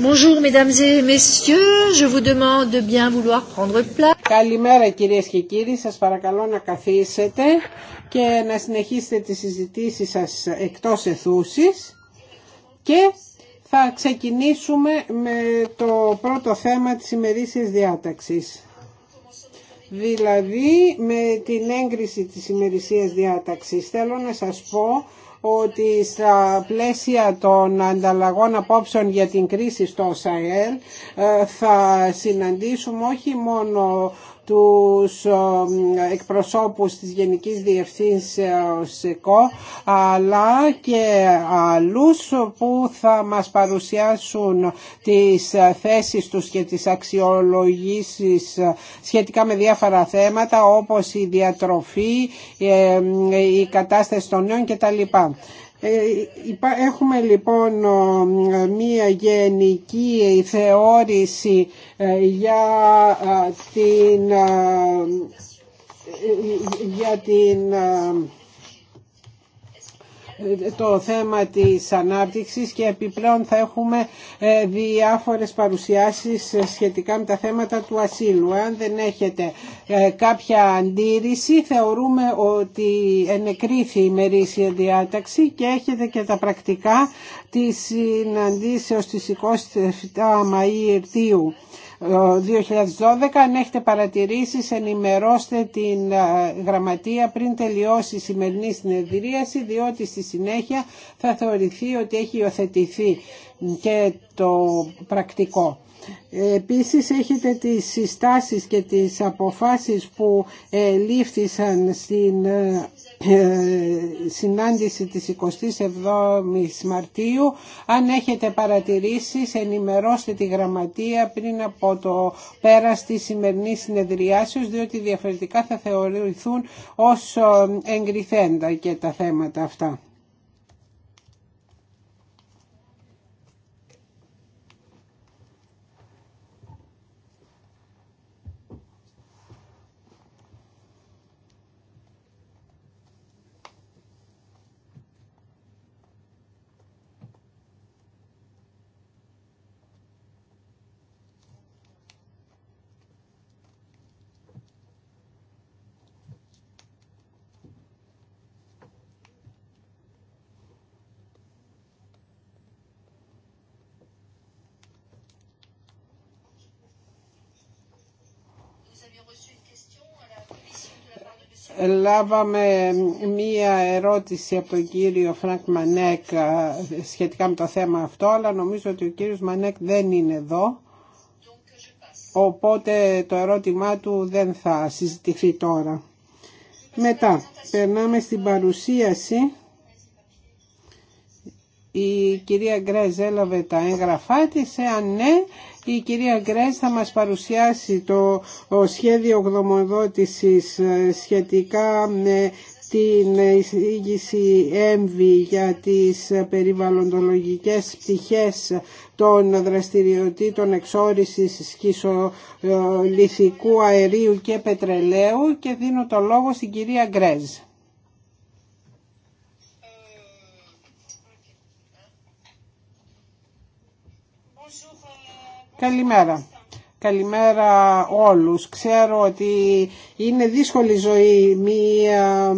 Bonjour mesdames et messieurs, je vous demande bien vouloir prendre place. Καλημέρα κυρίες και κύριοι, σας παρακαλώ να καθίσετε και να συνεχίσετε τις συζητήσεις σας εκτός εθούσης και θα ξεκινήσουμε με το πρώτο θέμα της ημερήσιας διάταξης. Δηλαδή με την έγκριση της ημερησίας διάταξης. Θέλω να σας πω ότι στα πλαίσια των ανταλλαγών απόψεων για την κρίση στο ΣΑΕΛ ε, θα συναντήσουμε όχι μόνο τους ε, εκπροσώπους της Γενικής Διευθύνσεως ΕΚΟ αλλά και άλλους που θα μας παρουσιάσουν τις θέσεις τους και τις αξιολογήσεις σχετικά με διάφορα θέματα όπως η διατροφή, ε, η κατάσταση των νέων κτλ. Ε, έχουμε λοιπόν μία γενική θεώρηση ε, ε, για την για την το θέμα της ανάπτυξης και επιπλέον θα έχουμε ε, διάφορες παρουσιάσεις ε, σχετικά με τα θέματα του ασύλου. Αν δεν έχετε ε, κάποια αντίρρηση θεωρούμε ότι ενεκρίθη η μερίσια διάταξη και έχετε και τα πρακτικά της συναντήσεως της 27 Μαΐου 2012. Ε, αν έχετε παρατηρήσεις ενημερώστε την ε, γραμματεία πριν τελειώσει η σημερινή συνεδρίαση διότι στη συνέχεια θα θεωρηθεί ότι έχει υιοθετηθεί και το πρακτικό. Επίσης έχετε τις συστάσεις και τις αποφάσεις που λήφθησαν στην ε, ε, συνάντηση της 27ης Μαρτίου. Αν έχετε παρατηρήσεις ενημερώστε τη γραμματεία πριν από το πέρας της σημερινής συνεδριάσεως διότι διαφορετικά θα θεωρηθούν ως ε, εγκριθέντα και τα θέματα αυτά. Λάβαμε μία ερώτηση από τον κύριο Φρανκ Μανέκ ε, σχετικά με το θέμα αυτό, αλλά νομίζω ότι ο κύριος Μανέκ δεν είναι εδώ, οπότε το ερώτημά του δεν θα συζητηθεί τώρα. Μετά, περνάμε στην παρουσίαση. Η κυρία Γκρέζ έλαβε τα έγγραφά της, εάν ναι, η κυρία Γκρέζ θα μας παρουσιάσει το σχέδιο γνωμοδότησης ε, σχετικά με την εισήγηση έμβη για τις περιβαλλοντολογικές πτυχές των δραστηριοτήτων εξόρισης σκισολιθικού αερίου και πετρελαίου και δίνω το λόγο στην κυρία Γκρέζ. Καλημέρα. Καλημέρα όλους. Ξέρω ότι είναι δύσκολη ζωή μία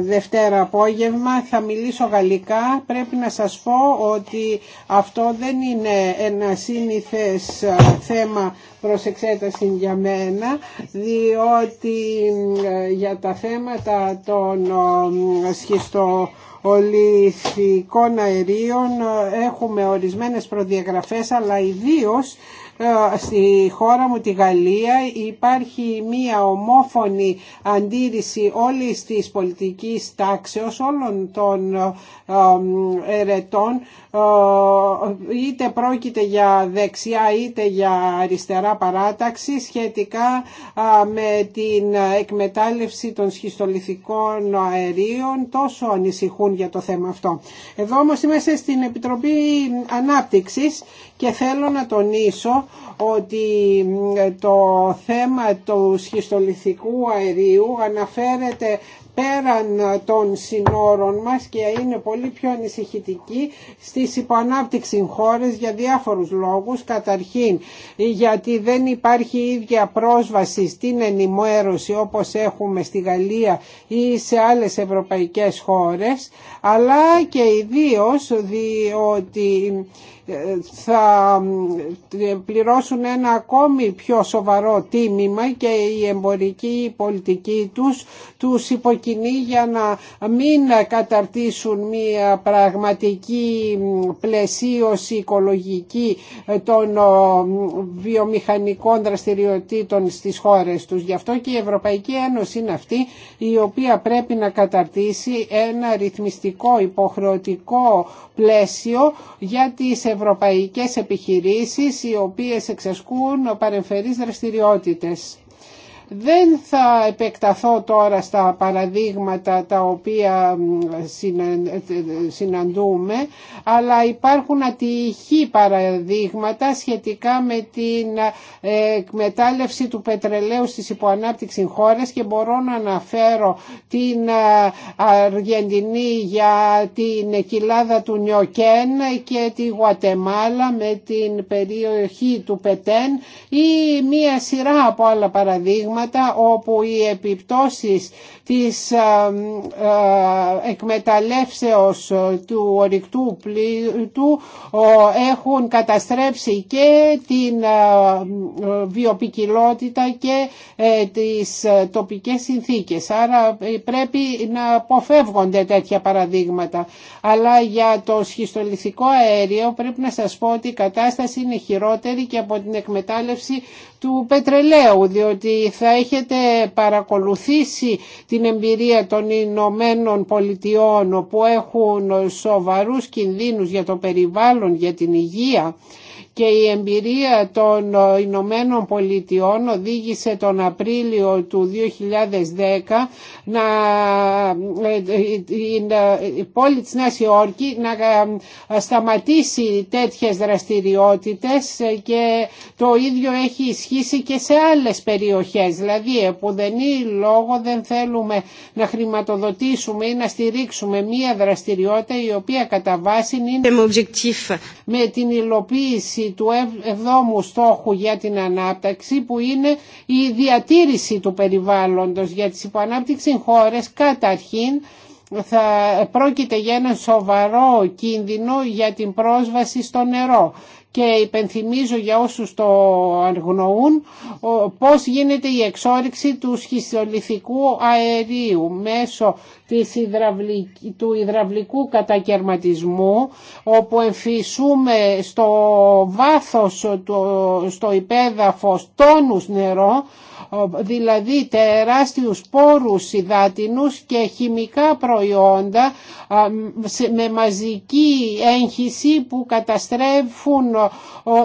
Δευτέρα απόγευμα. Θα μιλήσω γαλλικά. Πρέπει να σας πω ότι αυτό δεν είναι ένα σύνηθες θέμα προς εξέταση για μένα, διότι για τα θέματα των σχιστο ολυθικών αερίων ε, έχουμε ορισμένες προδιαγραφές αλλά ιδίως ε, στη χώρα μου τη Γαλλία υπάρχει μία ομόφωνη αντίρρηση όλης της πολιτικής τάξεως όλων των ερετών ε, είτε πρόκειται για δεξιά είτε για αριστερά παράταξη σχετικά με την εκμετάλλευση των σχιστολιθικών αερίων τόσο ανησυχούν για το θέμα αυτό. Εδώ όμως είμαστε στην Επιτροπή Ανάπτυξης και θέλω να τονίσω ότι το θέμα του σχιστολιθικού αερίου αναφέρεται πέραν ε, των συνόρων μας και είναι πολύ πιο ανησυχητική στις υποανάπτυξη χώρες για διάφορους λόγους. Καταρχήν γιατί δεν υπάρχει ίδια πρόσβαση στην ενημέρωση όπως έχουμε στη Γαλλία ή σε άλλες ευρωπαϊκές χώρες αλλά και ιδίως διότι θα πληρώσουν ένα ακόμη πιο σοβαρό τίμημα και η εμπορική πολιτική τους τους υποκινεί για να μην καταρτήσουν μια πραγματική πλαισίωση οικολογική ε, των βιομηχανικών δραστηριοτήτων στις χώρες τους. Γι' αυτό και η Ευρωπαϊκή Ένωση είναι αυτή η οποία πρέπει να καταρτήσει ένα ρυθμιστικό υποχρεωτικό πλαίσιο για τις ευρωπαϊκές ευρωπαϊκές επιχειρήσεις οι οποίες εξασκούν παρεμφερείς δραστηριότητες. Δεν θα επεκταθώ τώρα στα παραδείγματα τα οποία συναντούμε, αλλά υπάρχουν ατυχή παραδείγματα σχετικά με την ε, εκμετάλλευση του πετρελαίου στις υποανάπτυξη χώρες και μπορώ να αναφέρω την ε, Αργεντινή για την κοιλάδα του Νιοκέν και τη Γουατεμάλα με την περιοχή του Πετέν ή μία σειρά από άλλα παραδείγματα όπου οι επιπτώσεις της ε, ε, εκμεταλλεύσεως του ορυκτού πλήτου ε, έχουν καταστρέψει και την βιοπικιλότητα και τις τοπικές συνθήκες. Άρα πρέπει να αποφεύγονται τέτοια παραδείγματα. Αλλά για το σχιστολιθικό αέριο πρέπει να σας πω ότι η κατάσταση είναι χειρότερη και από την εκμετάλλευση του πετρελαίου διότι θα έχετε παρακολουθήσει την εμπειρία των Ηνωμένων Πολιτειών που έχουν σοβαρούς κινδύνους για το περιβάλλον, για την υγεία και η εμπειρία των ε, Ηνωμένων Πολιτειών οδήγησε τον Απρίλιο του 2010 να, ε, ε, η πόλη της Νέας Υόρκη να σταματήσει τέτοιες δραστηριότητες και το ίδιο έχει ισχύσει και σε άλλες περιοχές. Δηλαδή, που δεν είναι λόγο δεν θέλουμε να χρηματοδοτήσουμε ή να στηρίξουμε μία δραστηριότητα η οποία κατά βάση είναι με την υλοποίηση του εβδόμου στόχου για την ανάπτυξη που είναι η διατήρηση του περιβάλλοντος για τις υποανάπτυξη χώρες καταρχήν θα πρόκειται για ένα σοβαρό κίνδυνο για την πρόσβαση στο νερό και υπενθυμίζω για όσους το αγνοούν πώς γίνεται η εξόριξη του σχιστολιθικού αερίου μέσω της του υδραυλικού κατακαιρματισμού όπου εμφυσούμε στο βάθος, στο υπέδαφος τόνους νερό δηλαδή τεράστιους πόρους υδάτινους και χημικά προϊόντα με μαζική έγχυση που καταστρέφουν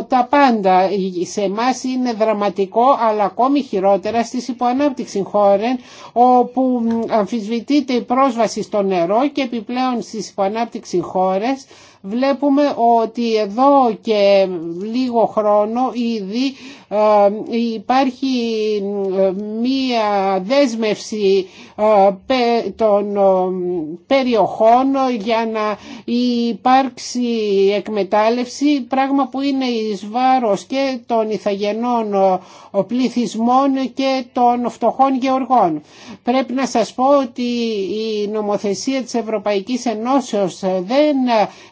τα πάντα. Σε εμά είναι δραματικό αλλά ακόμη χειρότερα στις υποανάπτυξη χώρες όπου αμφισβητείται η πρόσβαση στο νερό και επιπλέον στις υποανάπτυξη χώρες βλέπουμε ότι εδώ και λίγο χρόνο ήδη ε, υπάρχει ε, μία δέσμευση ε, των περιοχών για να υπάρξει εκμετάλλευση πράγμα που είναι εις βάρος και των ηθαγενών πληθυσμών και των φτωχών γεωργών. Πρέπει να σας πω ότι η νομοθεσία της Ευρωπαϊκής Ενώσεως δεν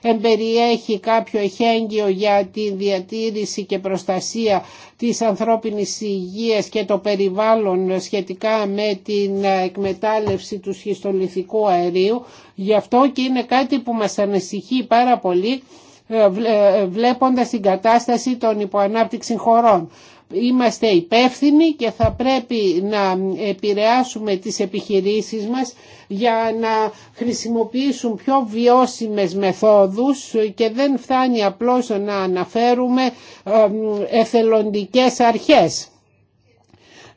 εμπεριέχει κάποιο εχέγγυο για τη διατήρηση και προστασία της ανθρώπινης υγείας και το περιβάλλον σχετικά με την εκμετάλλευση του σχιστολιθικού αερίου. Γι' αυτό και είναι κάτι που μας ανησυχεί πάρα πολύ ε, ε, βλέποντας την κατάσταση των υποανάπτυξη χωρών είμαστε υπεύθυνοι και θα πρέπει να επηρεάσουμε τις επιχειρήσεις μας για να χρησιμοποιήσουν πιο βιώσιμες μεθόδους και δεν φτάνει απλώς να αναφέρουμε εθελοντικές αρχές.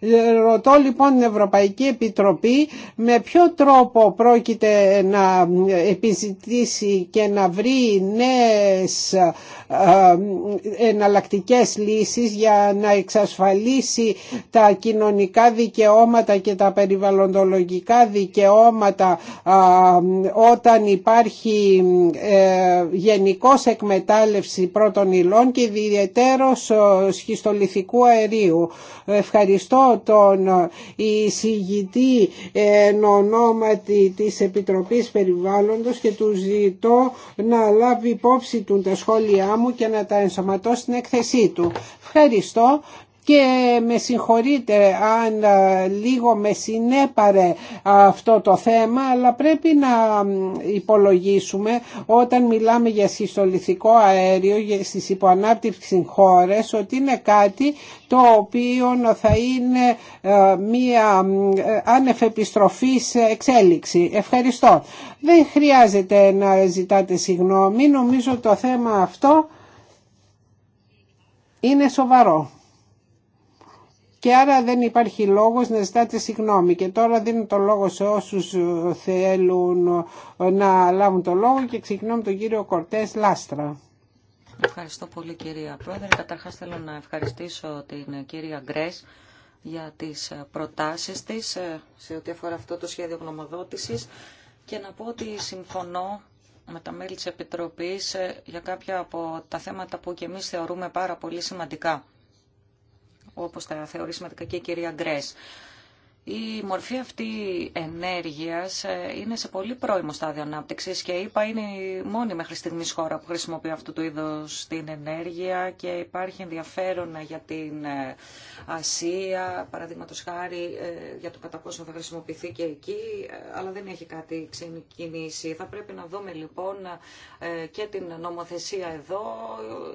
Ε, ρωτώ λοιπόν την Ευρωπαϊκή Επιτροπή με ποιο τρόπο πρόκειται να επιζητήσει και να βρει νέες ε, εναλλακτικές λύσεις για να εξασφαλίσει τα κοινωνικά δικαιώματα και τα περιβαλλοντολογικά δικαιώματα ε, όταν υπάρχει γενικός εκμετάλλευση πρώτων υλών και ιδιαιτέρως σχιστολιθικού αερίου. Ευχαριστώ τον ε, εισηγητή εν ονόματι της Επιτροπής Περιβάλλοντος και του ζητώ να λάβει υπόψη του τα σχόλιά μου και να τα ενσωματώ στην έκθεσή του. Ευχαριστώ και με συγχωρείτε αν λίγο με συνέπαρε αυτό το θέμα αλλά πρέπει να υπολογίσουμε όταν μιλάμε για συστολιθικό αέριο στις υποανάπτυξη χώρες ότι είναι κάτι το οποίο θα είναι ε, μία άνευ ε, εξέλιξη. Ευχαριστώ. Δεν χρειάζεται να ζητάτε συγγνώμη. Νομίζω το θέμα αυτό είναι σοβαρό και άρα δεν υπάρχει λόγος να ζητάτε συγγνώμη. Και τώρα δίνω το λόγο σε όσους ε, θέλουν ε, να λάβουν το λόγο και ξεκινώ με τον κύριο Κορτές Λάστρα. Ευχαριστώ πολύ κυρία Πρόεδρε. Καταρχάς θέλω να ευχαριστήσω την κυρία Γκρές για τις ε, προτάσεις της σε ό,τι αφορά αυτό το σχέδιο γνωμοδότησης και να πω ότι συμφωνώ με τα μέλη της Επιτροπής για κάποια από τα θέματα που και εμείς θεωρούμε πάρα πολύ σημαντικά όπως τα θεωρεί σημαντικά και η κυρία Γκρέσ η μορφή αυτή ενέργειας ε, είναι σε πολύ πρώιμο στάδιο ανάπτυξης και είπα είναι η μόνη μέχρι στιγμής χώρα που χρησιμοποιεί αυτού του είδους την ενέργεια και υπάρχει ενδιαφέρον για την ε, Ασία, παραδείγματο χάρη ε, για το κατά πόσο θα χρησιμοποιηθεί και εκεί, αλλά δεν έχει κάτι ξεκινήσει. Θα πρέπει να δούμε λοιπόν και την νομοθεσία εδώ.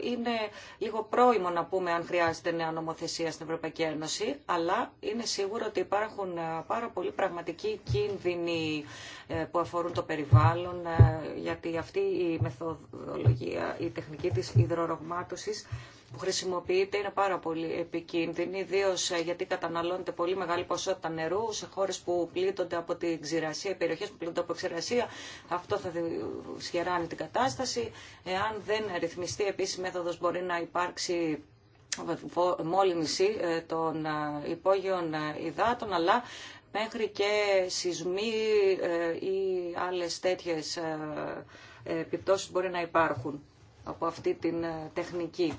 Είναι λίγο πρώιμο να πούμε αν χρειάζεται νέα νομοθεσία στην Ευρωπαϊκή Ένωση, αλλά είναι σίγουρο ότι υπάρχουν υπάρχουν ε, πάρα πολλοί πραγματικοί κίνδυνοι ε, που αφορούν το περιβάλλον, ε, γιατί αυτή η μεθοδολογία, η τεχνική της υδρορογμάτωσης που χρησιμοποιείται είναι πάρα πολύ επικίνδυνη, ιδίω γιατί καταναλώνεται πολύ μεγάλη ποσότητα νερού σε χώρε που πλήττονται από την ξηρασία, περιοχέ που πλήττονται από ξηρασία. Αυτό θα σχεράνει την κατάσταση. Εάν δεν ρυθμιστεί επίση μέθοδο, μπορεί να υπάρξει μόλυνση ε, των ε, υπόγειων ε, υδάτων, αλλά μέχρι και σεισμοί ή άλλες τέτοιες επιπτώσεις μπορεί να υπάρχουν από αυτή την τεχνική.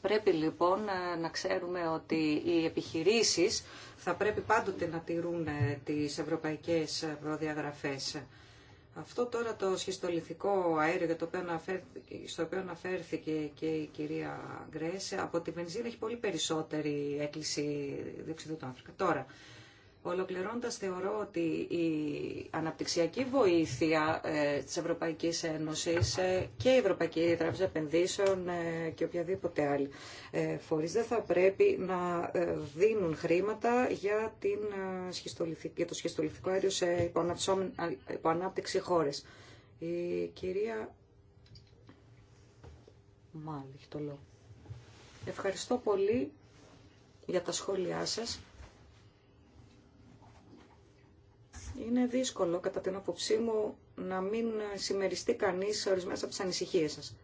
Πρέπει λοιπόν να ξέρουμε ότι οι επιχειρήσεις θα πρέπει πάντοτε να τηρούν τις ευρωπαϊκές προδιαγραφές. Αυτό τώρα το σχιστολιθικό αέριο το οποίο στο οποίο αναφέρθηκε και η κυρία Γκρέσε, από τη βενζίνη έχει πολύ περισσότερη έκκληση διοξιδίου του άνθρακα. Τώρα, Ολοκληρώνοντας, θεωρώ ότι η αναπτυξιακή βοήθεια ε, της Ευρωπαϊκής Ένωσης ε, και η Ευρωπαϊκή Τράπεζα Επενδύσεων ε, και οποιαδήποτε άλλη φορείς δεν θα πρέπει να δίνουν χρήματα για, την, για το σχιστολιθικό αέριο σε υποανάπτυξη χώρες. Η κυρία Μάλιστα, το Ευχαριστώ πολύ για τα σχόλιά σας. Είναι δύσκολο, κατά την άποψή μου, να μην συμμεριστεί κανείς ορισμένες από τις ανησυχίες σας.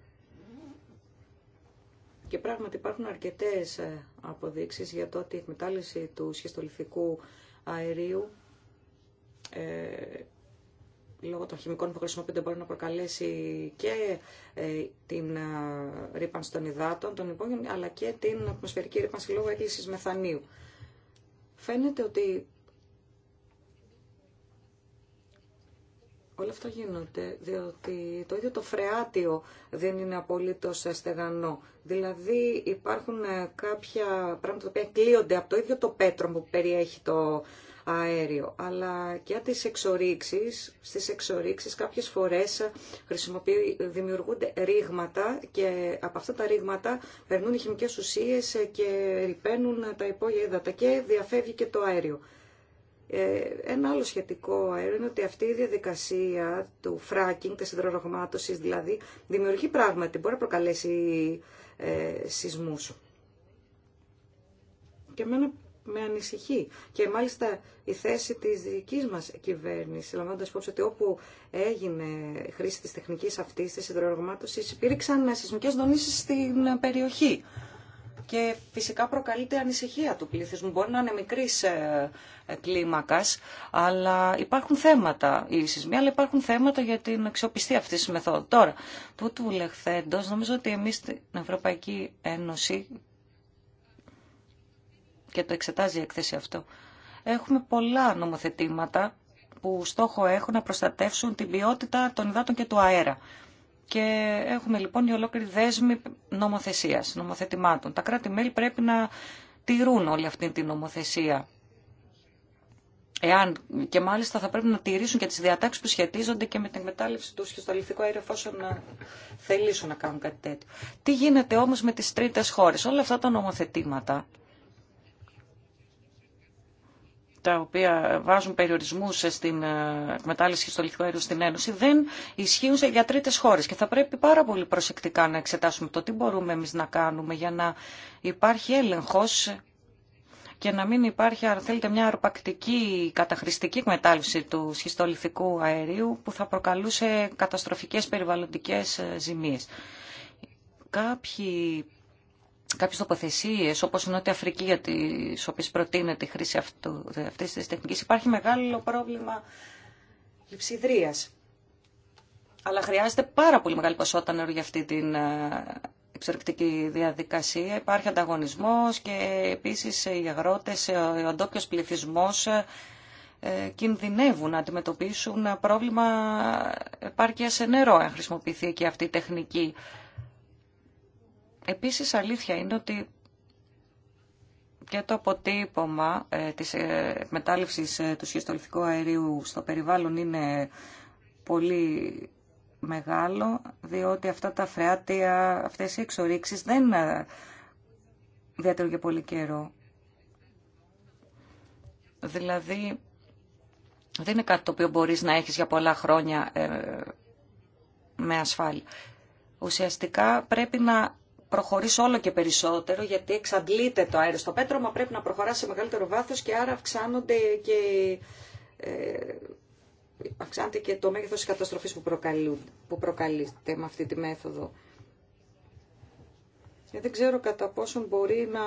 Και πράγματι υπάρχουν αρκετές ε, αποδείξεις για το ότι η εκμετάλλευση του σχεστολιφικού αερίου ε, λόγω των χημικών που χρησιμοποιούνται μπορεί να προκαλέσει και ε, την ε, ρήπανση των υδάτων, των υπόγειων, αλλά και την ατμοσφαιρική ρήπανση λόγω έκκλησης μεθανίου. Φαίνεται ότι Όλα αυτά γίνονται διότι το ίδιο το φρεάτιο δεν είναι απολύτως στεγανό. Δηλαδή υπάρχουν ε, κάποια πράγματα που κλείονται από το ίδιο το πέτρο που περιέχει το αέριο. Αλλά και από τις εξορίξεις, στις εξορίξεις κάποιες φορές ε, δημιουργούνται ρήγματα και από αυτά τα ρήγματα περνούν οι χημικές ουσίες ε, και ρηπαίνουν τα υπόγεια ύδατα και διαφεύγει και το αέριο. Ε, ένα άλλο σχετικό αέριο είναι ότι αυτή η διαδικασία του fracking, της υδρορογμάτωσης δηλαδή, δημιουργεί πράγματι, μπορεί να προκαλέσει ε, σεισμούς. Και εμένα με ανησυχεί. Και μάλιστα η θέση της δικής μας κυβέρνησης, λαμβάνοντα υπόψη ότι όπου έγινε χρήση της τεχνικής αυτής της υδρορογμάτωσης, υπήρξαν σεισμικές δονήσεις στην περιοχή και φυσικά προκαλείται ανησυχία του πληθυσμού. Μπορεί να είναι μικρή ε, ε, κλίμακα, αλλά υπάρχουν θέματα οι σεισμοί, αλλά υπάρχουν θέματα για την αξιοπιστία αυτή τη μεθόδου. Τώρα, τούτου λεχθέντο, νομίζω ότι εμεί στην Ευρωπαϊκή Ένωση και το εξετάζει η έκθεση αυτό. Έχουμε πολλά νομοθετήματα που στόχο έχουν να προστατεύσουν την ποιότητα των υδάτων και του αέρα. Και έχουμε λοιπόν η ολόκληρη δέσμη νομοθεσίας, νομοθετημάτων. Τα κράτη-μέλη πρέπει να τηρούν όλη αυτή την νομοθεσία. Εάν και μάλιστα θα πρέπει να τηρήσουν και τις διατάξεις που σχετίζονται και με την εκμετάλλευση του και στο εφόσον να θελήσουν να κάνουν κάτι τέτοιο. Τι γίνεται όμως με τις τρίτες χώρες. Όλα αυτά τα νομοθετήματα τα οποία βάζουν περιορισμούς στην ε, εκμετάλλευση χιστολιθικού αερίου στην Ένωση δεν ισχύουν για τρίτε χώρες και θα πρέπει πάρα πολύ προσεκτικά να εξετάσουμε το τι μπορούμε εμείς να κάνουμε για να υπάρχει έλεγχος και να μην υπάρχει, αν θέλετε, μια αρπακτική καταχρηστική εκμετάλλευση του σχιστολιθικού αερίου που θα προκαλούσε καταστροφικές περιβαλλοντικές ε, ζημίες. Κάποιοι κάποιες τοποθεσίες όπως η Νότια Αφρική για τι οποίε προτείνεται η χρήση αυτή τη τεχνική, υπάρχει μεγάλο πρόβλημα λειψιδρία. Αλλά χρειάζεται πάρα πολύ μεγάλη ποσότητα νερού για αυτή την ε, εξορρυκτική διαδικασία. Υπάρχει ανταγωνισμός και επίσης οι αγρότες, ο ντόπιο πληθυσμό ε, ε, κινδυνεύουν να αντιμετωπίσουν πρόβλημα επάρκεια σε νερό αν χρησιμοποιηθεί και αυτή η τεχνική Επίσης αλήθεια είναι ότι και το αποτύπωμα ε, της ε, ε, του σχιστολιθικού αερίου στο περιβάλλον είναι πολύ μεγάλο, διότι αυτά τα φρεάτια, αυτές οι εξορίξεις δεν ε, διατηρούν για πολύ καιρό. Δηλαδή, δεν είναι κάτι το οποίο μπορείς να έχεις για πολλά χρόνια με ασφάλεια. Ουσιαστικά πρέπει να προχωρήσει όλο και περισσότερο, γιατί εξαντλείται το αέριο στο πέτρωμα, πρέπει να προχωράσει σε μεγαλύτερο βάθο και άρα αυξάνονται και, ε, αυξάνεται και το μέγεθος της καταστροφής που, που προκαλείται με αυτή τη μέθοδο. Και ε, δεν ξέρω κατά πόσον μπορεί να,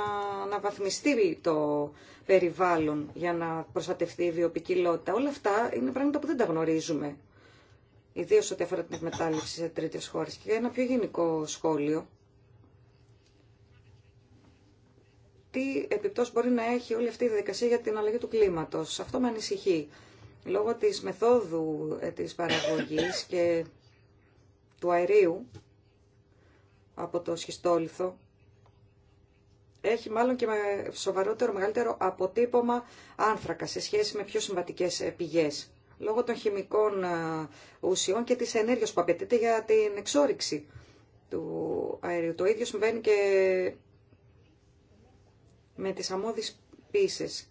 να βαθμιστεί το περιβάλλον για να προστατευτεί η βιοπικιλότητα. Όλα αυτά είναι πράγματα που δεν τα γνωρίζουμε. Ιδίω ό,τι αφορά την εκμετάλλευση σε τρίτες χώρες. Και ένα πιο γενικό σχόλιο τι επιπτώσει μπορεί να έχει όλη αυτή η διαδικασία για την αλλαγή του κλίματος. Αυτό με ανησυχεί. Λόγω της μεθόδου ε, της παραγωγής και του αερίου από το σχιστόλιθο, έχει μάλλον και με σοβαρότερο, μεγαλύτερο αποτύπωμα άνθρακα σε σχέση με πιο συμβατικές ε, πηγές. Λόγω των χημικών ε, ουσιών και της ενέργειας που απαιτείται για την εξόριξη του αερίου. Το ίδιο συμβαίνει και με τις αμμώδεις πίσες.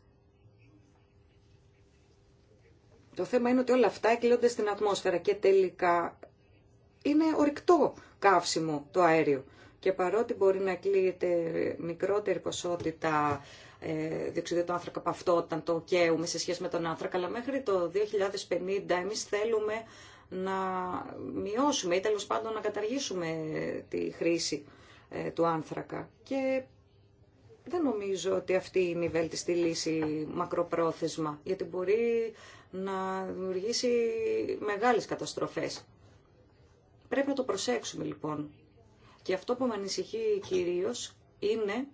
Το θέμα είναι ότι όλα αυτά εκλείονται στην ατμόσφαιρα και τελικά είναι ορυκτό καύσιμο το αέριο. Και παρότι μπορεί να εκλείεται μικρότερη ποσότητα ε, του άνθρακα από αυτό όταν το καίουμε σε σχέση με τον άνθρακα, αλλά μέχρι το 2050 εμείς θέλουμε να μειώσουμε ή τέλος πάντων να καταργήσουμε τη χρήση ε, του άνθρακα. Και δεν νομίζω ότι αυτή είναι η βέλτιστη λύση μακροπρόθεσμα, γιατί μπορεί να δημιουργήσει μεγάλες καταστροφές. Πρέπει να το προσέξουμε λοιπόν. Και αυτό που με ανησυχεί κυρίως είναι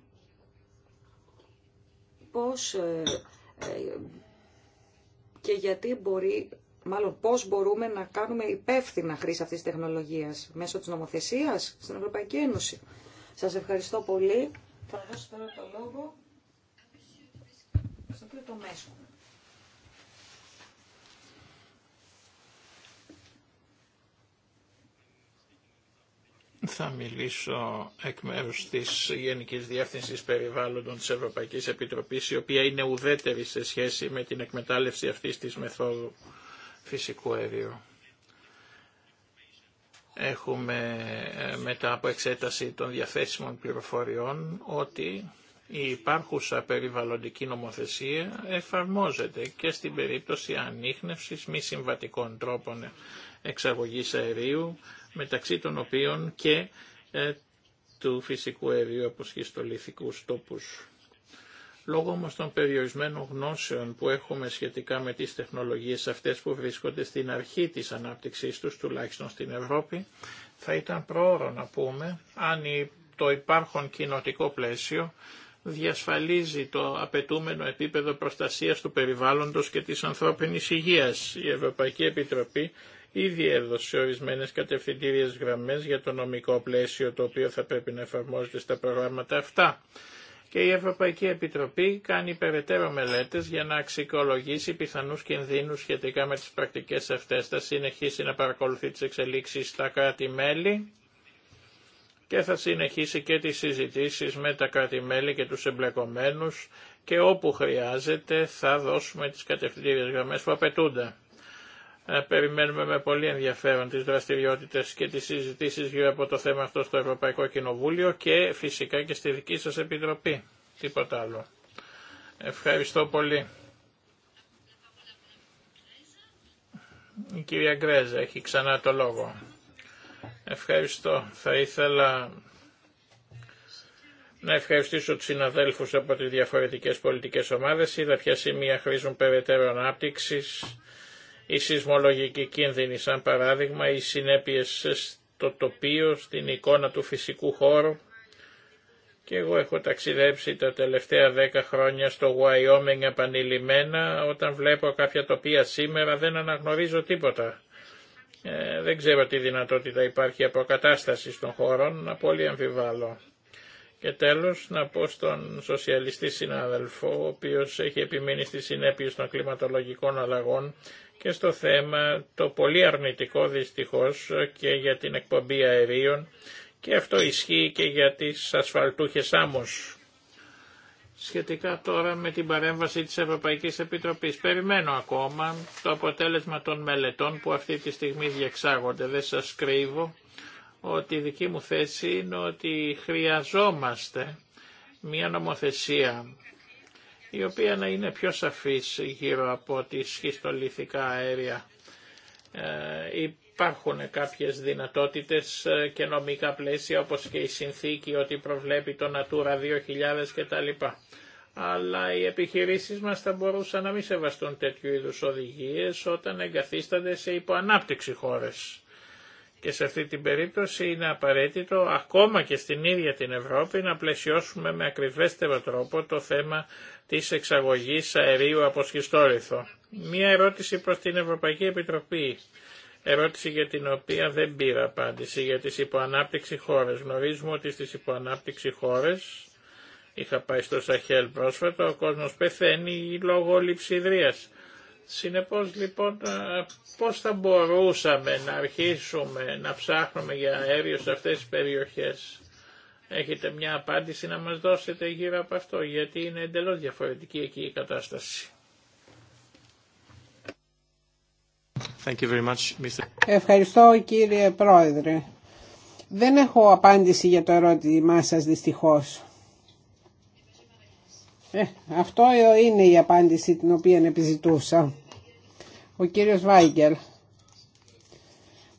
πώς ε, ε, και γιατί μπορεί, μάλλον πώς μπορούμε να κάνουμε υπεύθυνα χρήση αυτής της τεχνολογίας μέσω της νομοθεσίας στην Ευρωπαϊκή Ένωση. Σας ευχαριστώ πολύ. Θα δώσω τώρα το λόγο στον κύριο μέσο. Θα μιλήσω εκ μέρους της Γενικής Διεύθυνσης Περιβάλλοντων της Ευρωπαϊκής Επιτροπής, η οποία είναι ουδέτερη σε σχέση με την εκμετάλλευση αυτής της μεθόδου φυσικού αερίου έχουμε ε, μετά από εξέταση των διαθέσιμων πληροφοριών ότι η υπάρχουσα περιβαλλοντική νομοθεσία εφαρμόζεται και στην περίπτωση ανείχνευσης μη συμβατικών τρόπων εξαγωγής αερίου, μεταξύ των οποίων και ε, του φυσικού αερίου από σχιστολιθικούς τόπους. Λόγω όμως των περιορισμένων γνώσεων που έχουμε σχετικά με τις τεχνολογίες αυτές που βρίσκονται στην αρχή της ανάπτυξής τους, τουλάχιστον στην Ευρώπη, θα ήταν προώρο να πούμε αν το υπάρχον κοινοτικό πλαίσιο διασφαλίζει το απαιτούμενο επίπεδο προστασίας του περιβάλλοντος και της ανθρώπινης υγείας. Η Ευρωπαϊκή Επιτροπή ήδη έδωσε ορισμένες κατευθυντήριες γραμμές για το νομικό πλαίσιο το οποίο θα πρέπει να εφαρμόζεται στα προγράμματα αυτά και η Ευρωπαϊκή Επιτροπή κάνει περαιτέρω μελέτες για να αξιολογήσει πιθανούς κινδύνους σχετικά με τις πρακτικές αυτές. Θα συνεχίσει να παρακολουθεί τις εξελίξεις στα κράτη-μέλη και θα συνεχίσει και τις συζητήσεις με τα κράτη-μέλη και τους εμπλεκομένους και όπου χρειάζεται θα δώσουμε τις κατευθυντήριες γραμμέ που απαιτούνται. Ε, περιμένουμε με πολύ ενδιαφέρον τις δραστηριότητες και τις συζητήσεις γύρω από το θέμα αυτό στο Ευρωπαϊκό Κοινοβούλιο και φυσικά και στη δική σας Επιτροπή. Τίποτα άλλο. Ευχαριστώ πολύ. Η κυρία Γκρέζα έχει ξανά το λόγο. Ευχαριστώ. Θα ήθελα να ευχαριστήσω τους συναδέλφους από τις διαφορετικές πολιτικές ομάδες. Είδα ποια σημεία χρήζουν περαιτέρω ανάπτυξης η σεισμολογική κίνδυνη σαν παράδειγμα, οι συνέπειες στο τοπίο, στην εικόνα του φυσικού χώρου. Και εγώ έχω ταξιδέψει τα τελευταία δέκα χρόνια στο Wyoming επανειλημμένα. Όταν βλέπω κάποια τοπία σήμερα δεν αναγνωρίζω τίποτα. Ε, δεν ξέρω τι δυνατότητα υπάρχει αποκατάσταση των χώρων, να πολύ αμφιβάλλω. Και τέλος να πω στον σοσιαλιστή συνάδελφο, ο οποίος έχει επιμείνει στις συνέπειες των κλιματολογικών αλλαγών και στο θέμα το πολύ αρνητικό δυστυχώς και για την εκπομπή αερίων και αυτό ισχύει και για τις ασφαλτούχες άμμος. Σχετικά τώρα με την παρέμβαση της Ευρωπαϊκής Επιτροπής, περιμένω ακόμα το αποτέλεσμα των μελετών που αυτή τη στιγμή διεξάγονται. Δεν σας κρύβω ότι η δική μου θέση είναι ότι χρειαζόμαστε μια νομοθεσία η οποία να είναι πιο σαφής γύρω από τη σχιστολιθικά αέρια. Ε, υπάρχουν κάποιες δυνατότητες ε, και νομικά πλαίσια όπως και η συνθήκη ότι προβλέπει το Natura 2000 κτλ. Αλλά οι επιχειρήσεις μας θα μπορούσαν να μην σεβαστούν τέτοιου είδους οδηγίες όταν εγκαθίστανται σε υποανάπτυξη χώρες. Και σε αυτή την περίπτωση είναι απαραίτητο ακόμα και στην ίδια την Ευρώπη να πλαισιώσουμε με ακριβέστερο τρόπο το θέμα της εξαγωγής αερίου από σχιστόρυθο. Μία ερώτηση προς την Ευρωπαϊκή Επιτροπή. Ερώτηση για την οποία δεν πήρα απάντηση για τις υποανάπτυξη χώρες. Γνωρίζουμε ότι στις υποανάπτυξη χώρες, είχα πάει στο Σαχέλ πρόσφατα, ο κόσμος πεθαίνει λόγω λειψιδρίας. Συνεπώς λοιπόν πώς θα μπορούσαμε να αρχίσουμε να ψάχνουμε για αέριο σε αυτές τις περιοχές. Έχετε μια απάντηση να μας δώσετε γύρω από αυτό γιατί είναι εντελώς διαφορετική εκεί η κατάσταση. Ευχαριστώ κύριε Πρόεδρε. Δεν έχω απάντηση για το ερώτημά σας δυστυχώς. Ε, αυτό είναι η απάντηση την οποία επιζητούσα. Ο κύριος Βάγκελ.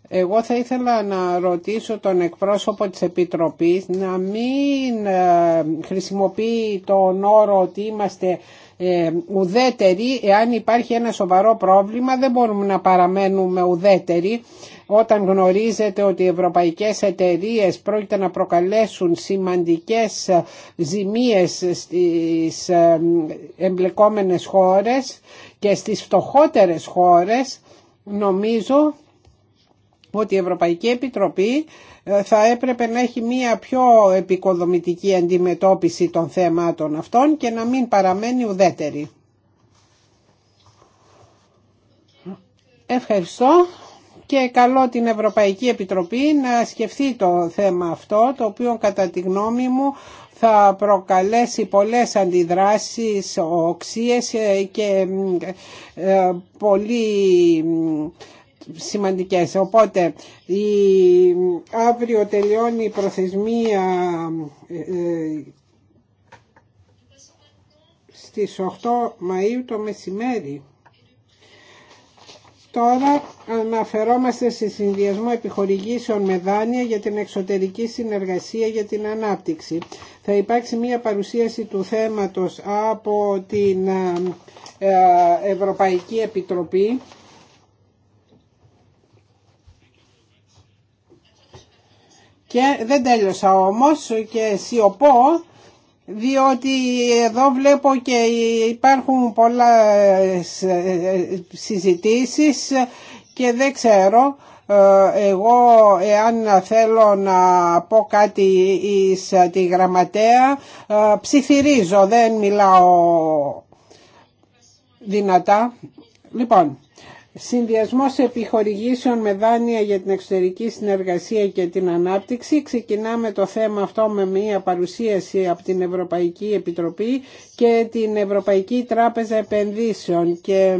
Εγώ θα ήθελα να ρωτήσω τον εκπρόσωπο της Επιτροπής να μην ε, χρησιμοποιεί τον όρο ότι είμαστε ε, ουδέτεροι. Εάν υπάρχει ένα σοβαρό πρόβλημα δεν μπορούμε να παραμένουμε ουδέτεροι όταν γνωρίζετε ότι οι ευρωπαϊκές εταιρείες πρόκειται να προκαλέσουν σημαντικές ζημίες στις ε, εμπλεκόμενες χώρες και στις φτωχότερες χώρες, νομίζω ότι η Ευρωπαϊκή Επιτροπή ε, θα έπρεπε να έχει μία πιο επικοδομητική αντιμετώπιση των θέματων αυτών και να μην παραμένει ουδέτερη. Ευχαριστώ και καλώ την Ευρωπαϊκή Επιτροπή να σκεφτεί το θέμα αυτό, το οποίο κατά τη γνώμη μου θα προκαλέσει πολλές αντιδράσεις, οξίες ε, και ε, πολύ σημαντικές. Οπότε η, αύριο τελειώνει η προθεσμία ε, στις 8 Μαΐου το μεσημέρι. Τώρα αναφερόμαστε σε συνδυασμό επιχορηγήσεων με δάνεια για την εξωτερική συνεργασία για την ανάπτυξη. Θα υπάρξει μία παρουσίαση του θέματος από την ε, ε, Ευρωπαϊκή Επιτροπή. Και δεν τέλειωσα όμως και σιωπώ διότι εδώ βλέπω και υπάρχουν πολλά ε, συζητήσεις και δεν ξέρω ε, εγώ εάν θέλω να πω κάτι εις ε, τη γραμματέα ψιθυρίζω δεν μιλάω δυνατά λοιπόν Συνδυασμό επιχορηγήσεων με δάνεια για την εξωτερική συνεργασία και την ανάπτυξη. Ξεκινάμε το θέμα αυτό με μία παρουσίαση από την Ευρωπαϊκή Επιτροπή και την Ευρωπαϊκή Τράπεζα Επενδύσεων. Και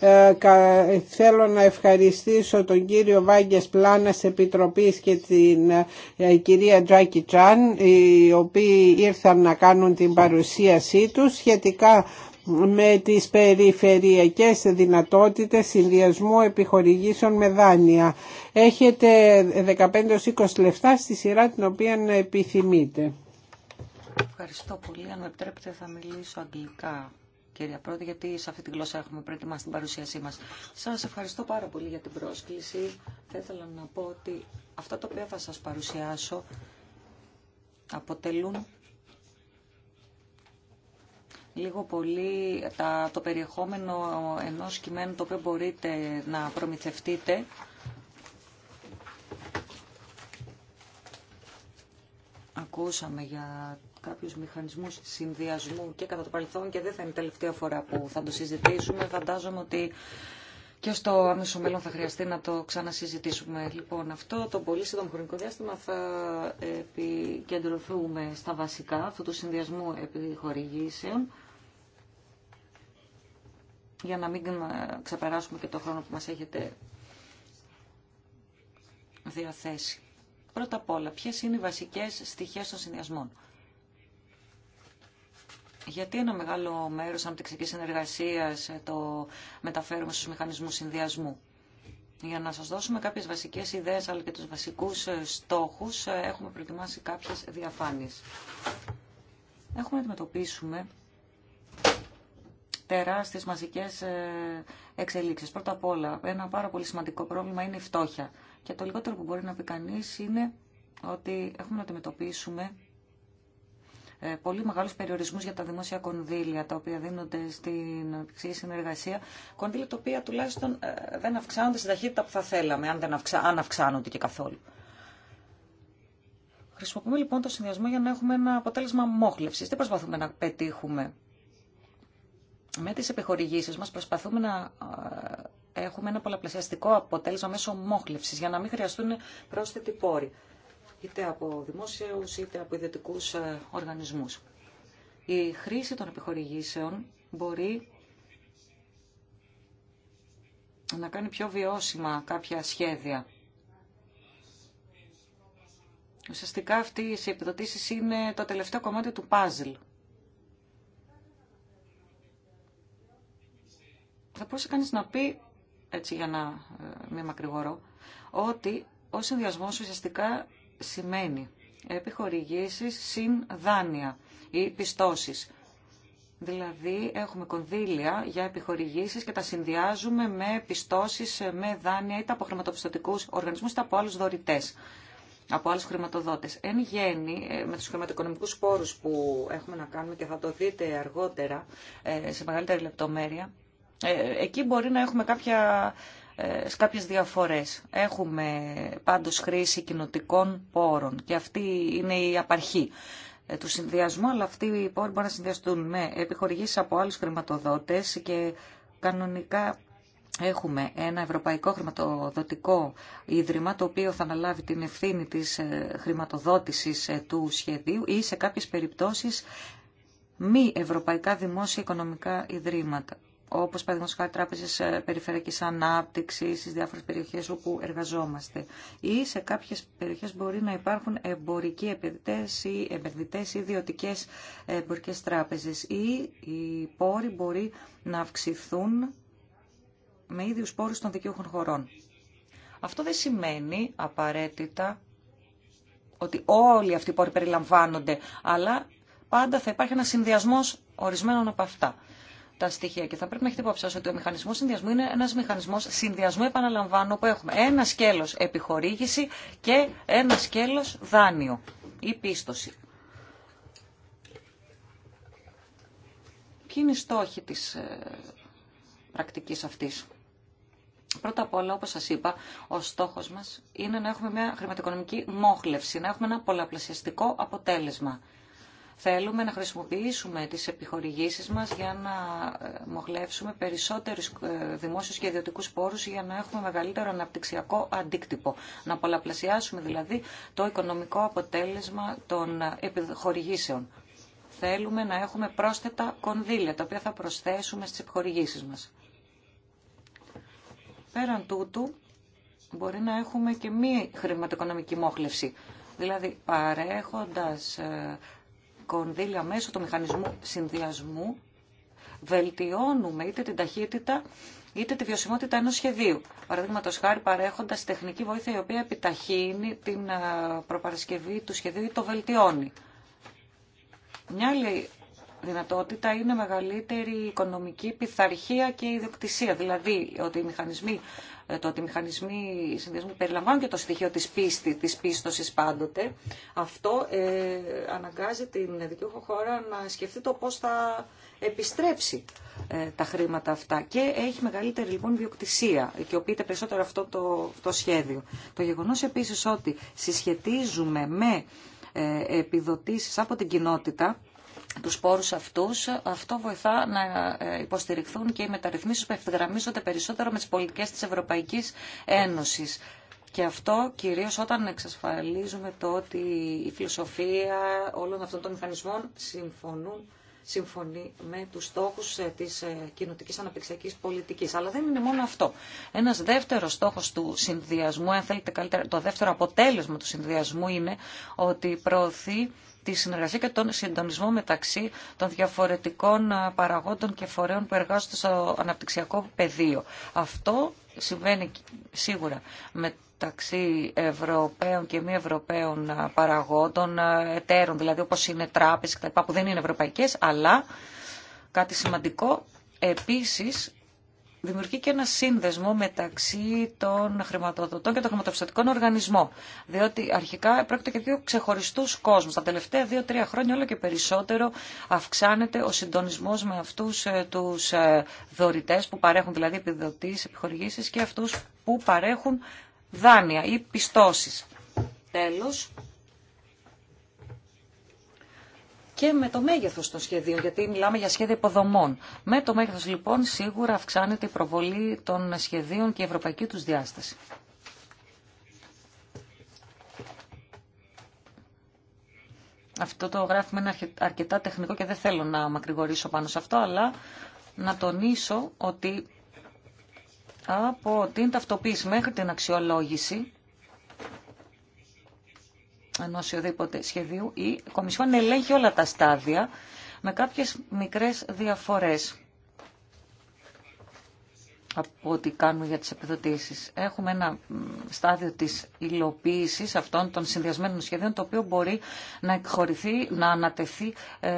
ε, θέλω να ευχαριστήσω τον κύριο Βάγκε Πλάνας Επιτροπής και την ε, κυρία Τζάκι Τζαν οι οποίοι ήρθαν να κάνουν την παρουσίασή τους σχετικά με τις περιφερειακές δυνατότητες συνδυασμού επιχορηγήσεων με δάνεια. Έχετε 15-20 λεφτά στη σειρά την οποία επιθυμείτε. Ευχαριστώ πολύ. Αν με επιτρέπετε θα μιλήσω αγγλικά, κυρία Πρόεδρε, γιατί σε αυτή τη γλώσσα έχουμε προετοιμάσει την παρουσίασή μας. Σας ευχαριστώ πάρα πολύ για την πρόσκληση. Θα ήθελα να πω ότι αυτά τα οποία θα σας παρουσιάσω αποτελούν λίγο πολύ τα, το περιεχόμενο ενός κειμένου το οποίο μπορείτε να προμηθευτείτε. Ακούσαμε για κάποιους μηχανισμούς συνδυασμού και κατά το παρελθόν και δεν θα είναι η τελευταία φορά που θα το συζητήσουμε. Φαντάζομαι ότι και στο άμεσο μέλλον θα χρειαστεί να το ξανασυζητήσουμε. Λοιπόν, αυτό το πολύ σύντομο χρονικό διάστημα θα επικεντρωθούμε στα βασικά αυτού του συνδυασμού επιχορηγήσεων για να μην ε, ξεπεράσουμε και το χρόνο που μας έχετε διαθέσει. Πρώτα απ' όλα, ποιες είναι οι βασικές στοιχείες των συνδυασμών. Γιατί ένα μεγάλο μέρος αναπτυξικής συνεργασίας ε, το μεταφέρουμε στους μηχανισμούς συνδυασμού. Για να σας δώσουμε κάποιες βασικές ιδέες, αλλά και τους βασικούς ε, στόχους, έχουμε προετοιμάσει κάποιες διαφάνειες. Έχουμε να αντιμετωπίσουμε τεράστιες μαζικές ε, εξελίξεις. Πρώτα απ' όλα, ένα πάρα πολύ σημαντικό πρόβλημα είναι η φτώχεια. Και το λιγότερο που μπορεί να πει κανεί είναι ότι έχουμε να αντιμετωπίσουμε ε, πολύ μεγάλους περιορισμούς για τα δημόσια κονδύλια τα οποία δίνονται στην αναπτυξιακή συνεργασία. Κονδύλια τα οποία τουλάχιστον ε, δεν αυξάνονται στην ταχύτητα που θα θέλαμε, αν, δεν αυξα... αν αυξάνονται και καθόλου. Χρησιμοποιούμε λοιπόν το συνδυασμό για να έχουμε ένα αποτέλεσμα μόχλευσης. Δεν προσπαθούμε να πετύχουμε με τις επιχορηγήσεις μας προσπαθούμε να ε, έχουμε ένα πολλαπλασιαστικό αποτέλεσμα μέσω μόχλευσης για να μην χρειαστούν πρόσθετοι πόροι είτε από δημόσιους είτε από ιδιωτικούς ε, οργανισμούς. Η χρήση των επιχορηγήσεων μπορεί να κάνει πιο βιώσιμα κάποια σχέδια. Ουσιαστικά αυτή οι επιδοτήσεις είναι το τελευταίο κομμάτι του παζλ Θα μπορούσε κανείς να πει, έτσι για να ε, μην μακρηγορώ, ότι ο συνδυασμός ουσιαστικά σημαίνει επιχορηγήσεις συν δάνεια ή πιστώσεις. Δηλαδή έχουμε κονδύλια για επιχορηγήσεις και τα συνδυάζουμε με πιστώσεις, ε, με δάνεια είτε από χρηματοπιστωτικούς οργανισμούς είτε από άλλους δωρητές, από άλλους χρηματοδότες. Εν γέννη, ε, με τους χρηματοοικονομικούς πόρους που έχουμε να κάνουμε και θα το δείτε αργότερα σε μεγαλύτερη λεπτομέρεια, ε, εκεί μπορεί να έχουμε κάποια, ε, κάποιες διαφορές. Έχουμε πάντως χρήση κοινοτικών πόρων και αυτή είναι η απαρχή ε, του συνδυασμού, αλλά αυτοί οι πόροι μπορούν να συνδυαστούν με επιχορηγήσεις από άλλους χρηματοδότες και κανονικά Έχουμε ένα Ευρωπαϊκό Χρηματοδοτικό Ίδρυμα, το οποίο θα αναλάβει την ευθύνη της ε, χρηματοδότησης του σχεδίου ή σε κάποιες περιπτώσεις μη ευρωπαϊκά δημόσια οικονομικά ιδρύματα όπως παραδείγματος χάρη τράπεζες ε, περιφερειακής ανάπτυξης στις διάφορες περιοχές όπου εργαζόμαστε. Ή σε κάποιες περιοχές μπορεί να υπάρχουν εμπορικοί επενδυτές ή επενδυτές ή ιδιωτικές ε, εμπορικές τράπεζες. Ή οι πόροι μπορεί να αυξηθούν με ίδιους πόρους των δικαιούχων χωρών. Αυτό δεν σημαίνει απαραίτητα ότι όλοι αυτοί οι πόροι περιλαμβάνονται, αλλά πάντα θα υπάρχει ένα συνδυασμός ορισμένων από αυτά τα στοιχεία. Και θα πρέπει να έχετε υπόψη σα ότι ο μηχανισμός συνδυασμού είναι ένας μηχανισμός συνδυασμού, επαναλαμβάνω, που έχουμε ένα σκέλος επιχορήγηση και ένα σκέλος δάνειο ή πίστοση. Ποιοι είναι οι στόχοι της ε, πρακτικής αυτής. Πρώτα απ' όλα, όπως σας είπα, ο στόχος μας είναι να έχουμε μια χρηματοοικονομική μόχλευση, να έχουμε ένα πολλαπλασιαστικό αποτέλεσμα. Θέλουμε να χρησιμοποιήσουμε τις επιχορηγήσεις μας για να ε, μοχλεύσουμε περισσότερους ε, δημόσιους και ιδιωτικούς πόρους για να έχουμε μεγαλύτερο αναπτυξιακό αντίκτυπο. Να πολλαπλασιάσουμε δηλαδή το οικονομικό αποτέλεσμα των επιχορηγήσεων. Θέλουμε να έχουμε πρόσθετα κονδύλια, τα οποία θα προσθέσουμε στις επιχορηγήσεις μας. Πέραν τούτου, μπορεί να έχουμε και μη χρηματοοικονομική μόχλευση. Δηλαδή, παρέχοντας ε, κονδύλια μέσω του μηχανισμού συνδυασμού βελτιώνουμε είτε την ταχύτητα είτε τη βιωσιμότητα ενός σχεδίου. Παραδείγματο χάρη παρέχοντας τεχνική βοήθεια η οποία επιταχύνει την ε, προπαρασκευή του σχεδίου ή το βελτιώνει. Μια άλλη δυνατότητα είναι μεγαλύτερη οικονομική πειθαρχία και ιδιοκτησία. Δηλαδή ότι οι μηχανισμοί ε, το ότι οι μηχανισμοί συνδυασμού περιλαμβάνουν και το στοιχείο της πίστη, της πίστοσης πάντοτε, αυτό ε, αναγκάζει την δικαιούχο χώρα να σκεφτεί το πώς θα επιστρέψει ε, τα χρήματα αυτά. Και έχει μεγαλύτερη λοιπόν βιοκτησία και περισσότερο αυτό το, σχέδιο. Το γεγονός επίσης ότι συσχετίζουμε με ε, επιδοτήσεις από την κοινότητα, τους πόρους αυτούς, αυτό βοηθά να ε, υποστηριχθούν και οι μεταρρυθμίσεις που ευθυγραμμίζονται περισσότερο με τις πολιτικές της Ευρωπαϊκής Ένωσης. Και αυτό κυρίως όταν εξασφαλίζουμε το ότι η φιλοσοφία όλων αυτών των μηχανισμών συμφωνούν συμφωνεί με τους στόχους ε, της ε, κοινωτικής αναπτυξιακής πολιτικής. Αλλά δεν είναι μόνο αυτό. Ένας δεύτερος στόχος του συνδυασμού, αν θέλετε καλύτερα, το δεύτερο αποτέλεσμα του συνδυασμού είναι ότι προωθεί τη συνεργασία και τον συντονισμό μεταξύ των διαφορετικών παραγόντων και φορέων που εργάζονται στο αναπτυξιακό πεδίο. Αυτό συμβαίνει σίγουρα μεταξύ Ευρωπαίων και μη Ευρωπαίων παραγόντων, εταίρων δηλαδή όπως είναι τράπεζες που δεν είναι ευρωπαϊκές, αλλά κάτι σημαντικό επίσης δημιουργεί και ένα σύνδεσμο μεταξύ των χρηματοδοτών και των χρηματοπιστωτικών οργανισμών. Διότι αρχικά πρόκειται και δύο ξεχωριστού κόσμου. Τα τελευταία δύο-τρία χρόνια όλο και περισσότερο αυξάνεται ο συντονισμό με αυτού ε, του ε, δωρητέ που παρέχουν δηλαδή επιδοτήσει, επιχορηγήσει και αυτού που παρέχουν δάνεια ή πιστώσει. τέλο. και με το μέγεθο των σχεδίων, γιατί μιλάμε για σχέδια υποδομών. Με το μέγεθο λοιπόν σίγουρα αυξάνεται η προβολή των σχεδίων και η ευρωπαϊκή του διάσταση. Αυτό το γράφημα είναι αρκετά τεχνικό και δεν θέλω να μακρηγορήσω πάνω σε αυτό, αλλά να τονίσω ότι από την ταυτοποίηση μέχρι την αξιολόγηση ενό οδήποτε σχεδίου. Η Κομισιόν ελέγχει όλα τα στάδια με κάποιες μικρές διαφορές από ό,τι κάνουμε για τις επιδοτήσεις. Έχουμε ένα στάδιο της υλοποίηση αυτών των συνδυασμένων σχεδίων, το οποίο μπορεί να εκχωρηθεί, να ανατεθεί ε,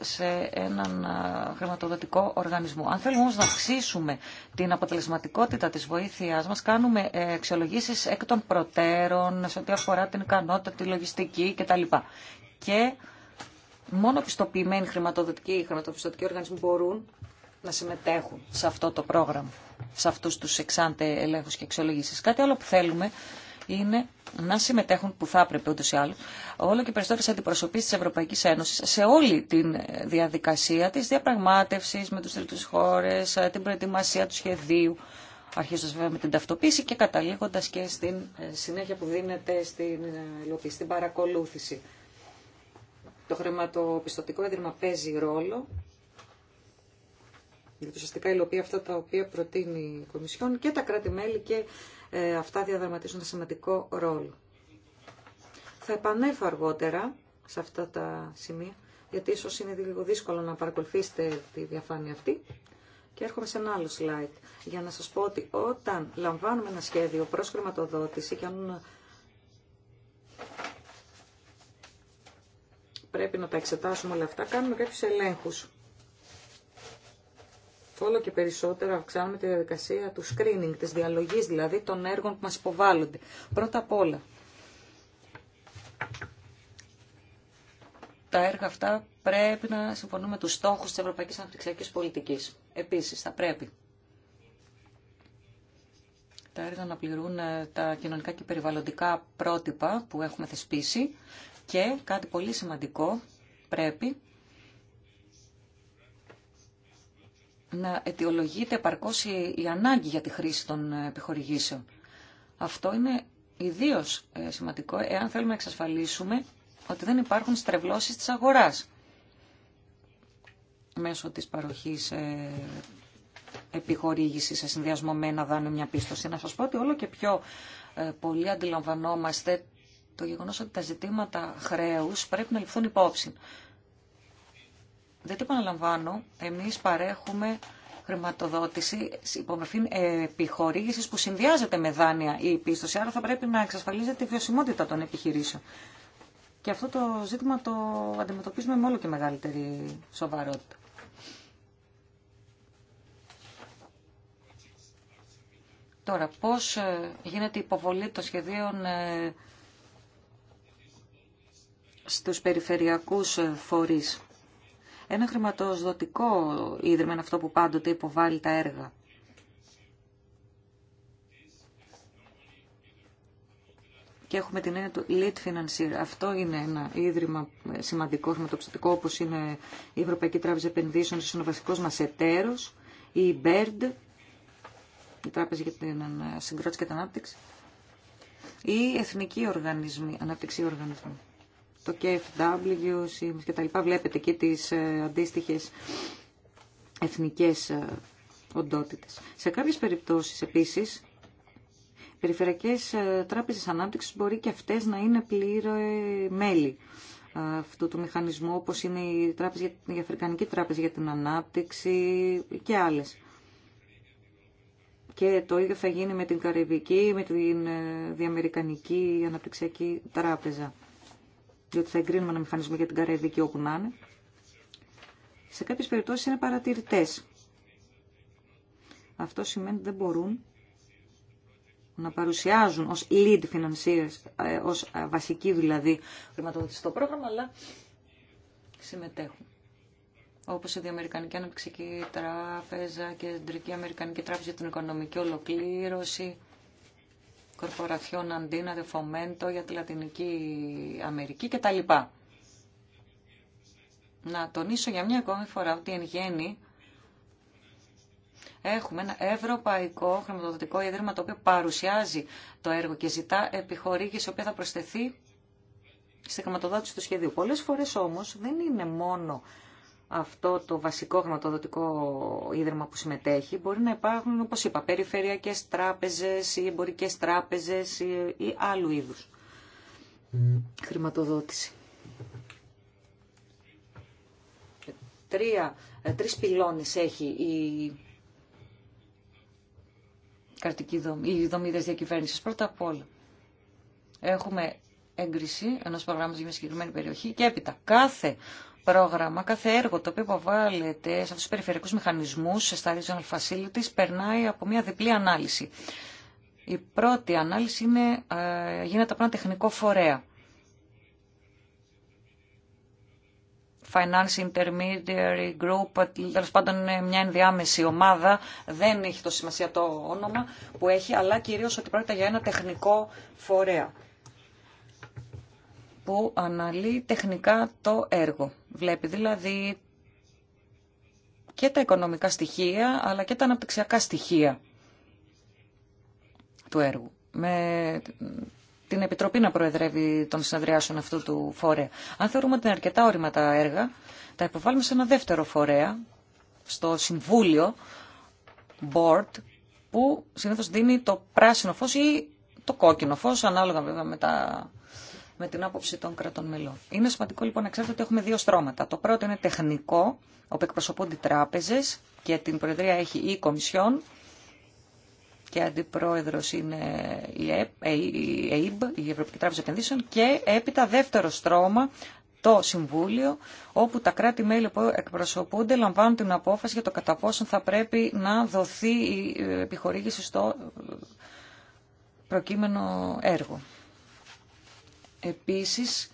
σε έναν ε, χρηματοδοτικό οργανισμό. Αν θέλουμε όμως να αυξήσουμε την αποτελεσματικότητα της βοήθειάς μας, κάνουμε εξολογήσεις εκ των προτέρων, σε ό,τι αφορά την ικανότητα, τη λογιστική κτλ. Και μόνο πιστοποιημένοι χρηματοδοτικοί, ή χρηματοπιστωτικοί οργανισμοί μπορούν να συμμετέχουν σε αυτό το πρόγραμμα, σε αυτού του εξάντε ελέγχους και εξολογήσεις. Κάτι άλλο που θέλουμε είναι να συμμετέχουν που θα έπρεπε ούτω ή άλλω, όλο και περισσότερε αντιπροσωπείς τη Ευρωπαϊκή Ένωση, σε όλη τη διαδικασία τη διαπραγματεύση με του τρίτου χώρε, την προετοιμασία του σχεδίου, αρχίζοντα βέβαια με την ταυτοποίηση και καταλήγοντα και στην ε, συνέχεια που δίνεται στην ε, υλοποίηση, στην παρακολούθηση. Το χρηματοπιστωτικό έδρυμα παίζει ρόλο γιατί ουσιαστικά υλοποιεί αυτά τα οποία προτείνει η Κομισιόν και τα κράτη-μέλη και ε, αυτά διαδραματίζουν ένα σημαντικό ρόλο. Θα επανέλθω αργότερα σε αυτά τα σημεία, γιατί ίσως είναι λίγο δύσκολο να παρακολουθήσετε τη διαφάνεια αυτή. Και έρχομαι σε ένα άλλο slide για να σας πω ότι όταν λαμβάνουμε ένα σχέδιο προς χρηματοδότηση και αν πρέπει να τα εξετάσουμε όλα αυτά, κάνουμε κάποιους ελέγχους όλο και περισσότερο αυξάνουμε τη διαδικασία του screening, της διαλογής δηλαδή των έργων που μας υποβάλλονται. Πρώτα απ' όλα, τα έργα αυτά πρέπει να συμφωνούμε με τους στόχους της Ευρωπαϊκής Αναπτυξιακής Πολιτικής. Επίσης, θα πρέπει τα έργα να πληρούν ε, τα κοινωνικά και περιβαλλοντικά πρότυπα που έχουμε θεσπίσει και κάτι πολύ σημαντικό πρέπει να αιτιολογείται επαρκώ η ανάγκη για τη χρήση των ε, επιχορηγήσεων. Αυτό είναι ιδίως ε, σημαντικό εάν θέλουμε να εξασφαλίσουμε ότι δεν υπάρχουν στρεβλώσει τη αγορά μέσω της παροχής ε, επιχορήγηση σε συνδυασμό με ένα δάνειο μια πίστοση. Να σα πω ότι όλο και πιο πολύ αντιλαμβανόμαστε το γεγονό ότι τα ζητήματα χρέου πρέπει να ληφθούν υπόψη. Δεν το επαναλαμβάνω, εμείς παρέχουμε χρηματοδότηση υπομορφή επιχορήγηση που συνδυάζεται με δάνεια ή πίστοση, άρα θα πρέπει να εξασφαλίζεται η βιωσιμότητα των επιχειρήσεων. Και αυτό το ζήτημα το αντιμετωπίζουμε με όλο και μεγαλύτερη σοβαρότητα. Τώρα, πώς ε, γίνεται η υποβολή των σχεδίων ε, στους περιφερειακούς ε, φορείς. Ένα χρηματοδοτικό ίδρυμα είναι αυτό που πάντοτε υποβάλλει τα έργα. Και έχουμε την έννοια του lead financier. Αυτό είναι ένα ίδρυμα σημαντικό χρηματοπιστωτικό όπως είναι η Ευρωπαϊκή Τράπεζα Επενδύσεων, είναι ο βασικός μας εταίρος, η BERD, η Τράπεζα για την Συγκρότηση και την Ανάπτυξη, ή εθνικοί οργανισμοί, αναπτυξιακοί οργανισμοί το KFW, Sims και τα λοιπά. Βλέπετε και τις ε, αντίστοιχες εθνικές ε, οντότητες. Σε κάποιες περιπτώσεις επίσης, περιφερειακές ε, τράπεζες ανάπτυξης μπορεί και αυτές να είναι πλήρω μέλη αυτού του μηχανισμού, όπως είναι η, τράπεζα, η Αφρικανική Τράπεζα για την Ανάπτυξη και άλλες. Και το ίδιο θα γίνει με την Καραϊβική, με την Διαμερικανική Αναπτυξιακή Τράπεζα ότι θα εγκρίνουμε ένα μηχανισμό για την καραϊβική όπου να είναι. Σε κάποιες περιπτώσεις είναι παρατηρητές. Αυτό σημαίνει ότι δεν μπορούν να παρουσιάζουν ως lead financiers, ε, ως ε, βασική δηλαδή στο πρόγραμμα, αλλά συμμετέχουν. Όπως η Διαμερικανική Αναπτυξική Τράπεζα και η Κεντρική Αμερικανική Τράπεζα για την Οικονομική Ολοκλήρωση, Corporación Andina de Fomento για τη Λατινική Αμερική κτλ. Να τονίσω για μια ακόμη φορά ότι εν γέννη έχουμε ένα ευρωπαϊκό χρηματοδοτικό ίδρυμα το οποίο παρουσιάζει το έργο και ζητά επιχορήγηση η οποία θα προσθεθεί στη χρηματοδότηση του σχεδίου. Πολλές φορές όμως δεν είναι μόνο αυτό το βασικό χρηματοδοτικό ίδρυμα που συμμετέχει, μπορεί να υπάρχουν, όπως είπα, περιφερειακές τράπεζες ή εμπορικές τράπεζες ή, άλλου είδους χρηματοδότηση. Τρία, ε, τρεις πυλώνες έχει η καρτική δομή, η δομή διακυβέρνησης. Πρώτα απ' όλα, έχουμε έγκριση ενός προγράμματος για μια συγκεκριμένη περιοχή και έπειτα κάθε πρόγραμμα, κάθε έργο το οποίο υποβάλλεται σε αυτούς τους περιφερειακούς μηχανισμούς, στα regional facilities, περνάει από μια διπλή ανάλυση. Η πρώτη ανάλυση είναι, ε, γίνεται από ένα τεχνικό φορέα. Finance Intermediary Group, τέλο πάντων είναι μια ενδιάμεση ομάδα, δεν έχει το σημασία το όνομα που έχει, αλλά κυρίως ότι πρόκειται για ένα τεχνικό φορέα που αναλύει τεχνικά το έργο. Βλέπει δηλαδή και τα οικονομικά στοιχεία αλλά και τα αναπτυξιακά στοιχεία του έργου. Με την Επιτροπή να προεδρεύει των συνεδριάσεων αυτού του φορέα. Αν θεωρούμε ότι είναι αρκετά όριμα τα έργα, τα υποβάλλουμε σε ένα δεύτερο φορέα, στο Συμβούλιο Board, που συνήθως δίνει το πράσινο φως ή το κόκκινο φως, ανάλογα βέβαια με τα με την άποψη των κρατών μελών. Είναι σημαντικό λοιπόν να ξέρετε ότι έχουμε δύο στρώματα. Το πρώτο είναι τεχνικό, όπου εκπροσωπούνται οι τράπεζε και την Προεδρία έχει η Κομισιόν και αντιπρόεδρο είναι η ΕΕΠ, ε, η Ευρωπαϊκή Τράπεζα Επενδύσεων και έπειτα δεύτερο στρώμα το Συμβούλιο, όπου τα κράτη-μέλη που εκπροσωπούνται λαμβάνουν την απόφαση για το κατά πόσον θα πρέπει να δοθεί η ε, επιχορήγηση στο ε, προκείμενο έργο. Επίσης,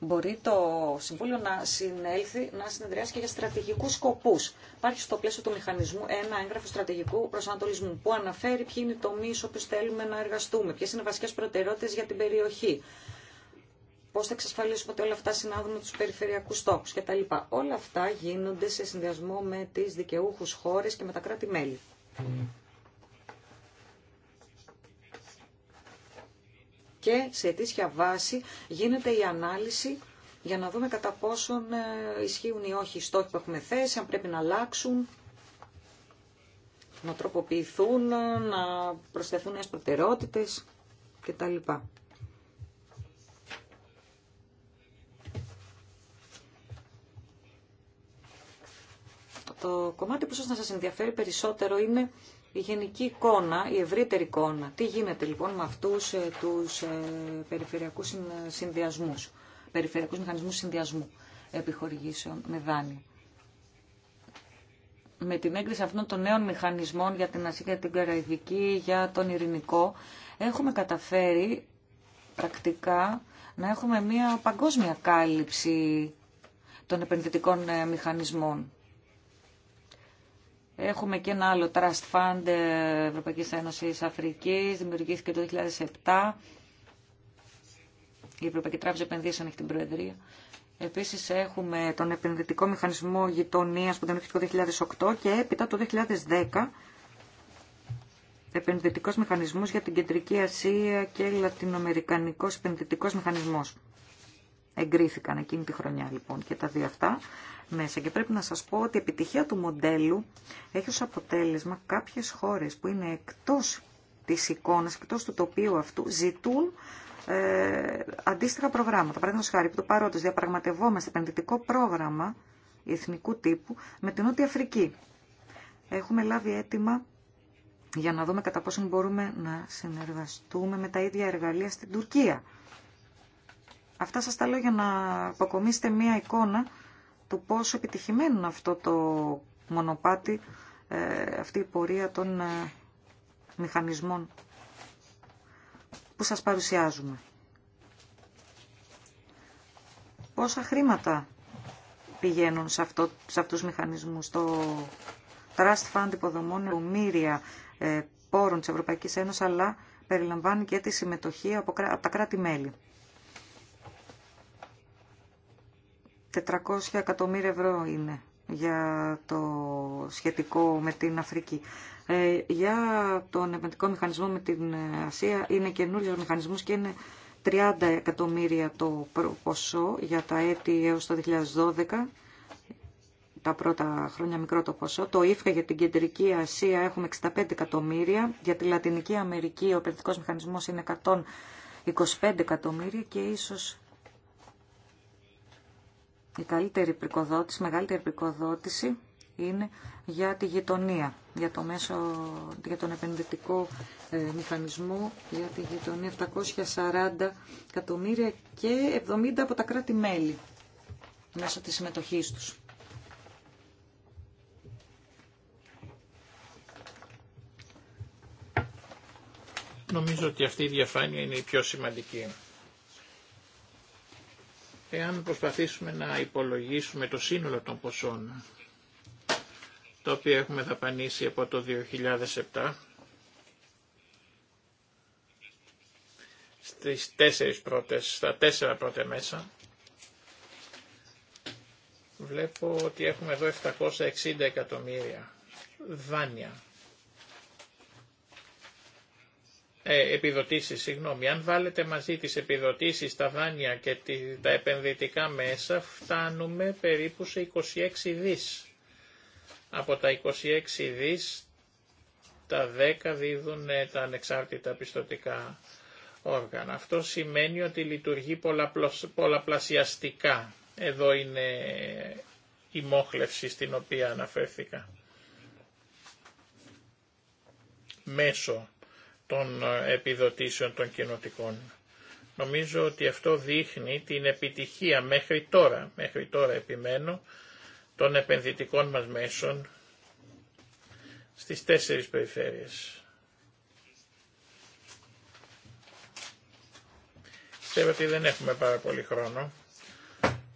μπορεί το Συμβούλιο να συνέλθει, να συνεδριάσει και για στρατηγικούς σκοπούς. Υπάρχει στο πλαίσιο του μηχανισμού ένα έγγραφο στρατηγικού προσανατολισμού που αναφέρει ποιοι είναι οι τομεί όπου θέλουμε να εργαστούμε, ποιε είναι οι βασικές προτεραιότητες για την περιοχή. πώ θα εξασφαλίσουμε ότι όλα αυτά συνάδουν με του περιφερειακούς στόχου κτλ. Όλα αυτά γίνονται σε συνδυασμό με τι δικαιούχου χώρε και με τα κράτη-μέλη. Mm. και σε αιτήσια βάση γίνεται η ανάλυση για να δούμε κατά πόσον ε, ισχύουν ή όχι οι στόχοι που έχουμε θέσει, αν πρέπει να αλλάξουν, να τροποποιηθούν, να προσθεθούν νέες προτεραιότητες κτλ. Το κομμάτι που ίσως να σας ενδιαφέρει περισσότερο είναι η γενική εικόνα, η ευρύτερη εικόνα. Τι γίνεται λοιπόν με αυτούς ε, τους ε, περιφερειακούς ε, συνδυασμούς, περιφερειακούς μηχανισμούς συνδυασμού επιχορηγήσεων με δάνειο. Με την έγκριση αυτών των νέων μηχανισμών για την Ασία, για την Καραϊβική, για τον Ειρηνικό, έχουμε καταφέρει πρακτικά να έχουμε μια παγκόσμια κάλυψη των επενδυτικών μηχανισμών Έχουμε και ένα άλλο Trust Fund ε, Ευρωπαϊκής Ένωσης Αφρικής, δημιουργήθηκε το 2007. Η Ευρωπαϊκή Τράπεζα Επενδύσεων έχει την Προεδρία. Επίσης έχουμε τον επενδυτικό μηχανισμό γειτονίας που δημιουργήθηκε το 2008 και έπειτα το 2010 επενδυτικός μηχανισμός για την Κεντρική Ασία και Λατινοαμερικανικός επενδυτικός μηχανισμός. Εγκρίθηκαν εκείνη τη χρονιά λοιπόν και τα δύο αυτά μέσα. Και πρέπει να σας πω ότι η επιτυχία του μοντέλου έχει ως αποτέλεσμα κάποιες χώρες που είναι εκτός της εικόνας, εκτός του τοπίου αυτού, ζητούν ε, αντίστοιχα προγράμματα. Παραδείγματο χάρη, που το παρόντο διαπραγματευόμαστε επενδυτικό πρόγραμμα εθνικού τύπου με την Νότια Αφρική. Έχουμε λάβει έτοιμα για να δούμε κατά πόσο μπορούμε να συνεργαστούμε με τα ίδια εργαλεία στην Τουρκία. Αυτά σας τα λέω για να αποκομίσετε μία εικόνα του πόσο επιτυχημένο αυτό το μονοπάτι, ε, αυτή η πορεία των ε, μηχανισμών που σας παρουσιάζουμε. Πόσα χρήματα πηγαίνουν σε, αυτό, σε αυτούς τους μηχανισμούς. Το Trust Fund υποδομών ομήρια ε, πόρων της Ευρωπαϊκής Ένωσης, αλλά περιλαμβάνει και τη συμμετοχή από τα κράτη-μέλη. 400 εκατομμύρια ευρώ είναι για το σχετικό με την Αφρική. Ε, για τον επενδυτικό μηχανισμό με την Ασία είναι καινούριο μηχανισμό και είναι 30 εκατομμύρια το ποσό για τα έτη έως το 2012 τα πρώτα χρόνια μικρό το ποσό. Το ΙΦΚΑ για την Κεντρική Ασία έχουμε 65 εκατομμύρια. Για τη Λατινική Αμερική ο επενδυτικός μηχανισμός είναι 125 εκατομμύρια και ίσως η καλύτερη πρικοδότηση, μεγαλύτερη πρικοδότηση είναι για τη γειτονία, για, το μέσο, για τον επενδυτικό ε, μηχανισμό, για τη γειτονία 740 εκατομμύρια και 70 από τα κράτη-μέλη μέσω της συμμετοχής τους. Νομίζω ότι αυτή η διαφάνεια είναι η πιο σημαντική. Εάν προσπαθήσουμε να υπολογίσουμε το σύνολο των ποσών, το οποίο έχουμε δαπανίσει από το 2007, στις τέσσερις πρώτες, στα τέσσερα πρώτα μέσα, βλέπω ότι έχουμε εδώ 760 εκατομμύρια δάνεια Ε, συγγνώμη, αν βάλετε μαζί τις επιδοτήσεις, τα δάνεια και τα επενδυτικά μέσα, φτάνουμε περίπου σε 26 δις. Από τα 26 δις, τα 10 δίδουν ε, τα ανεξάρτητα πιστοτικά όργανα. Αυτό σημαίνει ότι λειτουργεί πολλαπλασιαστικά. Εδώ είναι η μόχλευση στην οποία αναφέρθηκα. Μέσω των ε, επιδοτήσεων των κοινοτικών. Νομίζω ότι αυτό δείχνει την επιτυχία μέχρι τώρα, μέχρι τώρα επιμένω, των επενδυτικών μας μέσων στις τέσσερις περιφέρειες. Ξέρω ότι δεν έχουμε πάρα πολύ χρόνο.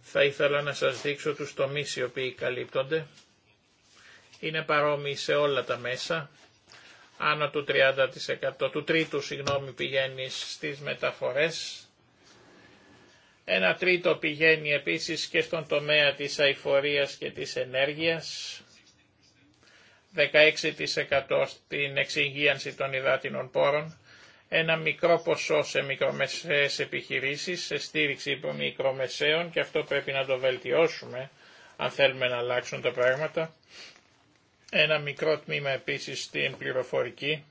Θα ήθελα να σας δείξω τους τομείς οι οποίοι καλύπτονται. Είναι παρόμοιοι σε όλα τα μέσα άνω του 30%, του τρίτου συγγνώμη πηγαίνει στις μεταφορές. Ένα τρίτο πηγαίνει επίσης και στον τομέα της αηφορίας και της ενέργειας. 16% στην εξυγίανση των υδάτινων πόρων. Ένα μικρό ποσό σε μικρομεσαίες επιχειρήσεις, σε στήριξη μικρομεσαίων και αυτό πρέπει να το βελτιώσουμε αν θέλουμε να αλλάξουν τα πράγματα ένα μικρό τμήμα επίσης στην πληροφορική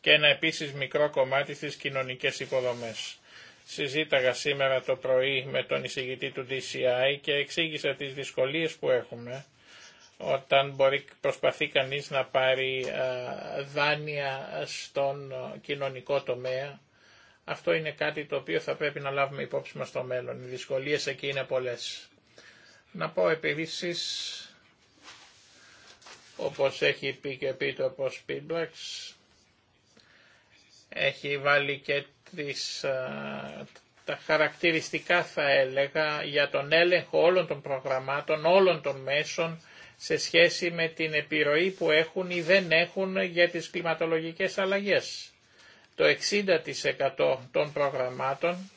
και ένα επίσης μικρό κομμάτι στις κοινωνικές υποδομές. Συζήταγα σήμερα το πρωί με τον εισηγητή του DCI και εξήγησα τις δυσκολίες που έχουμε όταν μπορεί, προσπαθεί κανείς να πάρει δάνεια στον κοινωνικό τομέα. Αυτό είναι κάτι το οποίο θα πρέπει να λάβουμε υπόψη μας στο μέλλον. Οι δυσκολίες εκεί είναι πολλές. Να πω επίσης όπως έχει πει και πει το έχει βάλει και τις, τα χαρακτηριστικά θα έλεγα για τον έλεγχο όλων των προγραμμάτων, όλων των μέσων σε σχέση με την επιρροή που έχουν ή δεν έχουν για τις κλιματολογικές αλλαγές. Το 60% των προγραμμάτων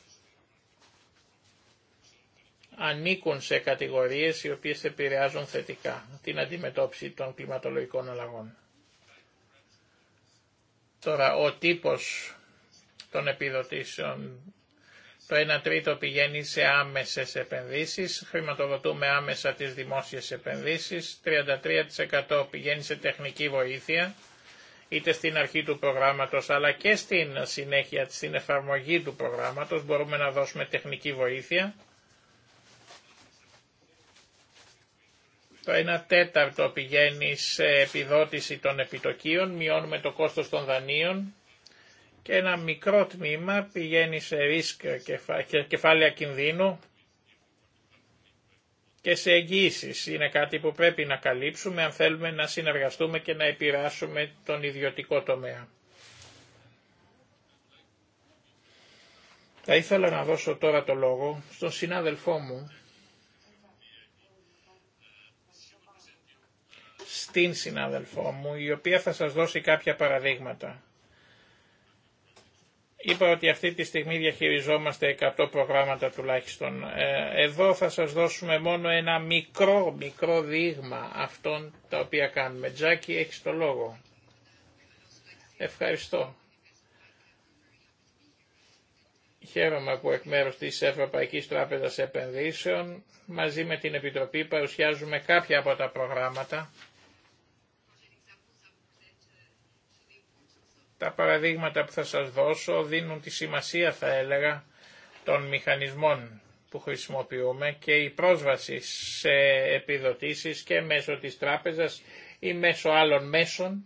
ανήκουν σε κατηγορίες οι οποίες επηρεάζουν θετικά την αντιμετώπιση των κλιματολογικών αλλαγών. Τώρα, ο τύπος των επιδοτήσεων, το 1 τρίτο πηγαίνει σε άμεσες επενδύσεις, χρηματοδοτούμε άμεσα τις δημόσιες επενδύσεις, 33% πηγαίνει σε τεχνική βοήθεια, είτε στην αρχή του προγράμματος αλλά και στην συνέχεια, στην εφαρμογή του προγράμματος μπορούμε να δώσουμε τεχνική βοήθεια. Το 1 τέταρτο πηγαίνει σε επιδότηση των επιτοκίων, μειώνουμε το κόστος των δανείων και ένα μικρό τμήμα πηγαίνει σε ρίσκ και κεφάλαια κινδύνου και σε εγγύησεις. Είναι κάτι που πρέπει να καλύψουμε αν θέλουμε να συνεργαστούμε και να επηρεάσουμε τον ιδιωτικό τομέα. Θα ήθελα να δώσω τώρα το λόγο στον συνάδελφό μου, στην συνάδελφό μου, η οποία θα σας δώσει κάποια παραδείγματα. Είπα ότι αυτή τη στιγμή διαχειριζόμαστε 100 προγράμματα τουλάχιστον. Ε, εδώ θα σας δώσουμε μόνο ένα μικρό, μικρό δείγμα αυτών τα οποία κάνουμε. Τζάκι, έχεις το λόγο. Ευχαριστώ. Χαίρομαι που εκ μέρους της Ευρωπαϊκής Τράπεζας Επενδύσεων μαζί με την Επιτροπή παρουσιάζουμε κάποια από τα προγράμματα Τα παραδείγματα που θα σας δώσω δίνουν τη σημασία θα έλεγα των μηχανισμών που χρησιμοποιούμε και η πρόσβαση σε επιδοτήσεις και μέσω της τράπεζας ή μέσω άλλων μέσων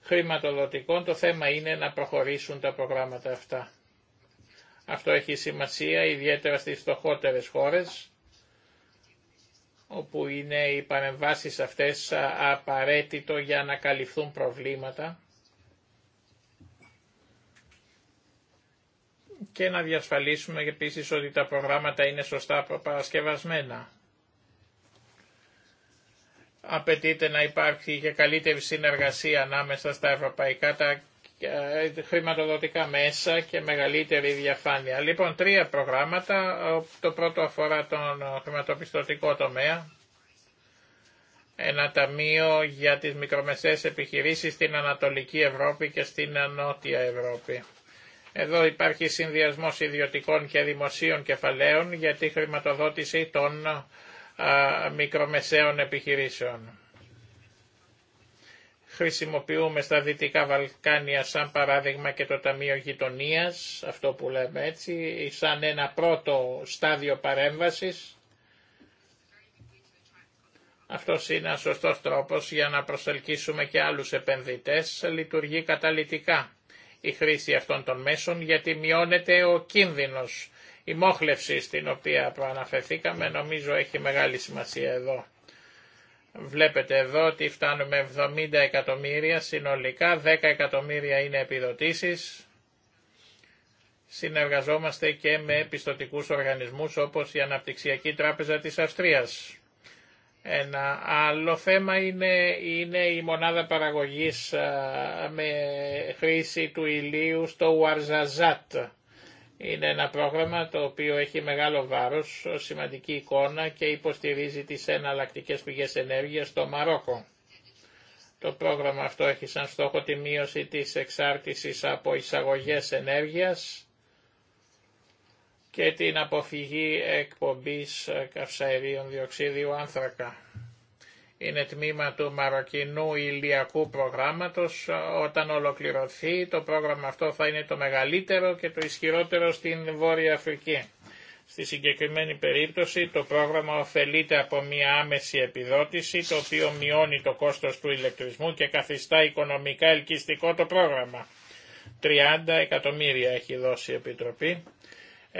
χρηματοδοτικών. Το θέμα είναι να προχωρήσουν τα προγράμματα αυτά. Αυτό έχει σημασία ιδιαίτερα στις φτωχότερες χώρες όπου είναι οι παρεμβάσεις αυτές απαραίτητο για να καλυφθούν προβλήματα και να διασφαλίσουμε επίσης ότι τα προγράμματα είναι σωστά προπαρασκευασμένα. Απαιτείται να υπάρχει και καλύτερη συνεργασία ανάμεσα στα ευρωπαϊκά τα ε, χρηματοδοτικά μέσα και μεγαλύτερη διαφάνεια. Λοιπόν, τρία προγράμματα. Το πρώτο αφορά τον χρηματοπιστωτικό τομέα. Ένα ταμείο για τις μικρομεσαίες επιχειρήσεις στην Ανατολική Ευρώπη και στην Νότια Ευρώπη. Εδώ υπάρχει συνδυασμός ιδιωτικών και δημοσίων κεφαλαίων για τη χρηματοδότηση των μικρομεσαίων επιχειρήσεων. Χρησιμοποιούμε στα Δυτικά Βαλκάνια σαν παράδειγμα και το Ταμείο Γειτονίας, αυτό που λέμε έτσι, σαν ένα πρώτο στάδιο παρέμβασης. Αυτό είναι ένα σωστός τρόπος για να προσελκύσουμε και άλλους επενδυτές, λειτουργεί καταλητικά η χρήση αυτών των μέσων γιατί μειώνεται ο κίνδυνος. Η μόχλευση στην οποία προαναφερθήκαμε νομίζω έχει μεγάλη σημασία εδώ. Βλέπετε εδώ ότι φτάνουμε 70 εκατομμύρια συνολικά, 10 εκατομμύρια είναι επιδοτήσεις. Συνεργαζόμαστε και με επιστοτικούς οργανισμούς όπως η Αναπτυξιακή Τράπεζα της Αυστρίας. Ένα άλλο θέμα είναι, είναι η μονάδα παραγωγής με χρήση του ηλίου στο Ουαρζαζάτ. Είναι ένα πρόγραμμα το οποίο έχει μεγάλο βάρος, σημαντική εικόνα και υποστηρίζει τις εναλλακτικέ πηγές ενέργειας στο Μαρόκο. Το πρόγραμμα αυτό έχει σαν στόχο τη μείωση της εξάρτησης από εισαγωγές ενέργειας και την αποφυγή εκπομπής καυσαερίων διοξίδιου άνθρακα. Είναι τμήμα του Μαροκινού Ηλιακού Προγράμματος. Όταν ολοκληρωθεί το πρόγραμμα αυτό θα είναι το μεγαλύτερο και το ισχυρότερο στην Βόρεια Αφρική. Στη συγκεκριμένη περίπτωση το πρόγραμμα ωφελείται από μια άμεση επιδότηση το οποίο μειώνει το κόστος του ηλεκτρισμού και καθιστά οικονομικά ελκυστικό το πρόγραμμα. 30 εκατομμύρια έχει δώσει η Επιτροπή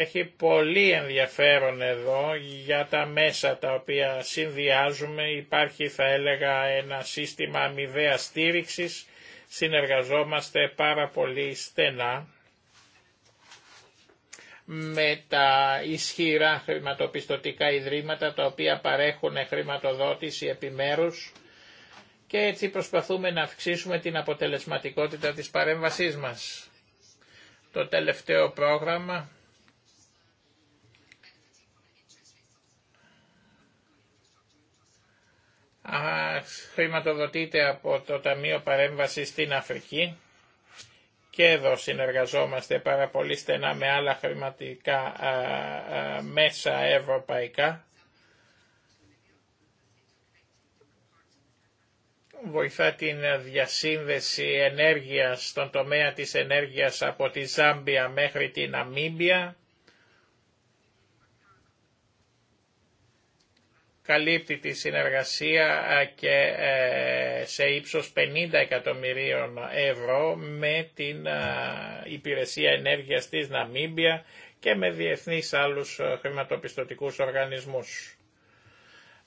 έχει πολύ ενδιαφέρον εδώ για τα μέσα τα οποία συνδυάζουμε. Υπάρχει θα έλεγα ένα σύστημα αμοιβαία στήριξης. Συνεργαζόμαστε πάρα πολύ στενά με τα ισχυρά χρηματοπιστωτικά ιδρύματα τα οποία παρέχουν χρηματοδότηση επιμέρους και έτσι προσπαθούμε να αυξήσουμε την αποτελεσματικότητα της παρέμβασής μας. Το τελευταίο πρόγραμμα χρηματοδοτείται από το Ταμείο Παρέμβασης στην Αφρική και εδώ συνεργαζόμαστε πάρα πολύ στενά με άλλα χρηματικά μέσα ευρωπαϊκά. Βοηθά την διασύνδεση ενέργειας στον τομέα της ενέργειας από τη Ζάμπια μέχρι την Αμίμπια καλύπτει τη συνεργασία και ε, σε ύψος 50 εκατομμυρίων ευρώ με την Υπηρεσία Ενέργειας της Ναμίμπια και με διεθνείς άλλους χρηματοπιστωτικούς οργανισμούς.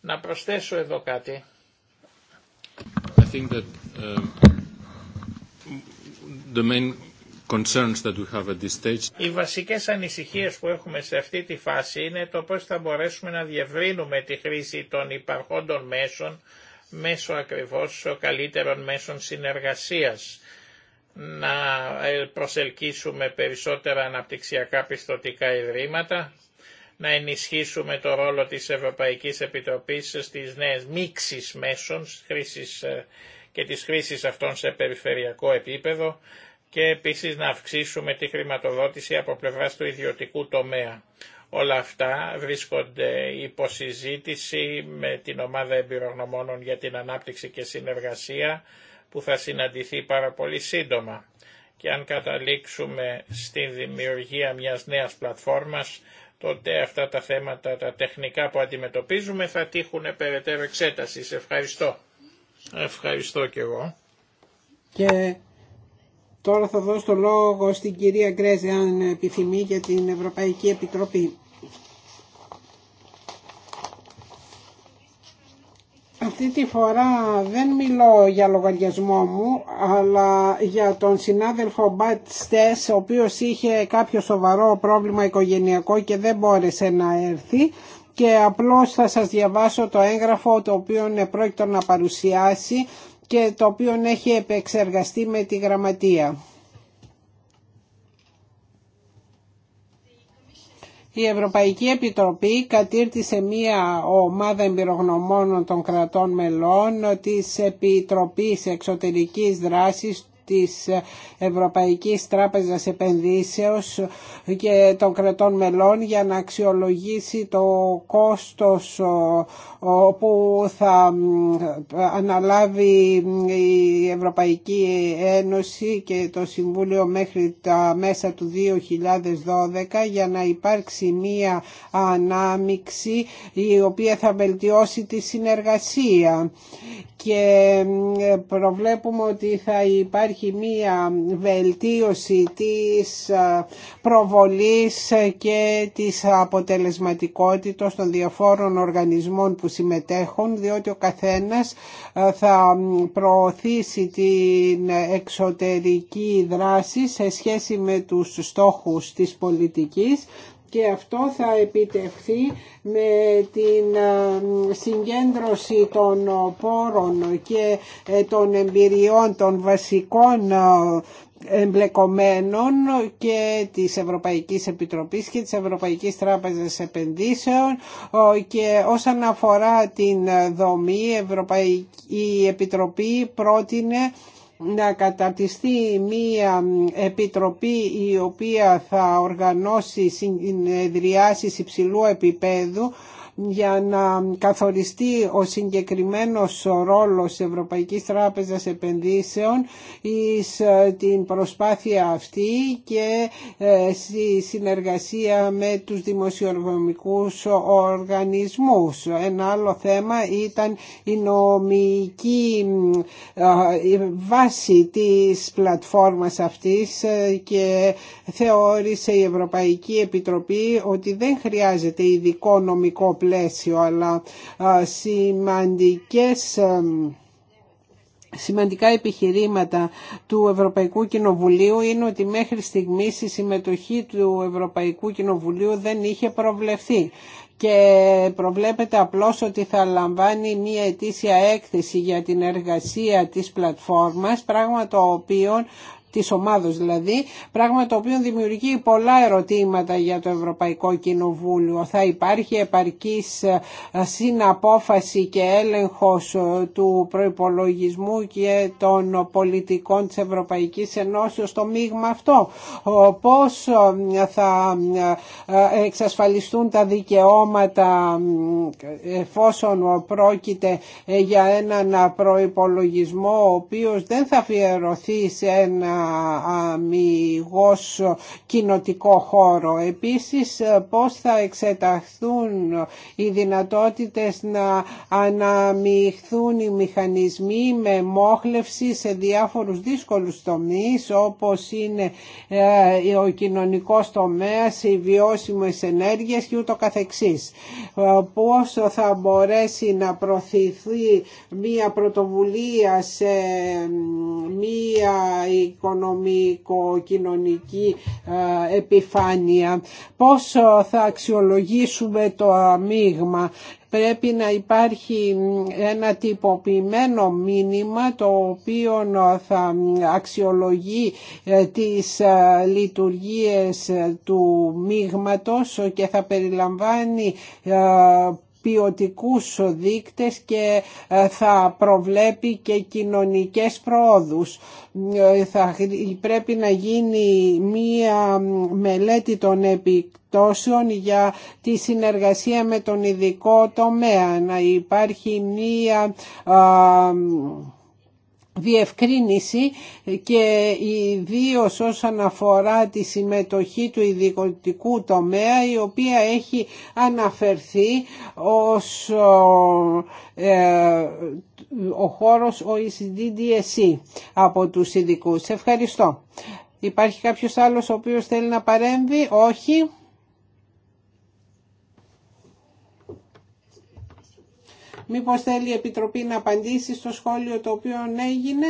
Να προσθέσω εδώ κάτι. I think that, um, the main... Οι βασικές ανησυχίες που έχουμε σε αυτή τη φάση είναι το πώς θα μπορέσουμε να διευρύνουμε τη χρήση των υπαρχόντων μέσων μέσω ακριβώς καλύτερων μέσων συνεργασίας να ε, προσελκύσουμε περισσότερα αναπτυξιακά πιστοτικά ιδρύματα, να ενισχύσουμε το ρόλο της Ευρωπαϊκής Επιτροπής στις νέες μίξεις μέσων ε, και της χρήσης αυτών σε περιφερειακό επίπεδο, και επίσης να αυξήσουμε τη χρηματοδότηση από πλευράς του ιδιωτικού τομέα. Όλα αυτά βρίσκονται υπό συζήτηση με την ομάδα εμπειρογνωμόνων για την ανάπτυξη και συνεργασία που θα συναντηθεί πάρα πολύ σύντομα. Και αν καταλήξουμε στη δημιουργία μιας νέας πλατφόρμας, τότε αυτά τα θέματα, τα τεχνικά που αντιμετωπίζουμε θα τύχουν περαιτέρω εξέταση. Ευχαριστώ. Ευχαριστώ κι εγώ. Και Τώρα θα δώσω το λόγο στην κυρία Γκρέζε αν επιθυμεί για την Ευρωπαϊκή Επιτροπή. Αυτή τη φορά δεν μιλώ για λογαριασμό μου, αλλά για τον συνάδελφο Μπατ Στες, ο οποίος είχε κάποιο σοβαρό πρόβλημα οικογενειακό και δεν μπόρεσε να έρθει και απλώς θα σας διαβάσω το έγγραφο το οποίο πρόκειτο να παρουσιάσει και το οποίο έχει επεξεργαστεί με τη γραμματεία. Η Ευρωπαϊκή Επιτροπή κατήρτισε μία ομάδα εμπειρογνωμόνων των κρατών μελών της Επιτροπής Εξωτερικής Δράσης της Ευρωπαϊκής Τράπεζας Επενδύσεως και των κρατών μελών για να αξιολογήσει το κόστος που θα αναλάβει η Ευρωπαϊκή Ένωση και το Συμβούλιο μέχρι τα μέσα του 2012 για να υπάρξει μία ανάμιξη η οποία θα βελτιώσει τη συνεργασία και προβλέπουμε ότι θα υπάρχει υπάρχει μία βελτίωση της προβολής και της αποτελεσματικότητας των διαφόρων οργανισμών που συμμετέχουν διότι ο καθένας θα προωθήσει την εξωτερική δράση σε σχέση με τους στόχους της πολιτικής και αυτό θα επιτευχθεί με την ε, συγκέντρωση των πόρων και ε, των εμπειριών των βασικών ε, εμπλεκομένων και της Ευρωπαϊκής Επιτροπής και της Ευρωπαϊκής Τράπεζας Επενδύσεων και όσον αφορά την δομή η Ευρωπαϊκή Επιτροπή πρότεινε να καταρτιστεί μία επιτροπή η οποία θα οργανώσει συνεδριάσεις υψηλού επίπεδου για να καθοριστεί ο συγκεκριμένος ρόλος της Ευρωπαϊκής Τράπεζας Επενδύσεων εις ε, την προσπάθεια αυτή και ε, στη συνεργασία με τους δημοσιονομικούς οργανισμούς. Ένα άλλο θέμα ήταν η νομική ε, βάση της πλατφόρμας αυτής και θεώρησε η Ευρωπαϊκή Επιτροπή ότι δεν χρειάζεται ειδικό νομικό πλαίσιο, αλλά σημαντικές Σημαντικά επιχειρήματα του Ευρωπαϊκού Κοινοβουλίου είναι ότι μέχρι στιγμής η συμμετοχή του Ευρωπαϊκού Κοινοβουλίου δεν είχε προβλεφθεί και προβλέπεται απλώς ότι θα λαμβάνει μία ετήσια έκθεση για την εργασία της πλατφόρμας, πράγμα το οποίο της ομάδος δηλαδή, πράγμα το οποίο δημιουργεί πολλά ερωτήματα για το Ευρωπαϊκό Κοινοβούλιο. Θα υπάρχει επαρκής ε, συναπόφαση και έλεγχος ε, του προϋπολογισμού και των πολιτικών της Ευρωπαϊκής Ενώσεως στο μείγμα αυτό. Πώς ε, θα εξασφαλιστούν τα δικαιώματα εφόσον πρόκειται για έναν προϋπολογισμό ο οποίος δεν θα αφιερωθεί σε ένα αμυγός κοινοτικό χώρο. Επίσης πώς θα εξεταχθούν οι δυνατότητες να αναμειχθούν οι μηχανισμοί με μόχλευση σε διάφορους δύσκολους τομείς όπως είναι ε, ο κοινωνικός τομέας, οι βιώσιμες ενέργειες και ούτω καθεξής. Ε, πώς θα μπορέσει να προωθηθεί μία πρωτοβουλία σε ε, μία οικονομική οικονομικο-κοινωνική ε, επιφάνεια. Πώς ε, θα αξιολογήσουμε το αμίγμα πρέπει να υπάρχει ένα τυποποιημένο μήνυμα το οποίο ε, θα αξιολογεί τις λειτουργίες του μείγματος και θα περιλαμβάνει ποιοτικούς δείκτες και ε, θα προβλέπει και κοινωνικές προόδους. Ε, θα, πρέπει να γίνει μία μελέτη των επιπτώσεων για τη συνεργασία με τον ειδικό τομέα, να υπάρχει μία διευκρίνηση και ιδίω όσον αφορά τη συμμετοχή του ειδικοτικού τομέα η οποία έχει αναφερθεί ως ε, ο χώρος OECD-DSE από τους ειδικού. Ευχαριστώ. Υπάρχει κάποιος άλλος ο οποίος θέλει να παρέμβει. Όχι. Μήπως θέλει η Επιτροπή να απαντήσει στο σχόλιο το οποίο έγινε.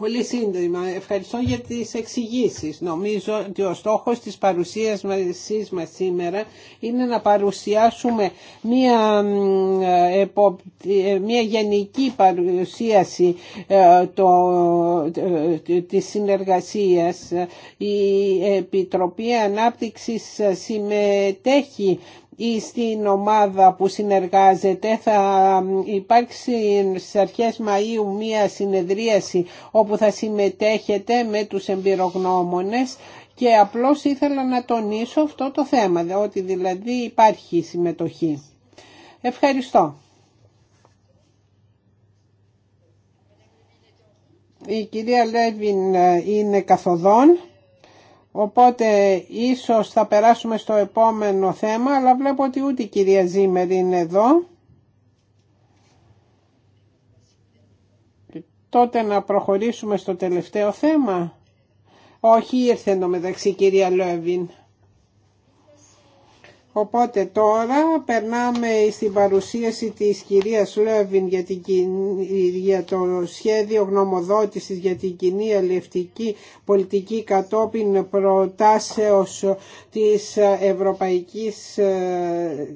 Πολύ σύντομα. Ευχαριστώ για τις εξηγήσεις. Νομίζω ότι ο στόχος της παρουσίας μας σήμερα είναι να παρουσιάσουμε μια, μια ε, γενική παρουσίαση ε, το, ε, της συνεργασίας. Η Επιτροπή Ανάπτυξης συμμετέχει ή στην ομάδα που συνεργάζεται. Θα υπάρξει στις αρχές Μαΐου μία συνεδρίαση όπου θα συμμετέχετε με τους εμπειρογνώμονες και απλώς ήθελα να τονίσω αυτό το θέμα, ότι δηλαδή υπάρχει συμμετοχή. Ευχαριστώ. Η κυρία Λέβιν είναι καθοδόν. Οπότε ίσως θα περάσουμε στο επόμενο θέμα, αλλά βλέπω ότι ούτε η κυρία Ζήμερη είναι εδώ. Τότε να προχωρήσουμε στο τελευταίο θέμα. Όχι, ήρθε εντωμεταξύ η κυρία Λόεβιν. Οπότε τώρα περνάμε στην παρουσίαση της κυρίας Λέβιν για, την, για το σχέδιο γνωμοδότησης για την κοινή ελευτική πολιτική κατόπιν προτάσεως της Ευρωπαϊκής ε,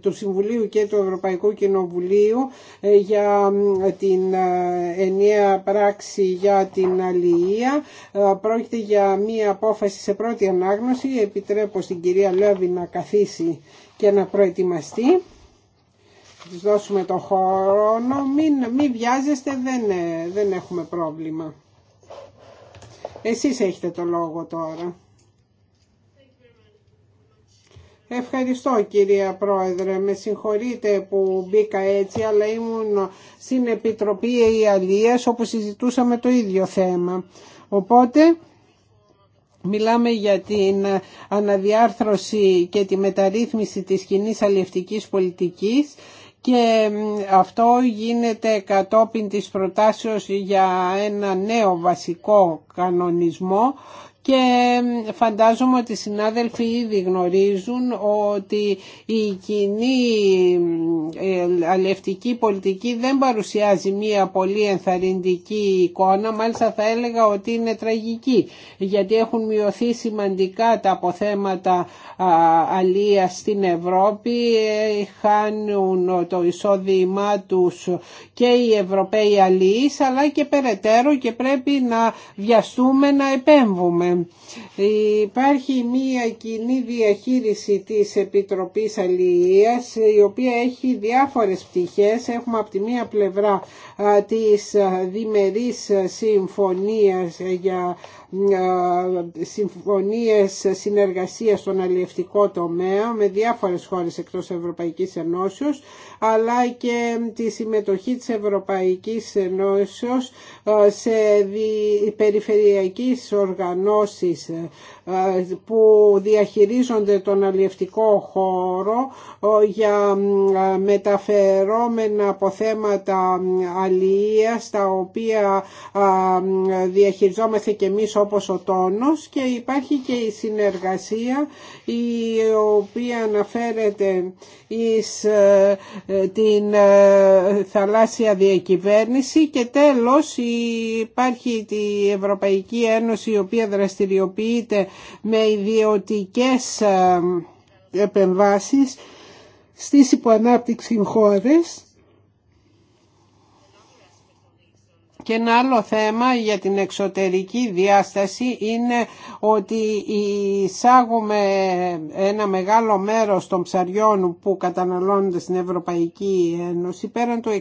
του Συμβουλίου και του Ευρωπαϊκού Κοινοβουλίου ε, για ε, την ε, ενιαία πράξη για την αλληλεία. Πρόκειται για μία απόφαση σε πρώτη ανάγνωση. Επιτρέπω στην κυρία Λέβη να καθίσει και να προετοιμαστεί. Της δώσουμε το χρόνο. Μην, μην βιάζεστε, δεν, δεν έχουμε πρόβλημα. Εσείς έχετε το λόγο τώρα. Ευχαριστώ κυρία Πρόεδρε. Με συγχωρείτε που μπήκα έτσι, αλλά ήμουν στην Επιτροπή Ιαλίας όπου συζητούσαμε το ίδιο θέμα. Οπότε... Μιλάμε για την αναδιάρθρωση και τη μεταρρύθμιση της κοινή αλληλευτικής πολιτικής και αυτό γίνεται κατόπιν της προτάσεως για ένα νέο βασικό κανονισμό και φαντάζομαι ότι οι συνάδελφοι ήδη γνωρίζουν ότι η κοινή ε, αλληλευτική πολιτική δεν παρουσιάζει μία πολύ ενθαρρυντική εικόνα, μάλιστα θα έλεγα ότι είναι τραγική, γιατί έχουν μειωθεί σημαντικά τα αποθέματα αλίας στην Ευρώπη, ε, χάνουν το εισόδημά τους και οι Ευρωπαίοι αλληλείς, αλλά και περαιτέρω και πρέπει να βιαστούμε να επέμβουμε. Υπάρχει μία κοινή διαχείριση της Επιτροπής Αλληλείας η οποία έχει διάφορες πτυχές. Έχουμε από τη μία πλευρά της διμερής συμφωνίας για συμφωνίες συνεργασίας στον αλλιευτικό τομέα με διάφορες χώρες εκτός Ευρωπαϊκής Ενώσεως αλλά και τη συμμετοχή της Ευρωπαϊκής Ενώσεως ε, σε περιφερειακές οργανώσεις που διαχειρίζονται τον αλλιευτικό χώρο ε, για ε, μεταφερόμενα αποθέματα ε, αλληλείας τα οποία διαχειριζόμαστε και εμείς όπως ο τόνος και υπάρχει και η συνεργασία η οποία αναφέρεται εις την θαλάσσια διακυβέρνηση και τέλος υπάρχει η Ευρωπαϊκή Ένωση η οποία δραστηριοποιείται με ιδιωτικές ε, επεμβάσεις στις υποανάπτυξη χώρες Και ένα άλλο θέμα για την εξωτερική διάσταση είναι ότι εισάγουμε ένα μεγάλο μέρος των ψαριών που καταναλώνονται στην Ευρωπαϊκή Ένωση πέραν του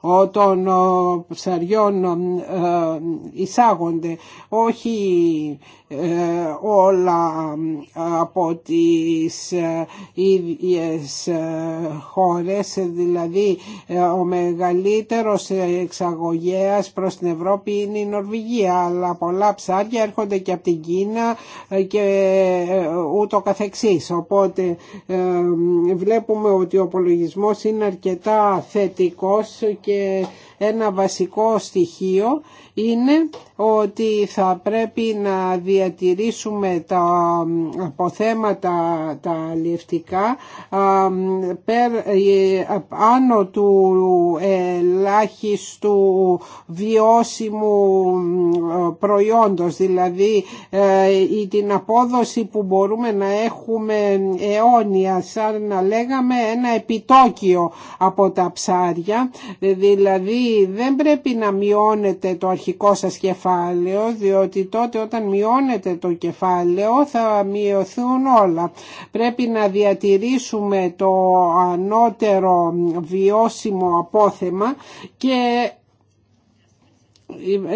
60% των ε, ψαριών ε, εισάγονται όχι ε, όλα από τις ίδιες χώρες δηλαδή ο μεγαλύτερος εξαγωγός Προ προς την Ευρώπη είναι η Νορβηγία αλλά πολλά ψάρια έρχονται και από την Κίνα ε, και ε, ούτω καθεξής. Οπότε ε, βλέπουμε ότι ο απολογισμός είναι αρκετά θετικός και ένα βασικό στοιχείο είναι ότι θα πρέπει να διατηρήσουμε τα αποθέματα τα αλληλευτικά ε, άνω του ελάχιστου βιώσιμου ε, προϊόντος δηλαδή ή ε, την απόδοση που μπορούμε να έχουμε αιώνια σαν να λέγαμε ένα επιτόκιο από τα ψάρια δηλαδή δεν πρέπει να μειώνεται το αρχικό ψυχικό σας κεφάλαιο διότι τότε όταν μειώνεται το κεφάλαιο θα μειωθούν όλα. Πρέπει να διατηρήσουμε το ανώτερο βιώσιμο απόθεμα και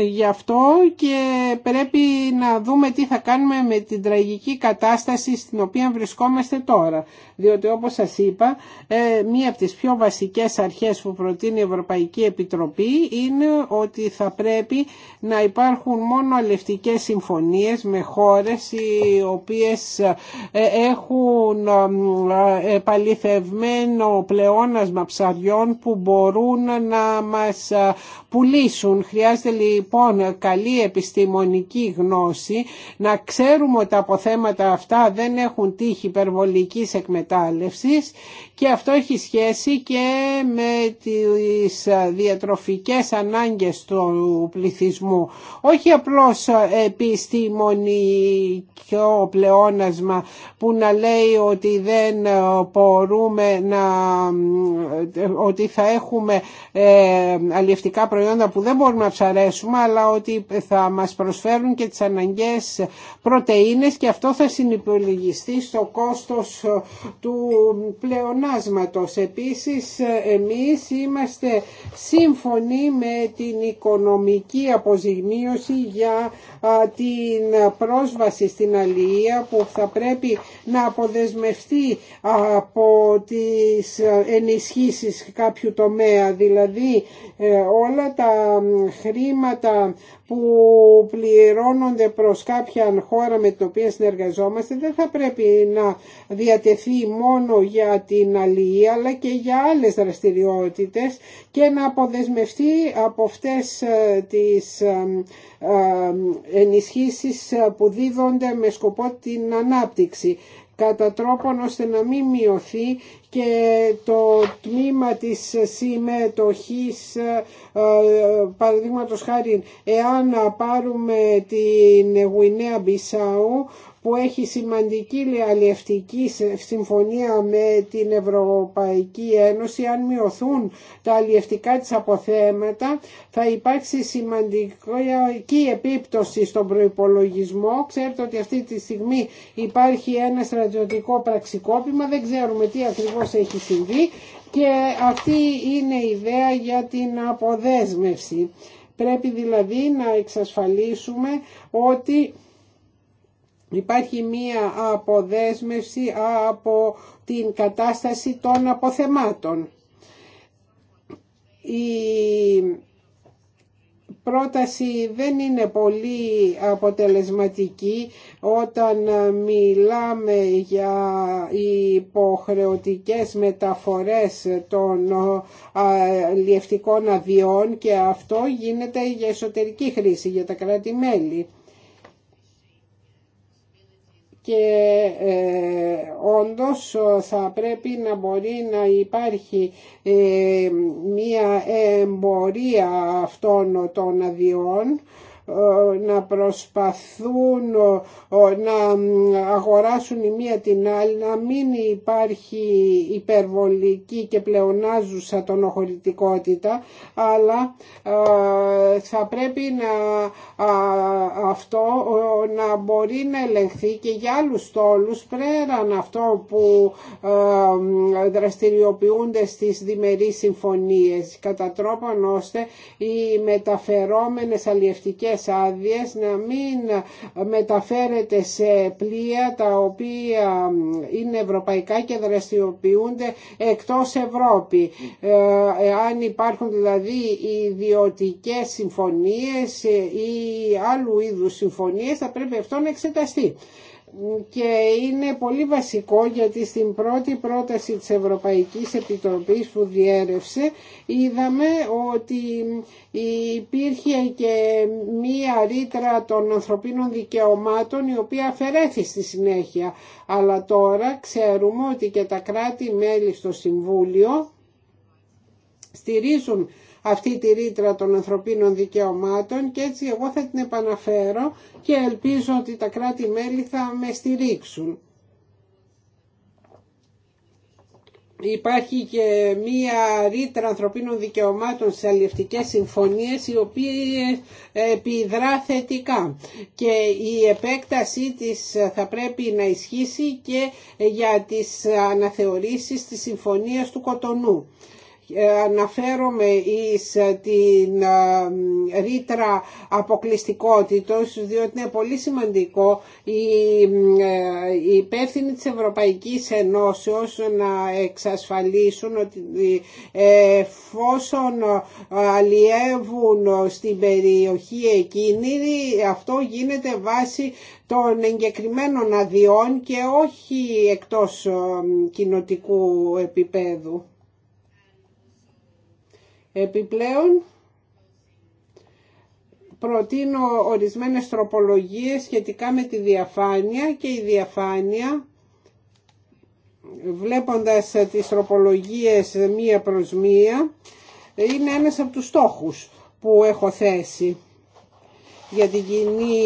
Γι' αυτό και πρέπει να δούμε τι θα κάνουμε με την τραγική κατάσταση στην οποία βρισκόμαστε τώρα. Διότι όπως σας είπα, ε, μία από τις πιο βασικές αρχές που προτείνει η Ευρωπαϊκή Επιτροπή είναι ότι θα πρέπει να υπάρχουν μόνο αλευτικές συμφωνίες με χώρες οι οποίες ε, έχουν ε, επαληθευμένο πλεόνασμα ψαριών που μπορούν να μας πουλήσουν. Χρειάζεται Χρειάζεται λοιπόν καλή επιστημονική γνώση, να ξέρουμε ότι τα αποθέματα αυτά δεν έχουν τύχη υπερβολικής εκμετάλλευσης και αυτό έχει σχέση και με τις διατροφικές ανάγκες του πληθυσμού. Όχι απλώς επιστημονικό πλεόνασμα που να λέει ότι δεν μπορούμε να ότι θα έχουμε ε, αλλιευτικά προϊόντα που δεν μπορούμε να αρέσουμε αλλά ότι θα μας προσφέρουν και τις αναγκαίες πρωτεΐνες και αυτό θα συνυπολογιστεί στο κόστος ε, του πλεονάσματος. Επίσης ε, εμείς είμαστε σύμφωνοι με την οικονομική αποζημίωση για την πρόσβαση στην αλληλεία που θα πρέπει να αποδεσμευτεί από τις ε, ενισχύσεις κάποιου τομέα δηλαδή όλα τα χρήματα χρήματα που πληρώνονται προς κάποια χώρα με την οποία συνεργαζόμαστε δεν θα πρέπει να διατεθεί μόνο για την αλληλεία αλλά και για άλλες δραστηριότητες και να αποδεσμευτεί από αυτές ε, τις ε, ε, ενισχύσεις που δίδονται με σκοπό την ανάπτυξη κατά τρόπον ώστε να μην μειωθεί και το τμήμα της συμμετοχής ε, ε, παραδείγματος χάρη εάν πάρουμε την Γουινέα Μπισάου που έχει σημαντική αλλιευτική συμφωνία με την Ευρωπαϊκή Ένωση αν μειωθούν τα αλλιευτικά της αποθέματα θα υπάρξει σημαντική επίπτωση στον προϋπολογισμό ξέρετε ότι αυτή τη στιγμή υπάρχει ένα στρατιωτικό πραξικόπημα δεν ξέρουμε τι ακριβώς έχει συμβεί και αυτή είναι η ιδέα για την αποδέσμευση πρέπει δηλαδή να εξασφαλίσουμε ότι Υπάρχει μία αποδέσμευση από την κατάσταση των αποθεμάτων. Η πρόταση δεν είναι πολύ αποτελεσματική όταν μιλάμε για υποχρεωτικές μεταφορές των λιευτικών αδειών και αυτό γίνεται για εσωτερική χρήση, για τα κράτη-μέλη και ε, όντως θα πρέπει να μπορεί να υπάρχει ε, μία εμπορία αυτών των αδειών να προσπαθούν να αγοράσουν η μία την άλλη, να μην υπάρχει υπερβολική και πλεονάζουσα τονοχωρητικότητα, αλλά ε, θα πρέπει να, αυτό να μπορεί να ελεγχθεί και για άλλους τόλους πρέραν αυτό που ε, δραστηριοποιούνται στις διμερείς συμφωνίες κατά τρόπον ώστε οι μεταφερόμενες αλλιευτικές να μην μεταφέρεται σε πλοία τα οποία είναι ευρωπαϊκά και δραστηριοποιούνται εκτός Ευρώπη. Ε, αν υπάρχουν δηλαδή ιδιωτικέ συμφωνίες ή άλλου είδους συμφωνίες θα πρέπει αυτό να εξεταστεί και είναι πολύ βασικό γιατί στην πρώτη πρόταση της Ευρωπαϊκής Επιτροπής που διέρευσε είδαμε ότι υπήρχε και μία ρήτρα των ανθρωπίνων δικαιωμάτων η οποία αφαιρέθη στη συνέχεια. Αλλά τώρα ξέρουμε ότι και τα κράτη-μέλη στο Συμβούλιο στηρίζουν αυτή τη ρήτρα των ανθρωπίνων δικαιωμάτων και έτσι εγώ θα την επαναφέρω και ελπίζω ότι τα κράτη-μέλη θα με στηρίξουν. Υπάρχει και μία ρήτρα ανθρωπίνων δικαιωμάτων σε αλληλευτικές συμφωνίες οι οποίες επιδρά θετικά και η επέκτασή της θα πρέπει να ισχύσει και για τις αναθεωρήσεις της συμφωνίας του Κοτονού. Ε, αναφέρομαι εις ε, την ε, ρήτρα αποκλειστικότητος διότι είναι πολύ σημαντικό η υπεύθυνοι της Ευρωπαϊκής Ενώσεως να εξασφαλίσουν ότι εφόσον αλλιεύουν στην περιοχή εκείνη αυτό γίνεται βάσει των εγκεκριμένων αδειών και όχι εκτός κοινοτικού επίπεδου. Επιπλέον, προτείνω ορισμένες τροπολογίες σχετικά με τη διαφάνεια και η διαφάνεια βλέποντας τις τροπολογίες μία προς μία είναι ένας από τους στόχους που έχω θέσει για την κοινή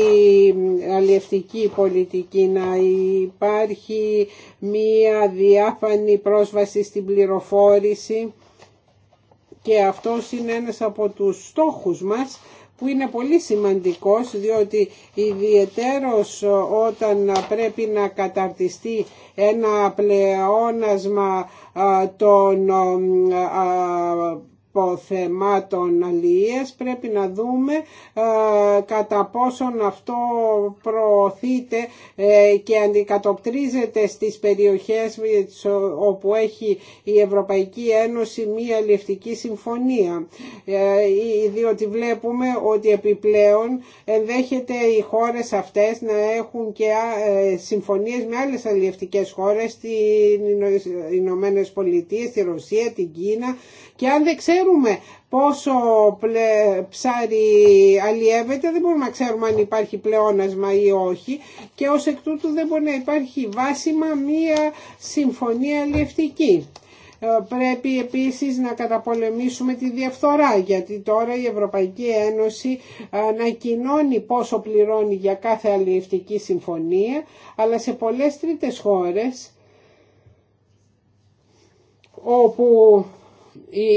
αλλιευτική πολιτική να υπάρχει μία διάφανη πρόσβαση στην πληροφόρηση και αυτός είναι ένας από τους στόχους μας που είναι πολύ σημαντικός διότι ιδιαιτέρως ε, όταν πρέπει να καταρτιστεί ένα πλεόνασμα ε, των ε, υποθεμάτων αλίες πρέπει να δούμε κατά πόσον αυτό προωθείται ε, και αντικατοπτρίζεται στις περιοχές όπου έχει η Ευρωπαϊκή Ένωση μία αλληλευτική συμφωνία ε, διότι βλέπουμε ότι επιπλέον ενδέχεται οι χώρες αυτές να έχουν και ε, συμφωνίες με άλλες αλληλευτικές χώρες, στις Ηνωμένε Πολιτείες, τη Ρωσία, την Κίνα και αν δεν ξέρουμε πόσο ψάρι αλλιεύεται δεν μπορούμε να ξέρουμε αν υπάρχει πλεόνασμα ή όχι και ως εκ τούτου δεν μπορεί να υπάρχει βάσιμα μία συμφωνία αλλιευτική. Ε, πρέπει επίσης να καταπολεμήσουμε τη διαφθορά γιατί τώρα η Ευρωπαϊκή Ένωση ανακοινώνει πόσο πληρώνει για κάθε αλλιευτική συμφωνία αλλά σε πολλές τρίτες χώρες όπου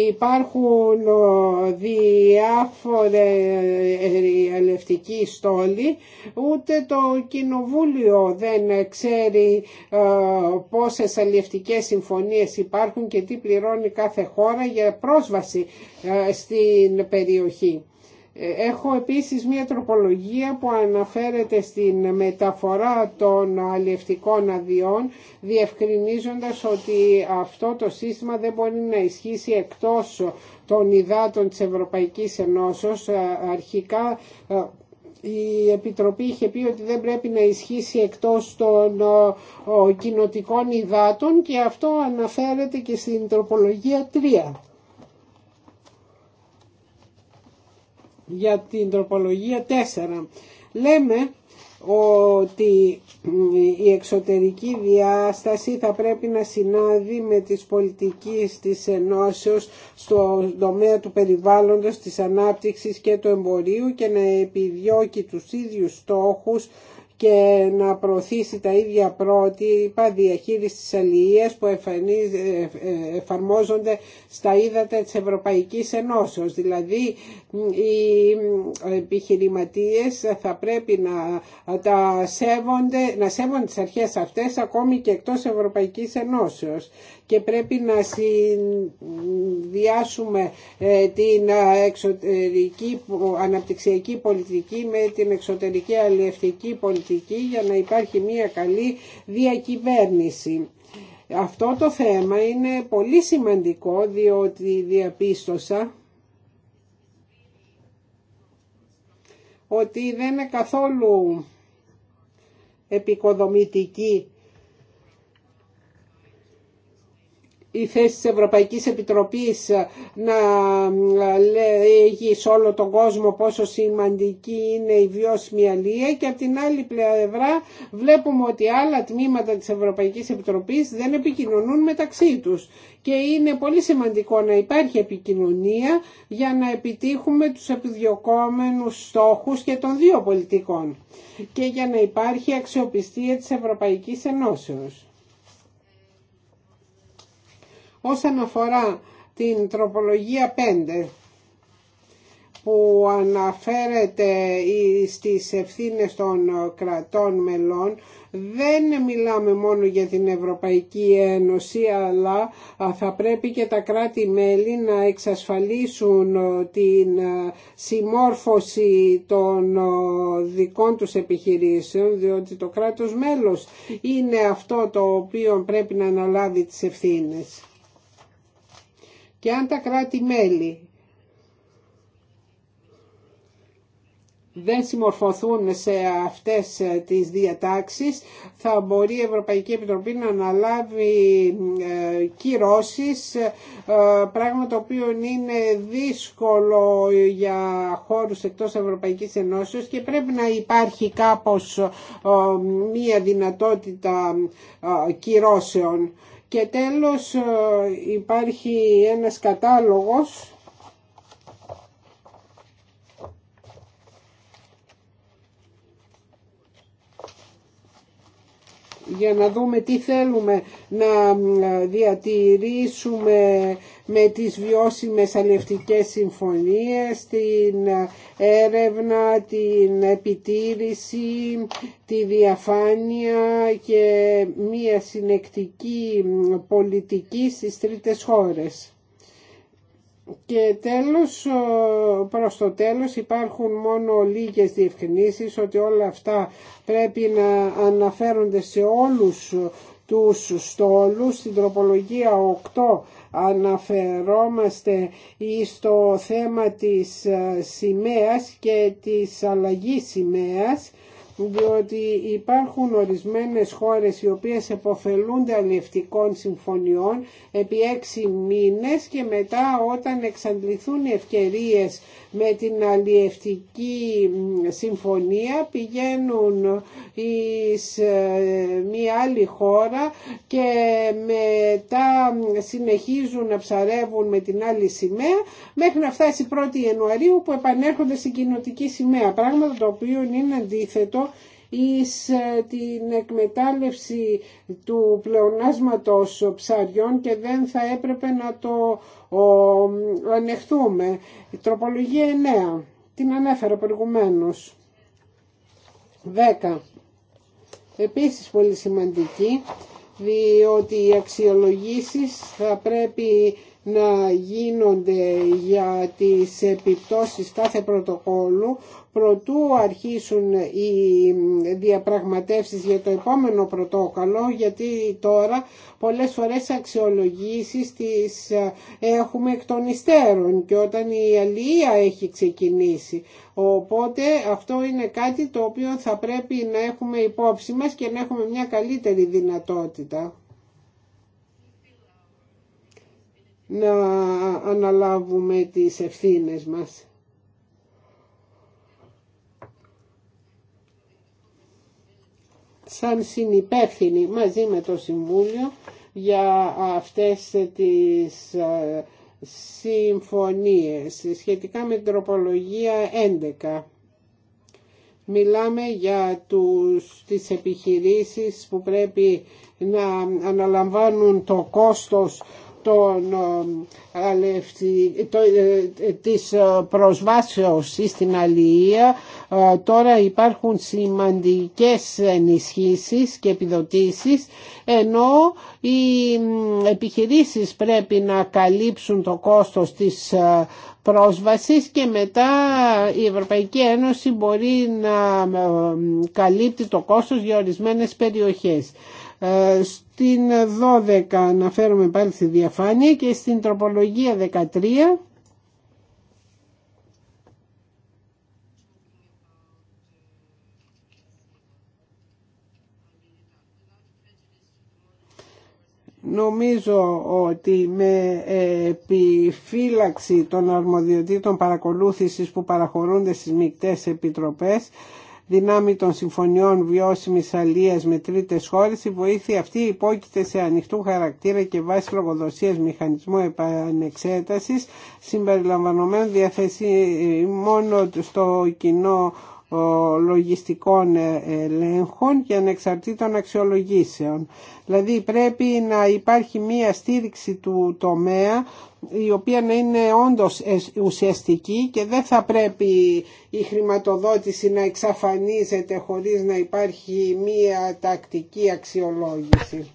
Υπάρχουν ε, διάφοροι ελευτικοί στόλοι, ούτε το Κοινοβούλιο δεν ξέρει ε, πόσες αλληλευτικές συμφωνίες υπάρχουν και τι πληρώνει κάθε χώρα για πρόσβαση ε, στην περιοχή. Έχω επίσης μία τροπολογία που αναφέρεται στην μεταφορά των αλλιευτικών αδειών διευκρινίζοντας ότι αυτό το σύστημα δεν μπορεί να ισχύσει εκτός των υδάτων της Ευρωπαϊκής Ενώσεως. Ε, αρχικά ε, η Επιτροπή είχε πει ότι δεν πρέπει να ισχύσει εκτός των ε, κοινοτικών υδάτων και αυτό αναφέρεται και στην τροπολογία 3. για την τροπολογία 4. Λέμε ότι η εξωτερική διάσταση θα πρέπει να συνάδει με τις πολιτικές της ενώσεως στο τομέα του περιβάλλοντος, της ανάπτυξης και του εμπορίου και να επιδιώκει τους ίδιους στόχους και να προωθήσει τα ίδια πρότυπα διαχείρισης της αλληλείας που ε, ε, εφαρμόζονται στα ύδατα της Ευρωπαϊκής Ενώσεως. Δηλαδή οι επιχειρηματίες θα πρέπει να τα σέβονται, να σέβονται τις αρχές αυτές ακόμη και εκτός Ευρωπαϊκής Ενώσεως και πρέπει να συνδυάσουμε ε, την εξωτερική αναπτυξιακή πολιτική με την εξωτερική αλληλευτική πολιτική για να υπάρχει μια καλή διακυβέρνηση. Αυτό το θέμα είναι πολύ σημαντικό διότι διαπίστωσα ότι δεν είναι καθόλου επικοδομητική η θέση της Ευρωπαϊκής Επιτροπής να λέγει σε όλο τον κόσμο πόσο σημαντική είναι η βιώσιμη αλληλεία και από την άλλη πλευρά βλέπουμε ότι άλλα τμήματα της Ευρωπαϊκής Επιτροπής δεν επικοινωνούν μεταξύ τους και είναι πολύ σημαντικό να υπάρχει επικοινωνία για να επιτύχουμε τους επιδιωκόμενους στόχους και των δύο πολιτικών και για να υπάρχει αξιοπιστία της Ευρωπαϊκής Ενώσεως. Όσον αφορά την τροπολογία 5 που αναφέρεται στις ευθύνες των κρατών μελών δεν μιλάμε μόνο για την Ευρωπαϊκή Ένωση αλλά θα πρέπει και τα κράτη-μέλη να εξασφαλίσουν την συμμόρφωση των δικών τους επιχειρήσεων διότι το κράτος μέλος είναι αυτό το οποίο πρέπει να αναλάβει τις ευθύνες και αν τα κράτη-μέλη δεν συμμορφωθούν σε αυτές ε, τις διατάξεις θα μπορεί η Ευρωπαϊκή Επιτροπή να αναλάβει ε, κυρώσεις ε, πράγμα το οποίο είναι δύσκολο για χώρους εκτός Ευρωπαϊκής Ενώσεως και πρέπει να υπάρχει κάπως μία δυνατότητα κυρώσεων. Και τέλος ε, υπάρχει ένας κατάλογος για να δούμε τι θέλουμε να διατηρήσουμε με τις βιώσιμες αλληλευτικές συμφωνίες, την έρευνα, την επιτήρηση, τη διαφάνεια και μία συνεκτική πολιτική στις τρίτες χώρες. Και τέλος, προς το τέλος υπάρχουν μόνο λίγες διευκρινήσεις ότι όλα αυτά πρέπει να αναφέρονται σε όλους τους στόλους. Στην τροπολογία 8 αναφερόμαστε στο θέμα της ε, σημαίας και της αλλαγής σημαίας διότι υπάρχουν ορισμένες χώρες οι οποίες εποφελούνται αλλιευτικών συμφωνιών επί έξι μήνες και μετά όταν εξαντληθούν οι ευκαιρίες με την αλλιευτική συμφωνία πηγαίνουν εις ε, μια άλλη χώρα και μετά συνεχίζουν να ψαρεύουν με την άλλη σημαία μέχρι να φτάσει 1η Ιανουαρίου που επανέρχονται στην κοινοτική σημαία πράγμα το οποίο είναι αντίθετο εις ε, την εκμετάλλευση του πλεονάσματος ψαριών και δεν θα έπρεπε να το ανεχθούμε. Τροπολογία 9. Την ανέφερα προηγουμένως. 10. Επίσης πολύ σημαντική διότι οι αξιολογήσεις θα πρέπει να γίνονται για τις επιπτώσεις κάθε πρωτοκόλου προτού αρχίσουν οι διαπραγματεύσεις για το επόμενο πρωτόκαλο γιατί τώρα πολλές φορές αξιολογήσεις τις έχουμε εκ των υστέρων και όταν η αλληλεία έχει ξεκινήσει. Οπότε αυτό είναι κάτι το οποίο θα πρέπει να έχουμε υπόψη μας και να έχουμε μια καλύτερη δυνατότητα να αναλάβουμε τις ευθύνες μας. σαν συνυπεύθυνοι μαζί με το Συμβούλιο για αυτές τις ε, συμφωνίες σχετικά με την τροπολογία 11. Μιλάμε για τους, τις επιχειρήσεις που πρέπει να αναλαμβάνουν το κόστος των ε, ε, ε, της προσβάσεως στην αλληλεία τώρα υπάρχουν σημαντικές ενισχύσεις και επιδοτήσεις ενώ οι επιχειρήσεις πρέπει να καλύψουν το κόστος της πρόσβασης και μετά η Ευρωπαϊκή Ένωση μπορεί να καλύπτει το κόστος για ορισμένες περιοχές. Ε, στην 12 φέρουμε πάλι στη διαφάνεια και στην τροπολογία 13 Νομίζω ότι με επιφύλαξη των αρμοδιοτήτων παρακολούθησης που παραχωρούνται στις μικτές επιτροπές δυνάμει των συμφωνιών βιώσιμης αλίας με τρίτε χώρε, η βοήθεια αυτή υπόκειται σε ανοιχτού χαρακτήρα και βάση λογοδοσία μηχανισμού επανεξέτασης, συμπεριλαμβανομένου διαθεσίμων μόνο στο κοινό λογιστικών ε, ελέγχων και ανεξαρτήτων αξιολογήσεων. Δηλαδή πρέπει να υπάρχει μία στήριξη του τομέα η οποία να είναι όντως ουσιαστική και δεν θα πρέπει η χρηματοδότηση να εξαφανίζεται χωρίς να υπάρχει μία τακτική αξιολόγηση.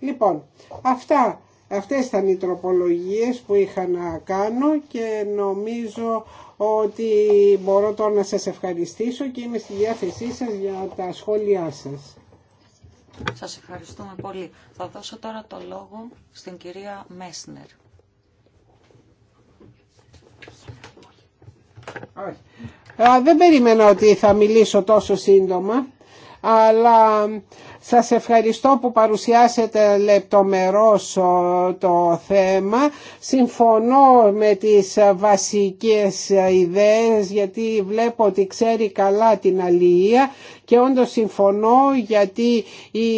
Λοιπόν, αυτά, αυτές ήταν οι τροπολογίες που είχα να κάνω και νομίζω ότι μπορώ τώρα να σας ευχαριστήσω και είμαι στη διάθεσή σας για τα σχόλιά σας. Σας ευχαριστούμε πολύ. Θα δώσω τώρα το λόγο στην κυρία Μέσνερ. δεν περίμενα ότι θα μιλήσω τόσο σύντομα, αλλά σας ευχαριστώ που παρουσιάσετε λεπτομερώς το θέμα. Συμφωνώ με τις βασικές ιδέες γιατί βλέπω ότι ξέρει καλά την αλληλεία και όντως συμφωνώ γιατί οι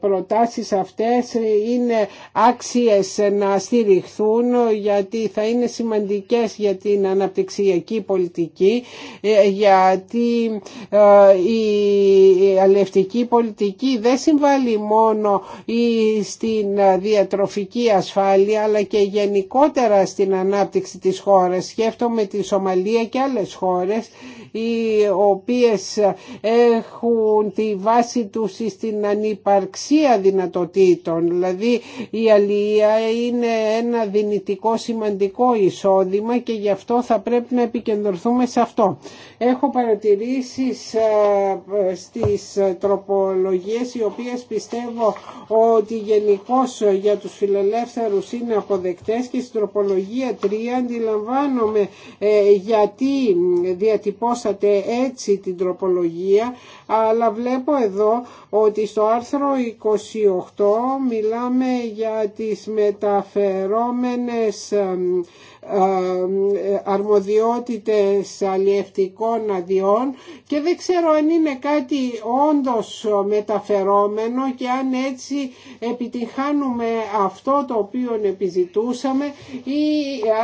προτάσεις αυτές είναι άξιες να στηριχθούν γιατί θα είναι σημαντικές για την αναπτυξιακή πολιτική ε, γιατί ε, η αλληλευτική η πολιτική δεν συμβάλλει μόνο στην διατροφική ασφάλεια αλλά και γενικότερα στην ανάπτυξη της χώρας. Σκέφτομαι τη Σομαλία και άλλες χώρες οι οποίες έχουν τη βάση τους στην ανυπαρξία δυνατοτήτων. Δηλαδή η αλληλεία είναι ένα δυνητικό σημαντικό εισόδημα και γι' αυτό θα πρέπει να επικεντρωθούμε σε αυτό. Έχω παρατηρήσει ε, στις τροπολογίες οι οποίες πιστεύω ότι γενικώ για τους φιλελεύθερους είναι αποδεκτές και στην τροπολογία 3 αντιλαμβάνομαι ε, γιατί διατυπώσαμε διαβάσατε έτσι την τροπολογία αλλά βλέπω εδώ ότι στο άρθρο 28 μιλάμε για τις μεταφερόμενες ε, αρμοδιότητες αλλιευτικών αδειών και δεν ξέρω αν είναι κάτι όντως μεταφερόμενο και αν έτσι επιτυχάνουμε αυτό το οποίο επιζητούσαμε ή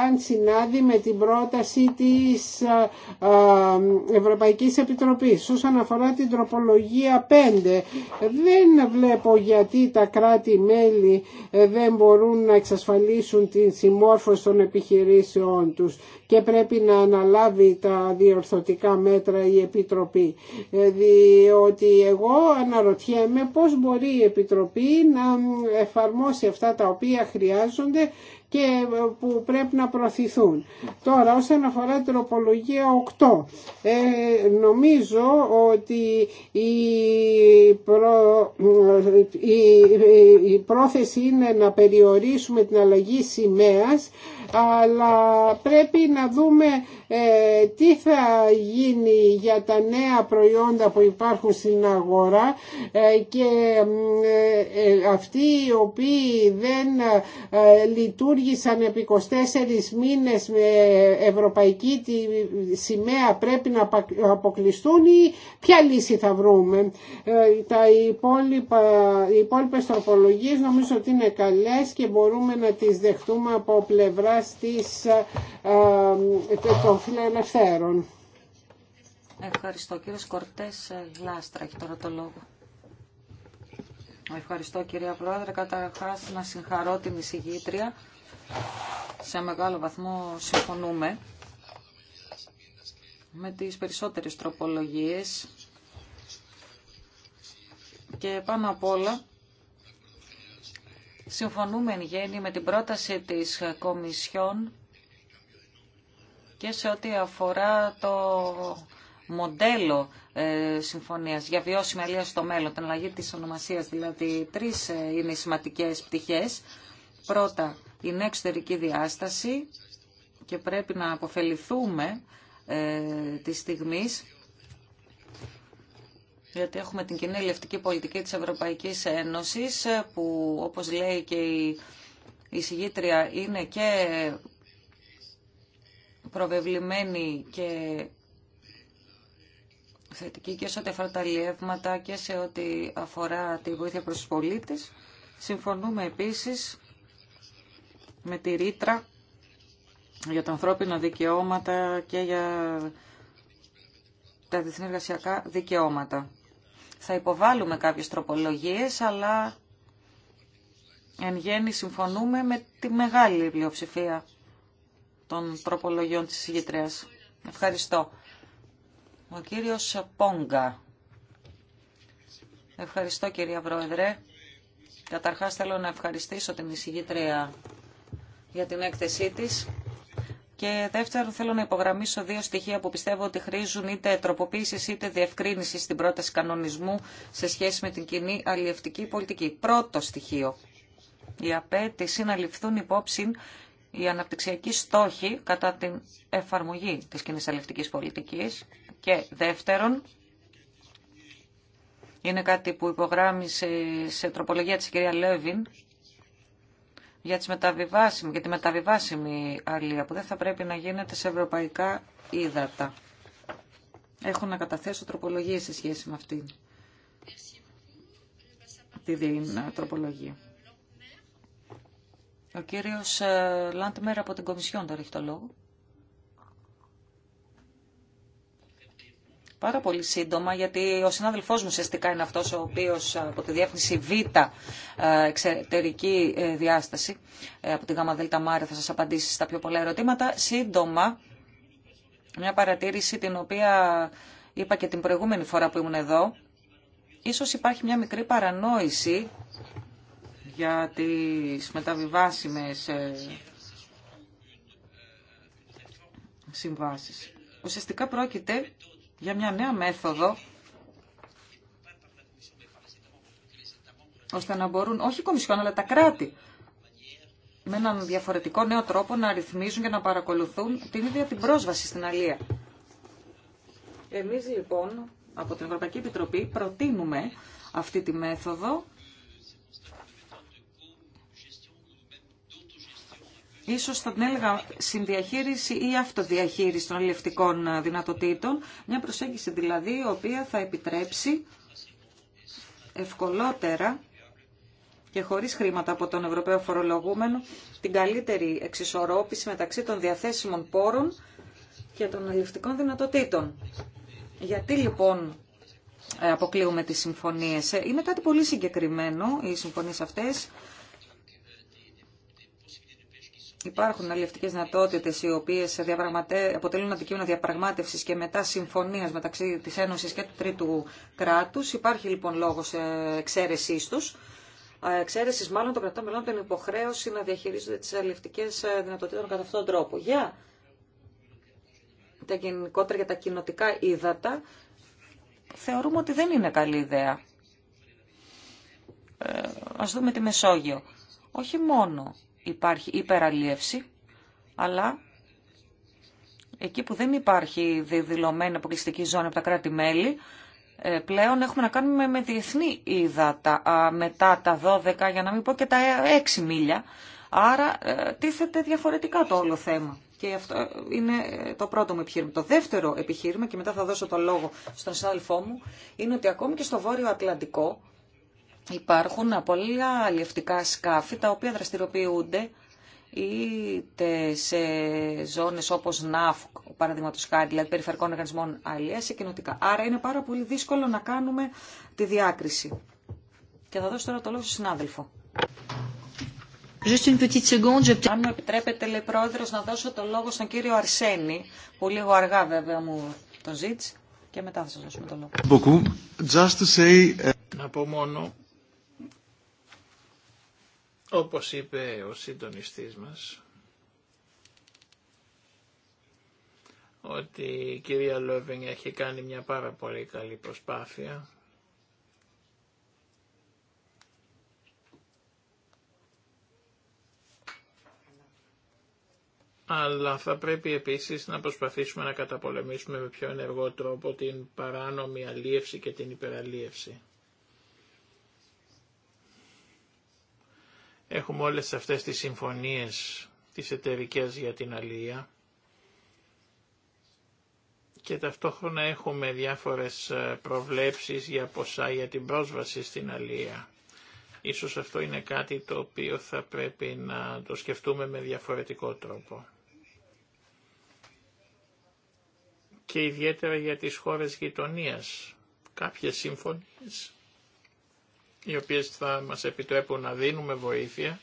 αν συνάδει με την πρόταση της Ευρωπαϊκής Επιτροπής. Όσον αφορά την τροπολογία 5 δεν βλέπω γιατί τα κράτη-μέλη ε, δεν μπορούν να εξασφαλίσουν την συμμόρφωση των επιχειρήσεων τους και πρέπει να αναλάβει τα διορθωτικά μέτρα η Επιτροπή. Ε, διότι εγώ αναρωτιέμαι πώς μπορεί η Επιτροπή να εφαρμόσει αυτά τα οποία χρειάζονται και που πρέπει να προωθηθούν. Τώρα όσον αφορά τροπολογία 8, ε, νομίζω ότι η, η πρόθεση είναι να περιορίσουμε την αλλαγή σημαίας αλλά πρέπει να δούμε ε, τι θα γίνει για τα νέα προϊόντα που υπάρχουν στην αγορά ε, και ε, αυτοί οι οποίοι δεν λειτουργήσαν επί 24 μήνες με ευρωπαϊκή τη σημαία πρέπει να αποκλειστούν ή ποια λύση θα βρούμε. Τα υπόλοιπα, οι υπόλοιπες τροπολογίες νομίζω ότι είναι καλές και μπορούμε να τις δεχτούμε από πλευρά ε της, ε, των φιλελευθέρων. Ευχαριστώ. κύριε Κορτές ε, Λάστρα έχει τώρα το λόγο. Ευχαριστώ κυρία Πρόεδρε. Καταρχάς να συγχαρώ την εισηγήτρια. Σε μεγάλο βαθμό συμφωνούμε με τις περισσότερες τροπολογίες και πάνω απ' όλα Συμφωνούμε εν γέννη με την πρόταση της Κομισιόν και σε ό,τι αφορά το μοντέλο ε, συμφωνίας για βιώσιμη αλληλεία στο μέλλον, την αλλαγή της ονομασίας, δηλαδή τρεις ε, είναι οι σημαντικές πτυχές. Πρώτα, είναι εξωτερική διάσταση και πρέπει να αποφεληθούμε ε, της στιγμής γιατί έχουμε την κοινή ελευτική πολιτική της Ευρωπαϊκής Ένωσης ε, που όπως λέει και η εισηγήτρια είναι και προβεβλημένη και θετική και σε ό,τι αφορά τα λιεύματα και σε ό,τι αφορά τη βοήθεια προς τους πολίτες. Συμφωνούμε επίσης με τη ρήτρα για τα ανθρώπινα δικαιώματα και για τα διεθνή εργασιακά δικαιώματα. Θα υποβάλουμε κάποιες τροπολογίες, αλλά εν γέννη συμφωνούμε με τη μεγάλη πλειοψηφία των τροπολογιών της ηγητρίας. Ευχαριστώ. Ο κύριος Πόγκα. Ευχαριστώ κυρία Πρόεδρε. Καταρχάς θέλω να ευχαριστήσω την εισηγήτρια για την έκθεσή της. Και δεύτερον, θέλω να υπογραμμίσω δύο στοιχεία που πιστεύω ότι χρήζουν είτε τροποποίηση είτε διευκρίνηση στην πρόταση κανονισμού σε σχέση με την κοινή αλληλευτική πολιτική. Πρώτο στοιχείο. Η απέτηση να ληφθούν υπόψη οι αναπτυξιακοί στόχοι κατά την εφαρμογή της κοινή αλληλευτικής πολιτικής και δεύτερον, είναι κάτι που υπογράμμισε σε τροπολογία της κυρία Λέβιν, για, τις για τη μεταβιβάσιμη αλία που δεν θα πρέπει να γίνεται σε ευρωπαϊκά ύδατα. Έχω να καταθέσω τροπολογίες σε σχέση με αυτήν τη τροπολογία. Ο κύριος ε, Λάντμερ από την Κομισιόν τώρα έχει το λόγο. Πάρα πολύ σύντομα, γιατί ο συνάδελφό μου ουσιαστικά είναι αυτό ο οποίος ε, από τη διεύθυνση Β ε, εξωτερική ε, διάσταση από τη ΓΔ θα σας απαντήσει στα πιο πολλά ερωτήματα. Σύντομα, μια παρατήρηση την οποία είπα και την προηγούμενη φορά που ήμουν εδώ. Ίσως υπάρχει μια μικρή παρανόηση για τις μεταβιβάσιμες συμβάσεις. Ουσιαστικά πρόκειται για μια νέα μέθοδο ώστε να μπορούν όχι οι Κομισιόν αλλά τα κράτη με έναν διαφορετικό νέο τρόπο να ρυθμίζουν και να παρακολουθούν την ίδια την πρόσβαση στην αλία. Εμείς λοιπόν από την Ευρωπαϊκή Επιτροπή προτείνουμε αυτή τη μέθοδο ίσως θα την έλεγα συνδιαχείριση ή αυτοδιαχείριση των αλληλευτικών ε, δυνατοτήτων, μια προσέγγιση δηλαδή η οποία θα επιτρέψει ευκολότερα και χωρίς χρήματα από τον Ευρωπαίο Φορολογούμενο την καλύτερη εξισορρόπηση μεταξύ των διαθέσιμων πόρων και των αλληλευτικών δυνατοτήτων. Γιατί λοιπόν ε, αποκλείουμε τις συμφωνίες. Ε, είναι κάτι πολύ συγκεκριμένο οι συμφωνίες αυτές Υπάρχουν αλληλευτικέ δυνατότητε οι οποίε αποτελούν αντικείμενο διαπραγμάτευση και μετά συμφωνία μεταξύ τη Ένωση και του τρίτου κράτου. Υπάρχει λοιπόν λόγο εξαίρεσή του. Εξαίρεση μάλλον των κρατών μελών την υποχρέωση να διαχειρίζονται τι αλληλευτικέ δυνατότητε κατά αυτόν τον τρόπο. Για τα γενικότερα για τα κοινοτικά ύδατα θεωρούμε ότι δεν είναι καλή ιδέα. Ε, ας δούμε τη Μεσόγειο. Όχι μόνο υπάρχει υπεραλίευση, αλλά εκεί που δεν υπάρχει δηλωμένη αποκλειστική ζώνη από τα κράτη-μέλη, ε, πλέον έχουμε να κάνουμε με διεθνή ύδατα μετά τα 12, για να μην πω και τα 6 μίλια. Άρα ε, τίθεται διαφορετικά το όλο θέμα. Και αυτό ε, είναι το πρώτο μου επιχείρημα. Το δεύτερο επιχείρημα, και μετά θα δώσω το λόγο στον συνάδελφό μου, είναι ότι ακόμη και στο Βόρειο Ατλαντικό, υπάρχουν πολλά αλλιευτικά σκάφη τα οποία δραστηριοποιούνται είτε σε ζώνες όπως ΝΑΦΚ, παραδείγματο χάρη, δηλαδή περιφερικών οργανισμών αλλιές και κοινοτικά. Άρα είναι πάρα πολύ δύσκολο να κάνουμε τη διάκριση. Και θα δώσω τώρα το λόγο στον συνάδελφο. Αν μου επιτρέπετε, λέει πρόεδρος, να δώσω το λόγο στον κύριο Αρσένη, που λίγο αργά βέβαια μου τον ζήτησε, και μετά θα σας δώσουμε το λόγο. Ε, να πω μόνο όπως είπε ο συντονιστής μας, ότι η κυρία Λόβινγκ έχει κάνει μια πάρα πολύ καλή προσπάθεια αλλά θα πρέπει επίσης να προσπαθήσουμε να καταπολεμήσουμε με πιο ενεργό τρόπο την παράνομη αλίευση και την υπεραλίευση. Έχουμε όλες αυτές τις συμφωνίες τις εταιρικέ για την αλληλεία και ταυτόχρονα έχουμε διάφορες ε, προβλέψεις για ποσά για την πρόσβαση στην αλληλεία. Ίσως αυτό είναι κάτι το οποίο θα πρέπει να το σκεφτούμε με διαφορετικό τρόπο. Και ιδιαίτερα για τις χώρες γειτονίας. Κάποιες συμφωνίες οι οποίες θα μας επιτρέπουν να δίνουμε βοήθεια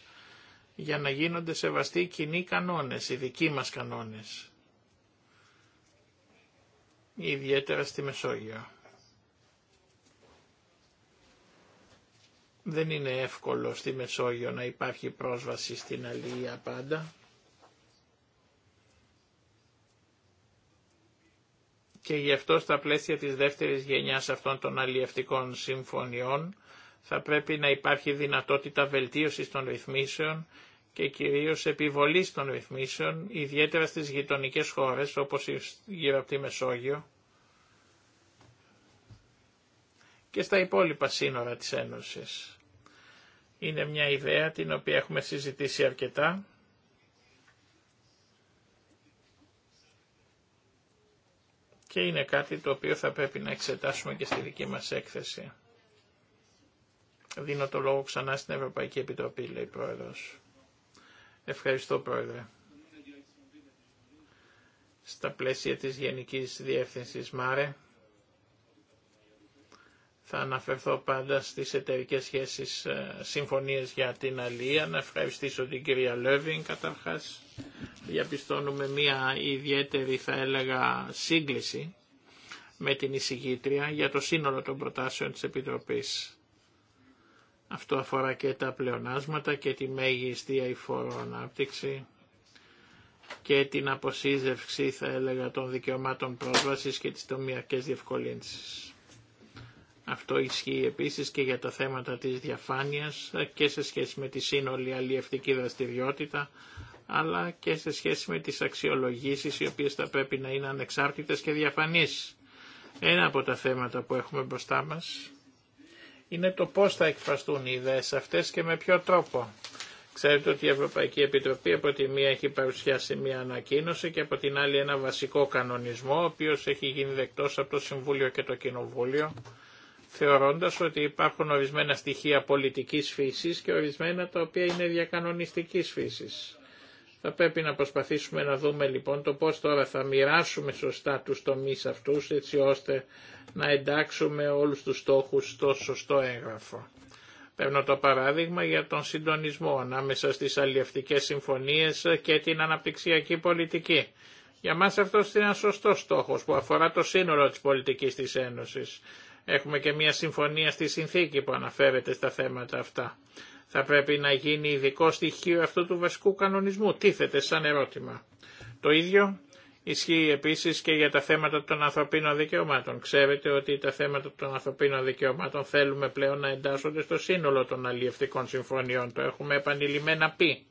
για να γίνονται σεβαστοί κοινοί κανόνες, οι δικοί μας κανόνες, ιδιαίτερα στη Μεσόγειο. Δεν είναι εύκολο στη Μεσόγειο να υπάρχει πρόσβαση στην αλληλεία πάντα. Και γι' αυτό στα πλαίσια της δεύτερης γενιάς αυτών των αλλιευτικών συμφωνιών θα πρέπει να υπάρχει δυνατότητα βελτίωσης των ρυθμίσεων και κυρίως επιβολής των ρυθμίσεων, ιδιαίτερα στις γειτονικές χώρες όπως γύρω από τη Μεσόγειο και στα υπόλοιπα σύνορα της Ένωσης. Είναι μια ιδέα την οποία έχουμε συζητήσει αρκετά. Και είναι κάτι το οποίο θα πρέπει να εξετάσουμε και στη δική μας έκθεση. Δίνω το λόγο ξανά στην Ευρωπαϊκή Επιτροπή, λέει Πρόεδρος. Ευχαριστώ, Πρόεδρε. Στα πλαίσια της Γενικής Διεύθυνσης ΜΑΡΕ, θα αναφερθώ πάντα στις εταιρικές σχέσεις ε, συμφωνίες για την Αλία. Να ευχαριστήσω την κυρία Λέβιν καταρχάς. Διαπιστώνουμε μια ιδιαίτερη θα έλεγα σύγκληση με την εισηγήτρια για το σύνολο των προτάσεων της Επιτροπής. Αυτό αφορά και τα πλεονάσματα και τη μέγιστη αηφόρο ανάπτυξη και την αποσύζευξη, θα έλεγα, των δικαιωμάτων πρόσβασης και τις τομιακές διευκολύνσεις. Αυτό ισχύει επίσης και για τα θέματα της διαφάνειας και σε σχέση με τη σύνολη αλλιευτική δραστηριότητα, αλλά και σε σχέση με τις αξιολογήσεις οι οποίες θα πρέπει να είναι ανεξάρτητες και διαφανείς. Ένα από τα θέματα που έχουμε μπροστά μας είναι το πώς θα εκφραστούν οι ιδέες αυτές και με ποιο τρόπο. Ξέρετε ότι η Ευρωπαϊκή Επιτροπή από τη μία έχει παρουσιάσει μία ανακοίνωση και από την άλλη ένα βασικό κανονισμό, ο οποίος έχει γίνει δεκτός από το Συμβούλιο και το Κοινοβούλιο, θεωρώντας ότι υπάρχουν ορισμένα στοιχεία πολιτικής φύσης και ορισμένα τα οποία είναι διακανονιστικής φύσης. Θα πρέπει να προσπαθήσουμε να δούμε λοιπόν το πώς τώρα θα μοιράσουμε σωστά τους τομείς αυτούς έτσι ώστε να εντάξουμε όλους τους στόχους στο σωστό έγγραφο. Παίρνω το παράδειγμα για τον συντονισμό ανάμεσα στις αλλιευτικές συμφωνίες και την αναπτυξιακή πολιτική. Για μας αυτός είναι ένα σωστό στόχος που αφορά το σύνολο της πολιτικής της Ένωσης. Έχουμε και μια συμφωνία στη συνθήκη που αναφέρεται στα θέματα αυτά θα πρέπει να γίνει ειδικό στοιχείο αυτού του βασικού κανονισμού. Τίθεται σαν ερώτημα. Το ίδιο ισχύει επίσης και για τα θέματα των ανθρωπίνων δικαιωμάτων. Ξέρετε ότι τα θέματα των ανθρωπίνων δικαιωμάτων θέλουμε πλέον να εντάσσονται στο σύνολο των αλλιευτικών συμφωνιών. Το έχουμε επανειλημμένα πει.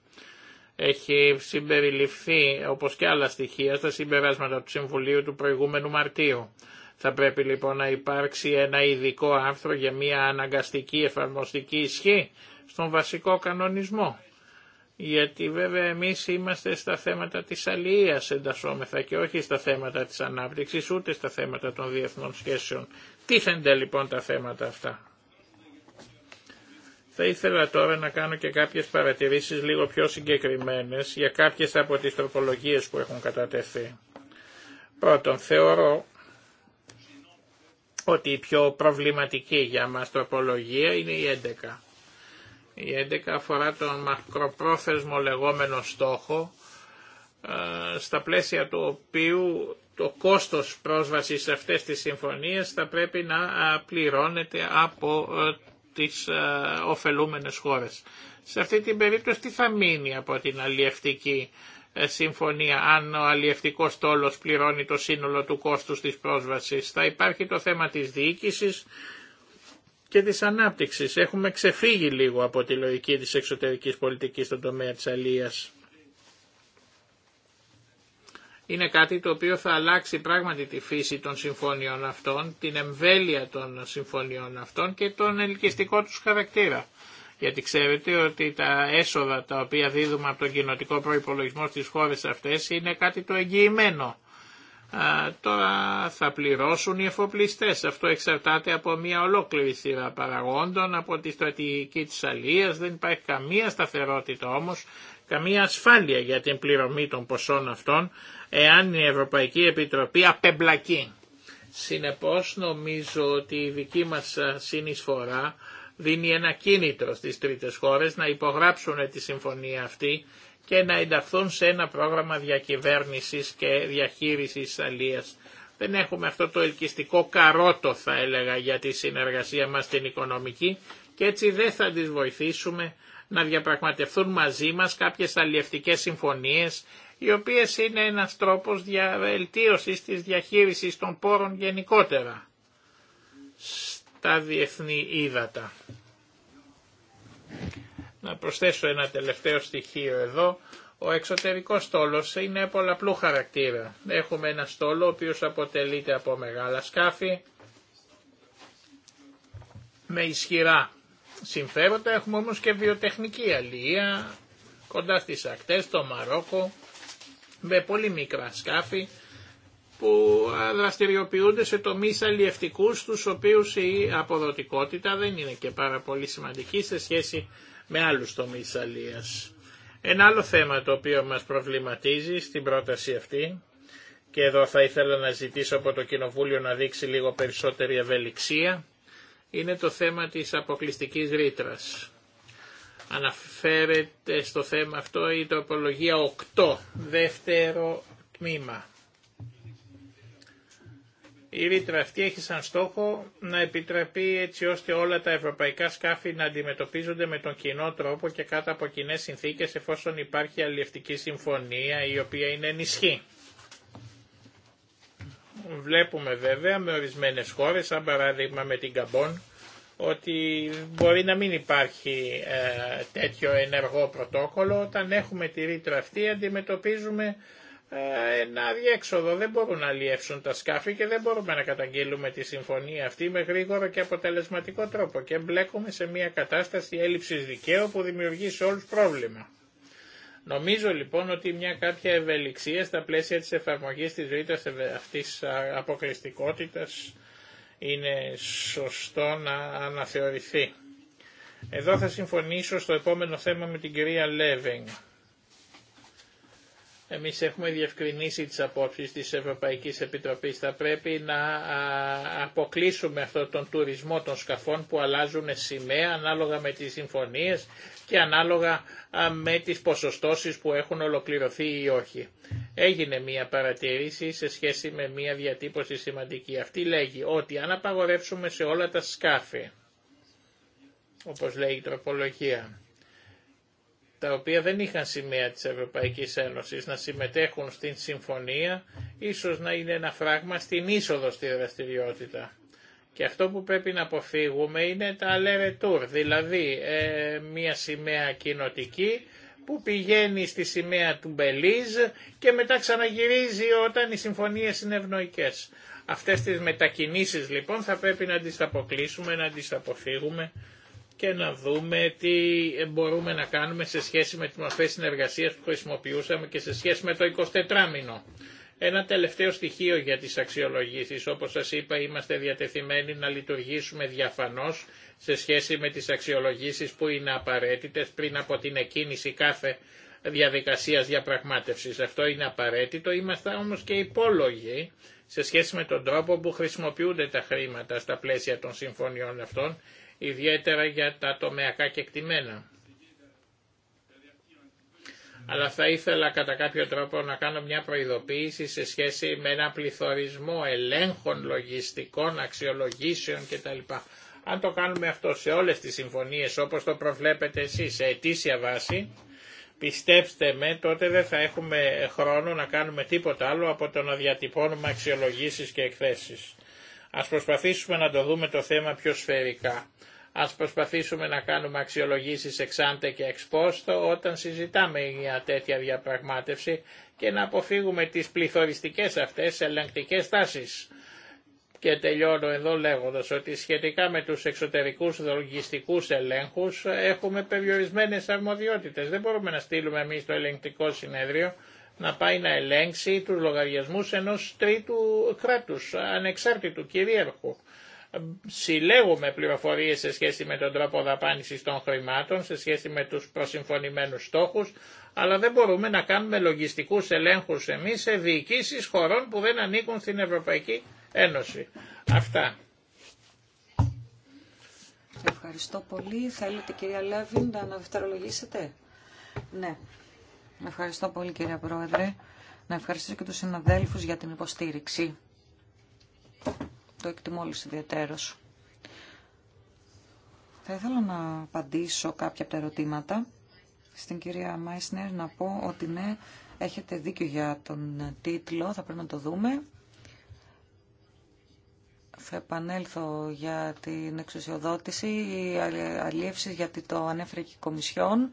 Έχει συμπεριληφθεί, όπως και άλλα στοιχεία, στα συμπεράσματα του Συμβουλίου του προηγούμενου Μαρτίου. Θα πρέπει λοιπόν να υπάρξει ένα ειδικό άρθρο για μια αναγκαστική εφαρμοστική ισχύ στον βασικό κανονισμό. Γιατί βέβαια εμείς είμαστε στα θέματα της αλληλείας εντασσόμεθα και όχι στα θέματα της ανάπτυξης ούτε στα θέματα των διεθνών σχέσεων. Τίθενται λοιπόν τα θέματα αυτά. Θα ήθελα τώρα να κάνω και κάποιες παρατηρήσεις λίγο πιο συγκεκριμένες για κάποιες από τις τροπολογίες που έχουν κατατεθεί. Πρώτον, θεωρώ ότι η πιο προβληματική για μας τροπολογία είναι η 11. Η 11 αφορά τον μακροπρόθεσμο λεγόμενο στόχο, ε, στα πλαίσια του οποίου το κόστος πρόσβασης σε αυτές τις συμφωνίες θα πρέπει να ε, πληρώνεται από ε, τις ωφελούμενες χώρες. Σε αυτή την περίπτωση τι θα μείνει από την αλλιευτική συμφωνία αν ο αλλιευτικός τόλος πληρώνει το σύνολο του κόστους της πρόσβασης. Θα υπάρχει το θέμα της διοίκησης, και της ανάπτυξης. Έχουμε ξεφύγει λίγο από τη λογική της εξωτερικής πολιτικής στον τομέα της αλίας. Είναι κάτι το οποίο θα αλλάξει πράγματι τη φύση των συμφωνιών αυτών, την εμβέλεια των συμφωνιών αυτών και τον ελκυστικό τους χαρακτήρα. Γιατί ξέρετε ότι τα έσοδα τα οποία δίδουμε από τον κοινοτικό προϋπολογισμό στις χώρες αυτές είναι κάτι το εγγυημένο τώρα θα πληρώσουν οι εφοπλιστές. Αυτό εξαρτάται από μια ολόκληρη σειρά παραγόντων, από τη στρατηγική της αλίας. Δεν υπάρχει καμία σταθερότητα όμως, καμία ασφάλεια για την πληρωμή των ποσών αυτών, εάν η Ευρωπαϊκή Επιτροπή απεμπλακεί. Συνεπώς νομίζω ότι η δική μας συνεισφορά δίνει ένα κίνητρο στις τρίτες χώρες να υπογράψουν τη συμφωνία αυτή και να ενταχθούν σε ένα πρόγραμμα διακυβέρνησης και διαχείρισης αλίας. Δεν έχουμε αυτό το ελκυστικό καρότο θα έλεγα για τη συνεργασία μας στην οικονομική και έτσι δεν θα τις βοηθήσουμε να διαπραγματευτούν μαζί μας κάποιες αλλιευτικές συμφωνίες οι οποίες είναι ένας τρόπος διαβελτίωσης της διαχείρισης των πόρων γενικότερα στα διεθνή ύδατα. Να προσθέσω ένα τελευταίο στοιχείο εδώ. Ο εξωτερικός στόλος είναι πολλαπλού χαρακτήρα. Έχουμε ένα στόλο ο οποίος αποτελείται από μεγάλα σκάφη με ισχυρά συμφέροντα. Έχουμε όμως και βιοτεχνική αλληλεία κοντά στις ακτές, το Μαρόκο, με πολύ μικρά σκάφη που δραστηριοποιούνται σε τομείς αλλιευτικούς, τους οποίους η αποδοτικότητα δεν είναι και πάρα πολύ σημαντική σε σχέση με άλλους τομείς αλίας. Ένα άλλο θέμα το οποίο μας προβληματίζει στην πρόταση αυτή και εδώ θα ήθελα να ζητήσω από το Κοινοβούλιο να δείξει λίγο περισσότερη ευελιξία είναι το θέμα της αποκλειστικής ρήτρα. Αναφέρεται στο θέμα αυτό η τοπολογία 8, δεύτερο τμήμα. Η ρήτρα αυτή έχει σαν στόχο να επιτραπεί έτσι ώστε όλα τα ευρωπαϊκά σκάφη να αντιμετωπίζονται με τον κοινό τρόπο και κάτω από κοινέ συνθήκες εφόσον υπάρχει αλληλευτική συμφωνία η οποία είναι ενισχύ. Βλέπουμε βέβαια με ορισμένες χώρε, σαν παράδειγμα με την Καμπόν, ότι μπορεί να μην υπάρχει ε, τέτοιο ενεργό πρωτόκολλο. Όταν έχουμε τη ρήτρα αυτή αντιμετωπίζουμε ε, ένα διέξοδο. Δεν μπορούν να αλλιεύσουν τα σκάφη και δεν μπορούμε να καταγγείλουμε τη συμφωνία αυτή με γρήγορο και αποτελεσματικό τρόπο και μπλέκουμε σε μια κατάσταση έλλειψης δικαίου που δημιουργεί σε όλους πρόβλημα. Νομίζω λοιπόν ότι μια κάποια ευελιξία στα πλαίσια της εφαρμογής της ρήτας αυτής αποκλειστικότητας είναι σωστό να αναθεωρηθεί. Εδώ θα συμφωνήσω στο επόμενο θέμα με την κυρία Λέβενγκ. Εμείς έχουμε διευκρινίσει τις απόψεις της Ευρωπαϊκής Επιτροπής. Θα πρέπει να αποκλείσουμε αυτόν τον τουρισμό των σκαφών που αλλάζουν σημαία ανάλογα με τις συμφωνίες και ανάλογα με τις ποσοστώσεις που έχουν ολοκληρωθεί ή όχι. Έγινε μία παρατήρηση σε σχέση με μία διατύπωση σημαντική. Αυτή λέγει ότι αν απαγορεύσουμε σε όλα τα σκάφη, όπως λέει η τροπολογία, τα οποία δεν είχαν σημαία της Ευρωπαϊκής Ένωσης να συμμετέχουν στην συμφωνία, ίσως να είναι ένα φράγμα στην είσοδο στη δραστηριότητα. Και αυτό που πρέπει να αποφύγουμε είναι τα αλερετούρ, δηλαδή ε, μια σημαία κοινοτική που πηγαίνει στη σημαία του Μπελίζ και μετά ξαναγυρίζει όταν οι συμφωνίες είναι ευνοϊκές. Αυτές τις μετακινήσεις λοιπόν θα πρέπει να τις αποκλείσουμε, να τις αποφύγουμε και να δούμε τι μπορούμε να κάνουμε σε σχέση με τις μορφές συνεργασίας που χρησιμοποιούσαμε και σε σχέση με το 24μηνο. Ένα τελευταίο στοιχείο για τις αξιολογήσεις. Όπως σας είπα είμαστε διατεθειμένοι να λειτουργήσουμε διαφανώς σε σχέση με τις αξιολογήσεις που είναι απαραίτητες πριν από την εκκίνηση κάθε διαδικασίας διαπραγμάτευσης. Αυτό είναι απαραίτητο. Είμαστε όμως και υπόλογοι σε σχέση με τον τρόπο που χρησιμοποιούνται τα χρήματα στα πλαίσια των συμφωνιών αυτών ιδιαίτερα για τα τομεακά κεκτημένα. Αλλά θα ήθελα κατά κάποιο τρόπο να κάνω μια προειδοποίηση σε σχέση με ένα πληθωρισμό ελέγχων, λογιστικών, αξιολογήσεων κτλ. Αν το κάνουμε αυτό σε όλες τις συμφωνίες όπως το προβλέπετε εσείς σε αιτήσια βάση, πιστέψτε με τότε δεν θα έχουμε χρόνο να κάνουμε τίποτα άλλο από το να διατυπώνουμε αξιολογήσεις και εκθέσεις. Ας προσπαθήσουμε να το δούμε το θέμα πιο σφαιρικά. Ας προσπαθήσουμε να κάνουμε αξιολογήσεις εξάντε και εξπόστο όταν συζητάμε μια τέτοια διαπραγμάτευση και να αποφύγουμε τις πληθωριστικές αυτές ελεγκτικές τάσεις. Και τελειώνω εδώ λέγοντας ότι σχετικά με τους εξωτερικούς λογιστικούς ελέγχους έχουμε περιορισμένες αρμοδιότητες. Δεν μπορούμε να στείλουμε εμείς το ελεγκτικό συνέδριο να πάει να ελέγξει τους λογαριασμούς ενός τρίτου κράτους, ανεξάρτητου κυρίαρχου συλλέγουμε πληροφορίες σε σχέση με τον τρόπο δαπάνησης των χρημάτων, σε σχέση με τους προσυμφωνημένους στόχους, αλλά δεν μπορούμε να κάνουμε λογιστικούς ελέγχους εμείς σε διοικήσεις χωρών που δεν ανήκουν στην Ευρωπαϊκή Ένωση. Αυτά. Ευχαριστώ πολύ. Θέλετε κυρία Λέβιν να αναδευτερολογήσετε. Ναι. Ευχαριστώ πολύ κυρία Πρόεδρε. Να ευχαριστήσω και τους συναδέλφους για την υποστήριξη. Το εκτιμώ όλους ιδιαιτέρως. Θα ήθελα να απαντήσω κάποια από τα ερωτήματα. Στην κυρία Μάισνερ να πω ότι ναι, έχετε δίκιο για τον τίτλο, θα πρέπει να το δούμε. Θα επανέλθω για την εξουσιοδότηση, η γιατί το ανέφερε και η Κομισιόν.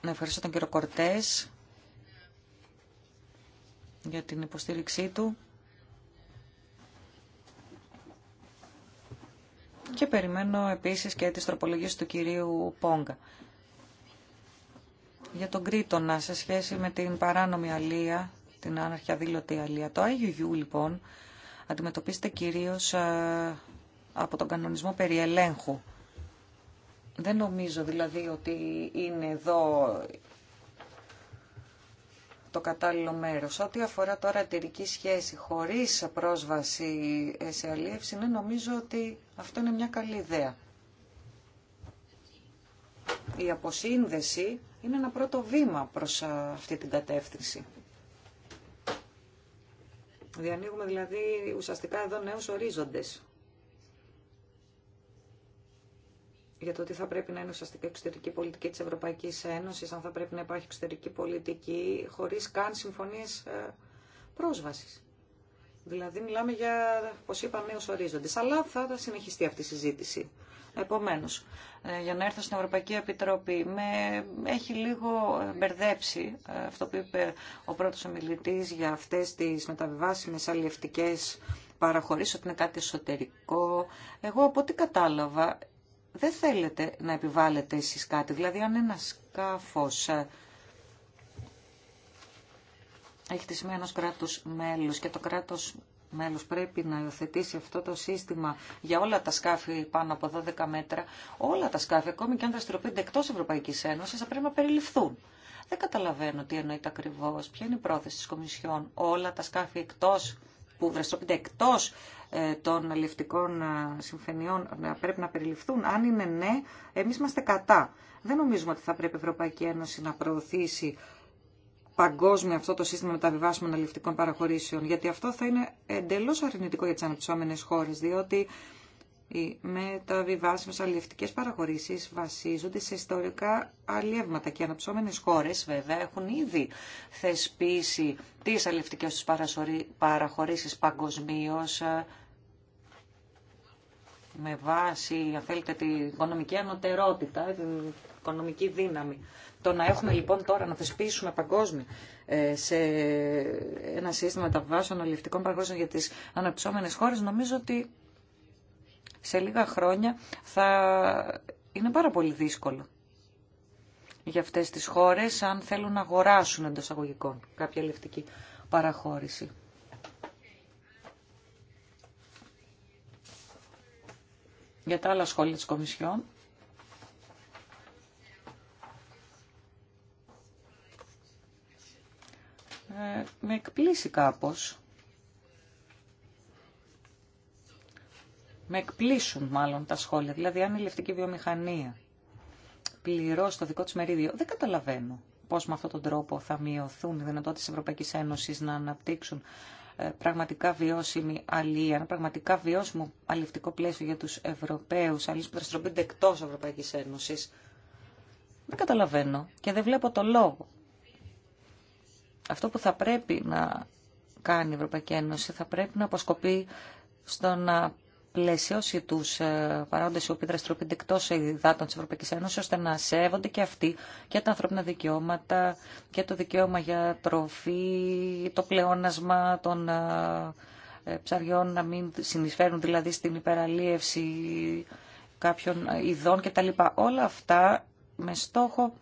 Να ευχαριστώ τον κύριο Κορτές για την υποστήριξή του. Και περιμένω επίσης και τις τροπολογίες του κυρίου Πόγκα. Για τον Κρήτονα, σε σχέση με την παράνομη αλία, την άναρχη αδήλωτη αλία, το IUU λοιπόν αντιμετωπίζεται κυρίως ε, από τον κανονισμό περί ελέγχου. Δεν νομίζω δηλαδή ότι είναι εδώ το κατάλληλο μέρος. Ό,τι αφορά τώρα εταιρική σχέση χωρίς πρόσβαση σε αλίευση, ναι, νομίζω ότι αυτό είναι μια καλή ιδέα. Η αποσύνδεση είναι ένα πρώτο βήμα προς αυτή την κατεύθυνση. Διανοίγουμε δηλαδή ουσιαστικά εδώ νέους ορίζοντες. για το τι θα πρέπει να είναι ουσιαστικά εξωτερική πολιτική της Ευρωπαϊκής Ένωσης, αν θα πρέπει να υπάρχει εξωτερική πολιτική χωρίς καν συμφωνίες ε, πρόσβασης. Δηλαδή μιλάμε για, όπως είπα, νέους ορίζοντες. Αλλά θα συνεχιστεί αυτή η συζήτηση. Επομένω, ε, για να έρθω στην Ευρωπαϊκή Επιτροπή, με έχει λίγο ε, μπερδέψει αυτό που είπε ο πρώτο ομιλητή για αυτέ τι μεταβιβάσιμε αλλιευτικέ παραχωρήσει ότι είναι κάτι εσωτερικό. Εγώ από ό,τι κατάλαβα δεν θέλετε να επιβάλλετε εσείς κάτι. Δηλαδή, αν ένα σκάφος ε, έχει τη σημαία ενός κράτους μέλους και το κράτος μέλος πρέπει να υιοθετήσει αυτό το σύστημα για όλα τα σκάφη πάνω από 12 μέτρα, όλα τα σκάφη, ακόμη και αν δραστηριοποιούνται εκτός Ευρωπαϊκής Ένωσης, θα πρέπει να περιληφθούν. Δεν καταλαβαίνω τι εννοείται ακριβώς. Ποια είναι η πρόθεση της Κομισιόν. Όλα τα σκάφη εκτός που δραστηριοποιούνται εκτός ε, των αλληλευτικών ε, συμφωνιών να πρέπει να περιληφθούν. Αν είναι ναι, εμείς είμαστε κατά. Δεν νομίζουμε ότι θα πρέπει η Ευρωπαϊκή Ένωση να προωθήσει παγκόσμια αυτό το σύστημα μεταβιβάσιμων αλληλευτικών παραχωρήσεων, γιατί αυτό θα είναι εντελώ αρνητικό για τι αναπτυσσόμενες χώρες, διότι οι μεταβιβάσιμες αλλιευτικές παραχωρήσεις βασίζονται σε ιστορικά αλλιεύματα και οι αναψώμενες χώρες βέβαια έχουν ήδη θεσπίσει τις αλλιευτικές του παραχωρήσεις παγκοσμίω ε, με βάση, αν θέλετε, την οικονομική ανωτερότητα, την οικονομική δύναμη. Το να έχουμε λοιπόν τώρα να θεσπίσουμε παγκόσμιο ε, σε ένα σύστημα μεταβάσεων αλληλευτικών παραχωρήσεων για τις αναπτυσσόμενες χώρες, νομίζω ότι σε λίγα χρόνια θα είναι πάρα πολύ δύσκολο για αυτές τις χώρες αν θέλουν να αγοράσουν εντό αγωγικών κάποια λεφτική παραχώρηση. Για τα άλλα σχόλια της Κομισιόν. Ε, με εκπλήσει κάπως με εκπλήσουν μάλλον τα σχόλια. Δηλαδή, αν η λευτική βιομηχανία πληρώσει το δικό τη μερίδιο, δεν καταλαβαίνω πώ με αυτόν τον τρόπο θα μειωθούν οι δυνατότητε τη Ευρωπαϊκή Ένωση να αναπτύξουν ε, πραγματικά βιώσιμη αλληλεία, ένα πραγματικά βιώσιμο αλληλευτικό πλαίσιο για του Ευρωπαίου, αλληλεία που δραστηριοποιούνται εκτό Ευρωπαϊκή Ένωση. Δεν καταλαβαίνω και δεν βλέπω το λόγο. Αυτό που θα πρέπει να κάνει η Ευρωπαϊκή Ένωση θα πρέπει να αποσκοπεί στο να πλαισιώσει του ε, παράγοντε οι οποίοι δραστηριοποιούνται εκτό υδάτων τη Ευρωπαϊκή Ένωση, ώστε να σέβονται και αυτοί και τα ανθρώπινα δικαιώματα και το δικαίωμα για τροφή, το πλεόνασμα των ε, ε, ψαριών να μην συνεισφέρουν δηλαδή στην υπεραλίευση κάποιων ειδών κτλ. Όλα αυτά με στόχο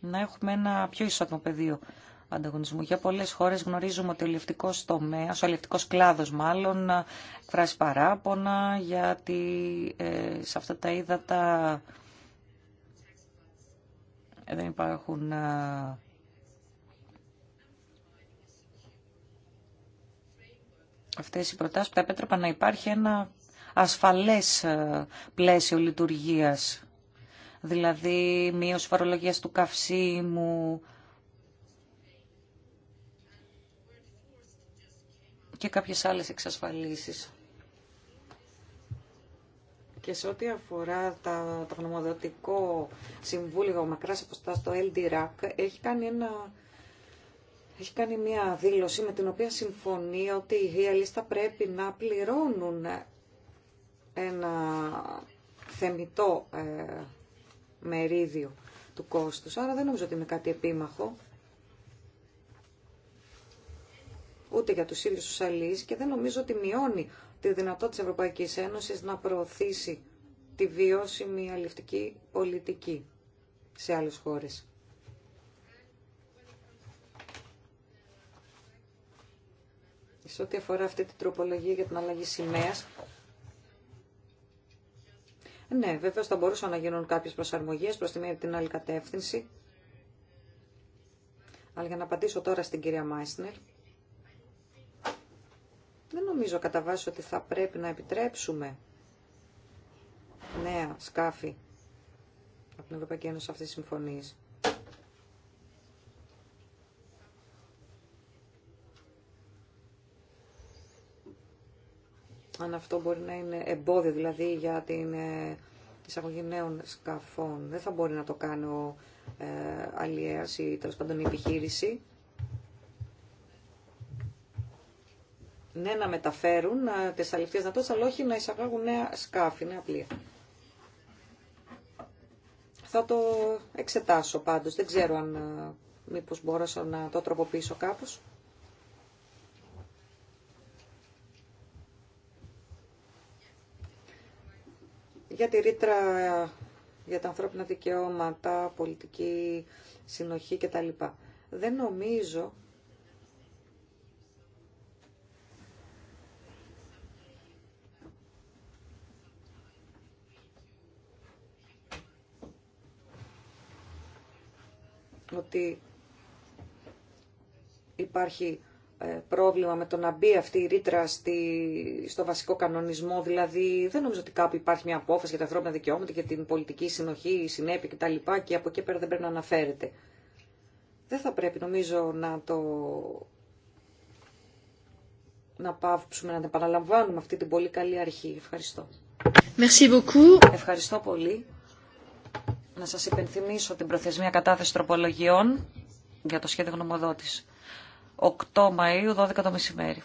να έχουμε ένα πιο ισότιμο πεδίο ανταγωνισμού. Για πολλές χώρες γνωρίζουμε ότι ο ελευτικός τομέας, ο ελευτικός κλάδος μάλλον, εκφράζει παράπονα γιατί ε, σε αυτά τα ύδατα ε, δεν υπάρχουν... Ε, αυτές οι προτάσεις που θα επέτρεπαν να υπάρχει ένα ασφαλές ε, πλαίσιο λειτουργίας. Δηλαδή μείωση φορολογίας του καυσίμου, και κάποιες άλλες εξασφαλίσεις. Και σε ό,τι αφορά τα, το γνωμοδοτικό συμβούλιο μακράς στο το LDRAC, έχει κάνει ένα έχει κάνει μια δήλωση με την οποία συμφωνεί ότι οι θα πρέπει να πληρώνουν ένα θεμητό ε, μερίδιο του κόστους. Άρα δεν νομίζω ότι είναι κάτι επίμαχο. ούτε για τους ίδιους τους αλληλείς και δεν νομίζω ότι μειώνει τη δυνατότητα της Ευρωπαϊκής Ένωσης να προωθήσει τη βιώσιμη αλληλευτική πολιτική σε άλλους χώρες. Σε ό,τι αφορά αυτή την τροπολογία για την αλλαγή σημαίας, ναι, βέβαια θα μπορούσαν να γίνουν κάποιες προσαρμογές προς τη μία την άλλη κατεύθυνση. Αλλά για να απαντήσω τώρα στην κυρία Μάισνερ, δεν νομίζω κατά βάση ότι θα πρέπει να επιτρέψουμε νέα σκάφη από την Ευρωπαϊκή Ένωση αυτής της συμφωνίας. αν αυτό μπορεί να είναι εμπόδιο δηλαδή για την ε, εισαγωγή νέων σκαφών. Δεν θα μπορεί να το κάνει ο ε, αλλιέας ή τέλος πάντων η επιχείρηση. ναι να μεταφέρουν τις να δυνατότητες, αλλά όχι να εισαγάγουν νέα σκάφη, νέα πλοία. Θα το εξετάσω πάντως, δεν ξέρω αν ε, μήπως μπορούσα να το τροποποιήσω κάπως. Για τη ρήτρα ε, για τα ανθρώπινα δικαιώματα, πολιτική συνοχή κτλ. Δεν νομίζω ότι υπάρχει ε, πρόβλημα με το να μπει αυτή η ρήτρα στη, στο βασικό κανονισμό. Δηλαδή, δεν νομίζω ότι κάπου υπάρχει μια απόφαση για τα ανθρώπινα δικαιώματα και την πολιτική συνοχή, συνέπεια κτλ. Και, και από εκεί πέρα δεν πρέπει να αναφέρεται. Δεν θα πρέπει, νομίζω, να το να πάψουμε να επαναλαμβάνουμε αυτή την πολύ καλή αρχή. Ευχαριστώ. Merci beaucoup. Ευχαριστώ πολύ. Να σας υπενθυμίσω την προθεσμία κατάθεση τροπολογιών για το σχέδιο γνωμοδότης. 8 Μαΐου, 12 το μεσημέρι.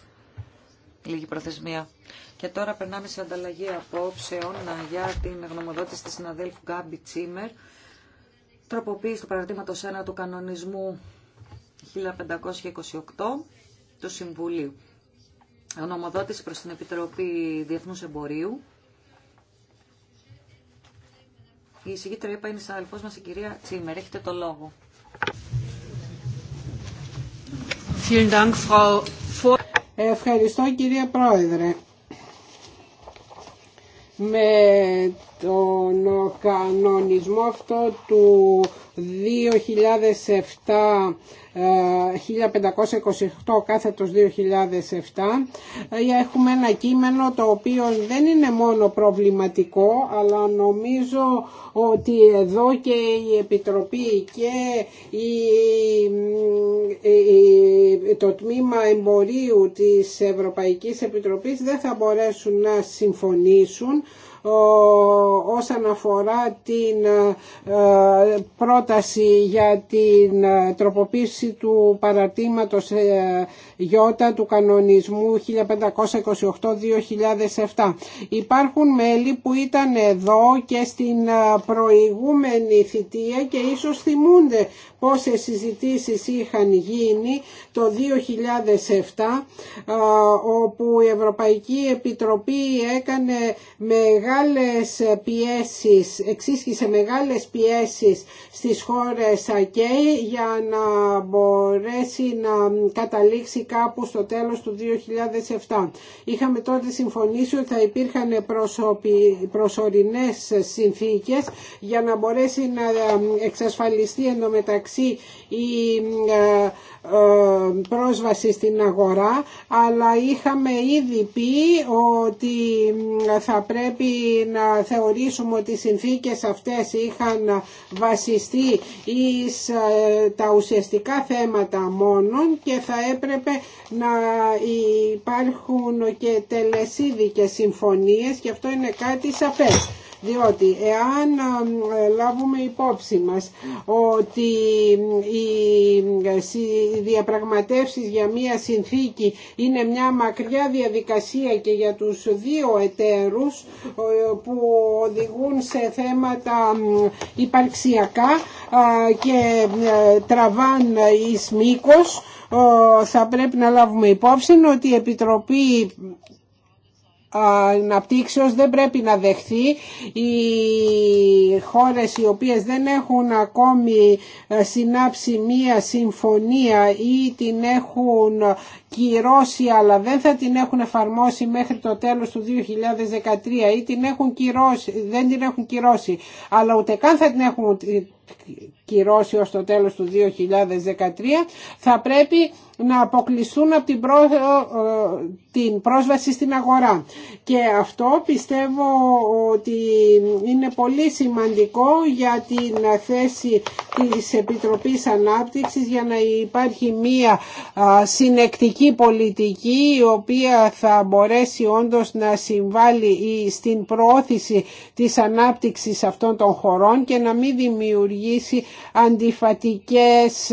Λίγη προθεσμία. Και τώρα περνάμε σε ανταλλαγή απόψεων για την γνωμοδότηση της συναδέλφου Γκάμπι Τσίμερ. Τροποποίηση του παραδείγματος 1 του κανονισμού 1528 του Συμβουλίου. Γνωμοδότηση προς την Επιτροπή Διεθνούς Εμπορίου. Η εισηγήτρια είπα είναι συναδελφός μας η κυρία Τσίμερ. Έχετε το λόγο. Ευχαριστώ κυρία Πρόεδρε. Με τον κανονισμό αυτό του 2007 1528 ε, κάθετος 2007 ε, έχουμε ένα κείμενο το οποίο δεν είναι μόνο προβληματικό αλλά νομίζω ότι εδώ και η Επιτροπή και η, το τμήμα εμπορίου της Ευρωπαϊκής Επιτροπής δεν θα μπορέσουν να συμφωνήσουν όσον αφορά την ε, πρόταση για την ε, τροποποίηση του παρατήματος γιώτα ε, του κανονισμού 1528-2007. Υπάρχουν μέλη που ήταν εδώ και στην προηγούμενη θητεία και ίσως θυμούνται πόσες συζητήσεις είχαν γίνει το 2007 όπου η Ευρωπαϊκή Επιτροπή έκανε μεγάλη μεγάλες πιέσεις, εξίσχυσε μεγάλες πιέσεις στις χώρες ΑΚΕΙ για να μπορέσει να καταλήξει κάπου στο τέλος του 2007. Είχαμε τότε συμφωνήσει ότι θα υπήρχαν προσωπι... προσωρινές συνθήκες για να μπορέσει να εξασφαλιστεί εντωμεταξύ η ε, ε, πρόσβαση στην αγορά αλλά είχαμε ήδη πει ότι θα πρέπει να θεωρήσουμε ότι οι συνθήκες αυτές είχαν βασιστεί εις ε, τα ουσιαστικά θέματα μόνον και θα έπρεπε να υπάρχουν και τελεσίδικες συμφωνίες και αυτό είναι κάτι σαφές διότι εάν ε, λάβουμε υπόψη μας ότι ε, οι διαπραγματεύσεις για μια συνθήκη είναι μια μακριά διαδικασία και για τους δύο εταίρους που οδηγούν σε θέματα υπαρξιακά και ε, τραβάν εις μήκος, θα πρέπει να λάβουμε υπόψη ότι η Επιτροπή αναπτύξεως δεν πρέπει να δεχθεί οι χώρες οι οποίες δεν έχουν ακόμη ε, συνάψει μία συμφωνία ή την έχουν κυρώσει αλλά δεν θα την έχουν εφαρμόσει μέχρι το τέλος του 2013 ή την έχουν κυρώσει, δεν την έχουν κυρώσει αλλά ούτε καν θα την έχουν κυρώσει ως το τέλος του 2013 θα πρέπει να αποκλειστούν από την, ε, την πρόσβαση στην αγορά. Και αυτό πιστεύω ότι είναι πολύ σημαντικό για την θέση της Επιτροπής Ανάπτυξης για να υπάρχει μία συνεκτική πολιτική η οποία θα μπορέσει όντως να συμβάλλει στην προώθηση της ανάπτυξης αυτών των χωρών και να μην δημιουργήσει αντιφατικές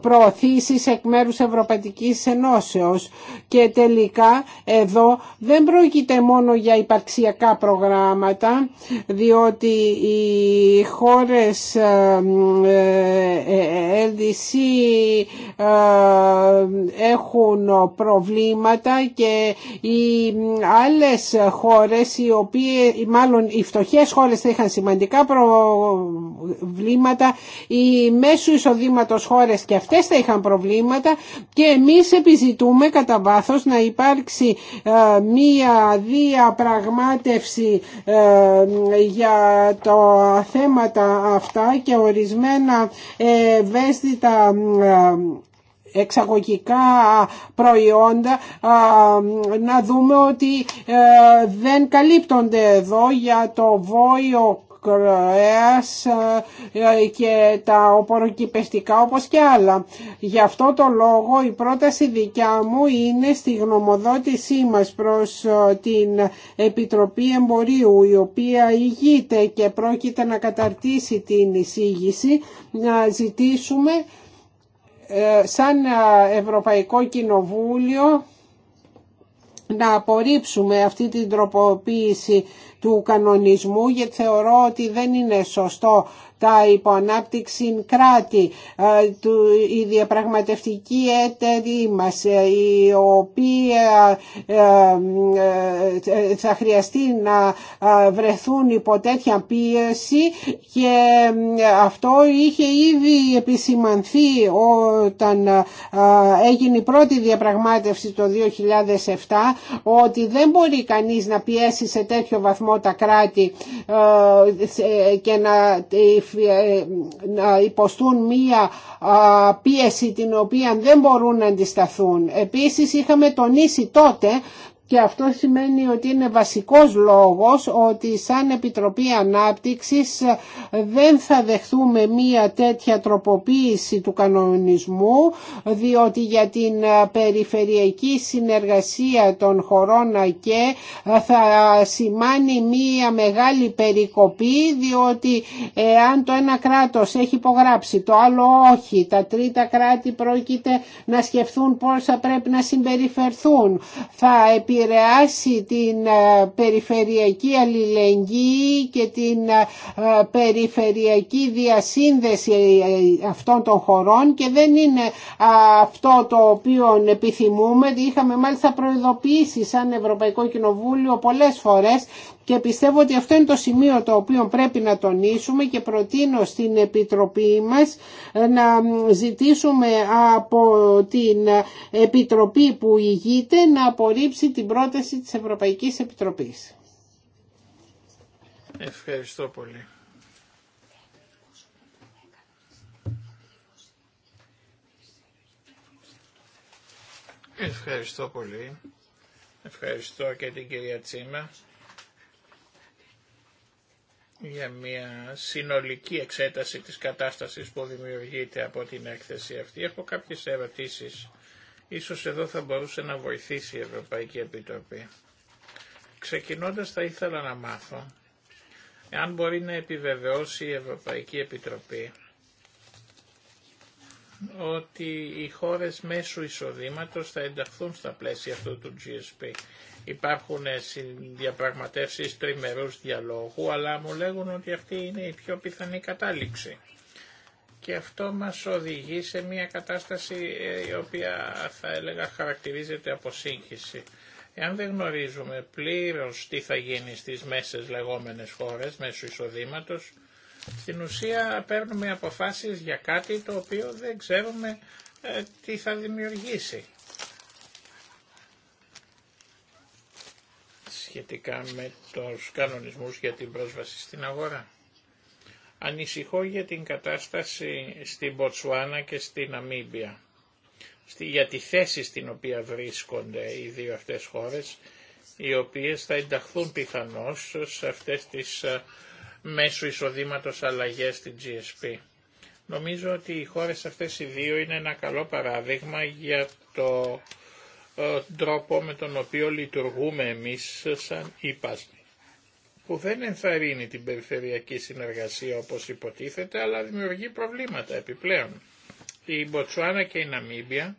προωθήσεις εκ μέρους Ευρωπαϊκής Ενώσεως και τελικά εδώ δεν πρόκειται μόνο για υπαρξιακά προγράμματα διότι οι χώρες ε, ε, ε, LDC έχουν προβλήματα και οι άλλες χώρες οι οποίες, μάλλον οι φτωχές χώρες θα είχαν σημαντικά προβλήματα οι μέσου εισοδήματος χώρες και αυτές θα είχαν προβλήματα και εμείς επιζητούμε κατά βάθο να υπάρξει ε, μία διαπραγμάτευση ε, για τα θέματα αυτά και ορισμένα ευαίσθητα ε, εξαγωγικά προϊόντα να δούμε ότι δεν καλύπτονται εδώ για το βόλιο ε, ε, και τα οποροκυπεστικά όπως και άλλα. Γι' αυτό το λόγο η πρόταση δικιά μου είναι στη γνωμοδότησή μας προς ε, την Επιτροπή Εμπορίου η οποία ηγείται και πρόκειται να καταρτήσει την εισήγηση να ζητήσουμε σαν Ευρωπαϊκό Κοινοβούλιο να απορρίψουμε αυτή την τροποποίηση του κανονισμού γιατί θεωρώ ότι δεν είναι σωστό τα υποανάπτυξη κράτη, ε, η διαπραγματευτική έτερη μας, ε, η οποία ε, θα χρειαστεί να βρεθούν υπό τέτοια πίεση και αυτό είχε ήδη επισημανθεί όταν έγινε η πρώτη διαπραγμάτευση το 2007 ότι δεν μπορεί κανείς να πιέσει σε τέτοιο βαθμό τα κράτη και να ε, να υποστούν μία πίεση την οποία δεν μπορούν να αντισταθούν. Επίσης είχαμε τονίσει τότε και αυτό σημαίνει ότι είναι βασικός λόγος ότι σαν Επιτροπή Ανάπτυξης δεν θα δεχθούμε μία τέτοια τροποποίηση του κανονισμού διότι για την περιφερειακή συνεργασία των χωρών και θα σημάνει μία μεγάλη περικοπή διότι αν το ένα κράτος έχει υπογράψει το άλλο όχι, τα τρίτα κράτη πρόκειται να σκεφτούν πώς θα πρέπει να συμπεριφερθούν επηρεάσει την ε, περιφερειακή αλληλεγγύη και την ε, ε, περιφερειακή διασύνδεση αυτών των χωρών και δεν είναι αυτό το οποίο επιθυμούμε. Είχαμε μάλιστα προειδοποιήσει σαν Ευρωπαϊκό Κοινοβούλιο πολλές φορές και πιστεύω ότι αυτό είναι το σημείο το οποίο πρέπει να τονίσουμε και προτείνω στην Επιτροπή μας ε, να ζητήσουμε από την Επιτροπή που ηγείται να απορρίψει την πρόταση της Ευρωπαϊκής Επιτροπής. Ευχαριστώ πολύ. Ευχαριστώ πολύ. Ευχαριστώ και την κυρία Τσίμα για μια συνολική εξέταση της κατάστασης που δημιουργείται από την έκθεση αυτή. Έχω κάποιες ερωτήσεις. Ίσως εδώ θα μπορούσε να βοηθήσει η Ευρωπαϊκή Επιτροπή. Ξεκινώντας θα ήθελα να μάθω αν μπορεί να επιβεβαιώσει η Ευρωπαϊκή Επιτροπή ότι οι χώρες μέσου εισοδήματος θα ενταχθούν στα πλαίσια αυτού του GSP. Υπάρχουν ε, διαπραγματεύσεις τριμερούς διαλόγου, αλλά μου λέγουν ότι αυτή είναι η πιο πιθανή κατάληξη. Και αυτό μας οδηγεί σε μια κατάσταση ε, η οποία θα έλεγα χαρακτηρίζεται από σύγχυση. Εάν δεν γνωρίζουμε πλήρως τι θα γίνει στις μέσες λεγόμενες χώρες, μέσω εισοδήματο, στην ουσία παίρνουμε αποφάσεις για κάτι το οποίο δεν ξέρουμε ε, τι θα δημιουργήσει. σχετικά με τους κανονισμούς για την πρόσβαση στην αγορά. Ανησυχώ για την κατάσταση στην Ποτσουάνα και στην Αμίμπια, για τη θέση στην οποία βρίσκονται οι δύο αυτές χώρες, οι οποίες θα ενταχθούν πιθανώς σε αυτές τις ε, μέσου εισοδήματος αλλαγές στην GSP. Νομίζω ότι οι χώρες αυτές οι δύο είναι ένα καλό παράδειγμα για το ε, τρόπο με τον οποίο λειτουργούμε εμείς σαν ύπασμοι που δεν ενθαρρύνει την περιφερειακή συνεργασία όπως υποτίθεται, αλλά δημιουργεί προβλήματα επιπλέον. Η Μποτσουάνα και η Ναμίμπια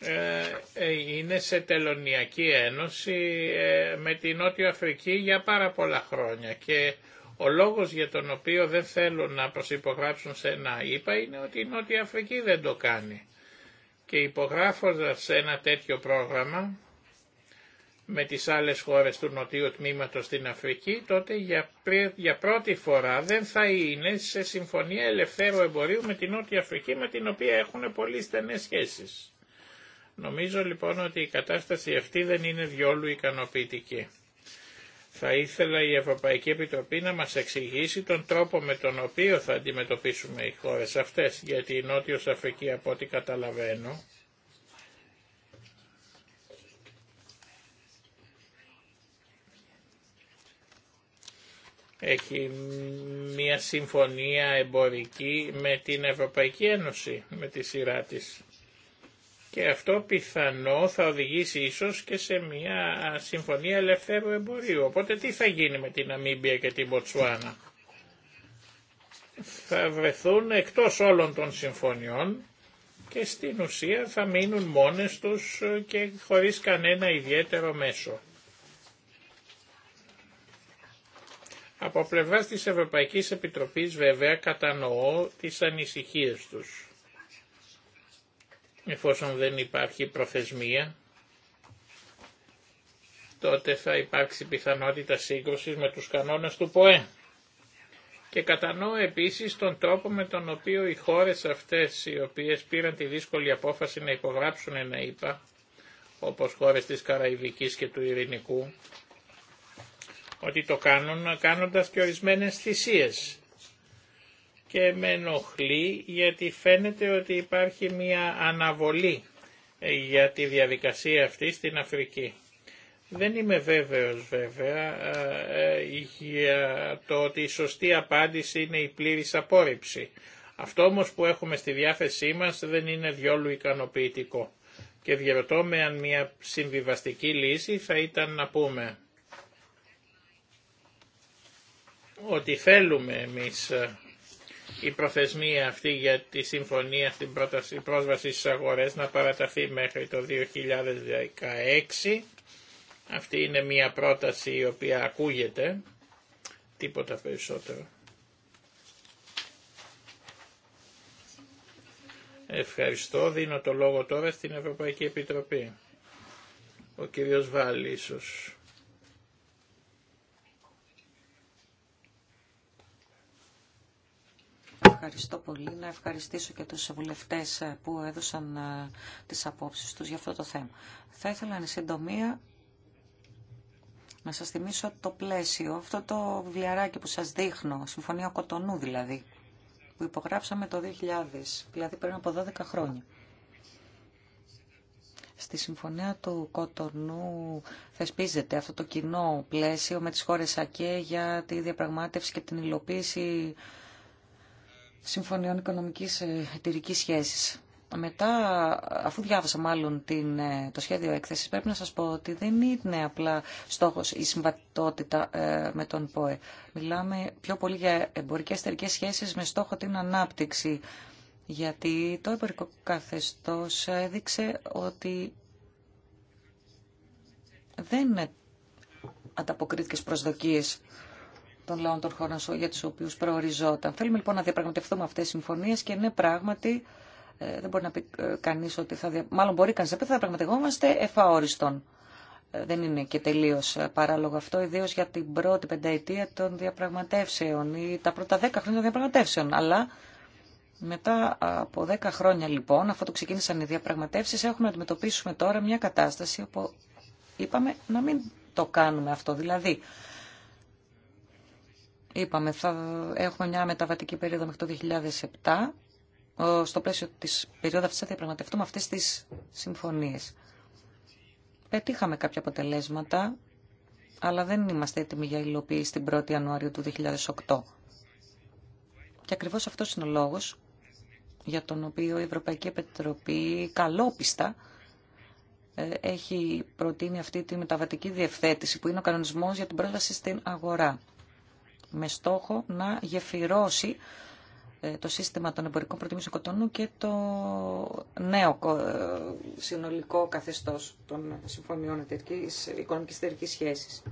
ε, ε, είναι σε τελωνιακή ένωση με την Νότια Αφρική για πάρα πολλά χρόνια και ο λόγος για τον οποίο δεν θέλουν να προσυπογράψουν σε ένα ΙΠΑ είναι ότι η Νότια Αφρική δεν το κάνει. Και υπογράφοντας ένα τέτοιο πρόγραμμα με τις άλλες χώρες του νοτιού τμήματος στην Αφρική, τότε για, για πρώτη φορά δεν θα είναι σε συμφωνία ελευθέρου εμπορίου με την Νότια Αφρική, με την οποία έχουν πολύ στενές σχέσεις. Νομίζω λοιπόν ότι η κατάσταση αυτή δεν είναι διόλου ικανοποιητική. Θα ήθελα η Ευρωπαϊκή Επιτροπή να μας εξηγήσει τον τρόπο με τον οποίο θα αντιμετωπίσουμε οι χώρες αυτές, γιατί η Νότιος Αφρική από ό,τι καταλαβαίνω έχει μια συμφωνία εμπορική με την Ευρωπαϊκή Ένωση, με τη σειρά της και αυτό πιθανό θα οδηγήσει ίσως και σε μια συμφωνία ελευθέρου εμπορίου. Οπότε τι θα γίνει με την Αμίμπια και την Μποτσουάνα. Θα βρεθούν εκτός όλων των συμφωνιών και στην ουσία θα μείνουν μόνες τους και χωρίς κανένα ιδιαίτερο μέσο. Από πλευράς της Ευρωπαϊκής Επιτροπής βέβαια κατανοώ τις ανησυχίες τους εφόσον δεν υπάρχει προθεσμία, τότε θα υπάρξει πιθανότητα σύγκρουσης με τους κανόνες του ΠΟΕ. Και κατανοώ επίσης τον τρόπο με τον οποίο οι χώρες αυτές οι οποίες πήραν τη δύσκολη απόφαση να υπογράψουν ένα ΙΠΑ, όπως χώρες της Καραϊβικής και του Ειρηνικού, ότι το κάνουν κάνοντας και ορισμένες θυσίες και με ενοχλεί γιατί φαίνεται ότι υπάρχει μια αναβολή ε, για τη διαδικασία αυτή στην Αφρική. Δεν είμαι βέβαιος βέβαια ε, ε, για το ότι η σωστή απάντηση είναι η πλήρης απόρριψη. Αυτό όμως που έχουμε στη διάθεσή μας δεν είναι διόλου ικανοποιητικό. Και διαρωτώ με αν μια συμβιβαστική λύση θα ήταν να πούμε ότι θέλουμε εμείς η προθεσμία αυτή για τη συμφωνία στην πρόταση πρόσβαση στις αγορές να παραταθεί μέχρι το 2016. Αυτή είναι μια πρόταση η οποία ακούγεται, τίποτα περισσότερο. Ευχαριστώ. Δίνω το λόγο τώρα στην Ευρωπαϊκή Επιτροπή. Ο κύριος Βάλλη ίσως. ευχαριστώ πολύ. Να ευχαριστήσω και τους βουλευτές ε, που έδωσαν ε, τις απόψεις τους για αυτό το θέμα. Θα ήθελα, εν συντομία, να σας θυμίσω το πλαίσιο, αυτό το βιβλιαράκι που σας δείχνω, Συμφωνία Κοτονού δηλαδή, που υπογράψαμε το 2000, δηλαδή πριν από 12 χρόνια. Στη Συμφωνία του Κοτονού θεσπίζεται αυτό το κοινό πλαίσιο με τις χώρες ΑΚΕ για τη διαπραγμάτευση και την υλοποίηση Συμφωνιών Οικονομικής ε, εταιρική Σχέσης. Μετά, αφού διάβασα μάλλον την, ε, το σχέδιο έκθεσης, πρέπει να σας πω ότι δεν είναι απλά στόχος η συμβατότητα ε, με τον ΠΟΕ. Μιλάμε πιο πολύ για εμπορικές εταιρικές σχέσεις με στόχο την ανάπτυξη. Γιατί το εμπορικό καθεστώς έδειξε ότι δεν ανταποκρίθηκε στις προσδοκίες των λαών των χωρών για του οποίου προοριζόταν. Θέλουμε λοιπόν να διαπραγματευτούμε αυτές τις συμφωνίες και ναι πράγματι ε, δεν μπορεί να πει ε, ότι θα δια... μάλλον μπορεί κανείς να πει θα διαπραγματευόμαστε εφαόριστον. Ε, δεν είναι και τελείω ε, παράλογο αυτό, ιδίω για την πρώτη πενταετία των διαπραγματεύσεων ή τα πρώτα δέκα χρόνια των διαπραγματεύσεων. Αλλά μετά από 10 χρόνια λοιπόν, αφού το ξεκίνησαν οι διαπραγματεύσεις, έχουμε να αντιμετωπίσουμε τώρα μια κατάσταση όπου είπαμε να μην το κάνουμε αυτό. Δηλαδή, Είπαμε, θα έχουμε μια μεταβατική περίοδο μέχρι το 2007. Στο πλαίσιο της περίοδου αυτής θα διαπραγματευτούμε αυτές τις συμφωνίες. Πετύχαμε κάποια αποτελέσματα, αλλά δεν είμαστε έτοιμοι για υλοποίηση την 1η Ιανουαρίου του 2008. Και ακριβώς αυτό είναι ο λόγος για τον οποίο η Ευρωπαϊκή Επιτροπή καλόπιστα ε, έχει προτείνει αυτή τη μεταβατική διευθέτηση που είναι ο κανονισμός για την πρόσβαση στην αγορά με στόχο να γεφυρώσει ε, το σύστημα των εμπορικών προτιμήσεων κοτονού και το νέο ε, συνολικό καθεστώς των συμφωνιών εταιρικής, οικονομικής εταιρικής σχέσης.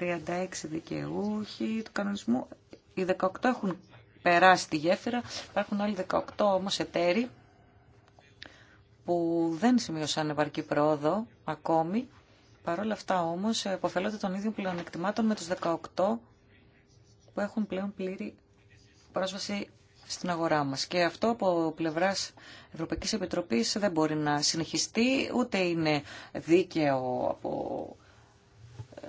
36 δικαιούχοι του κανονισμού, οι 18 έχουν περάσει τη γέφυρα, υπάρχουν άλλοι 18 όμως εταίροι που δεν σημείωσαν επαρκή πρόοδο ακόμη Παρ' όλα αυτά όμως υποφελώνται των ίδιων πλεονεκτημάτων με τους 18 που έχουν πλέον πλήρη πρόσβαση στην αγορά μας. Και αυτό από πλευράς Ευρωπαϊκής Επιτροπής δεν μπορεί να συνεχιστεί, ούτε είναι δίκαιο από ε,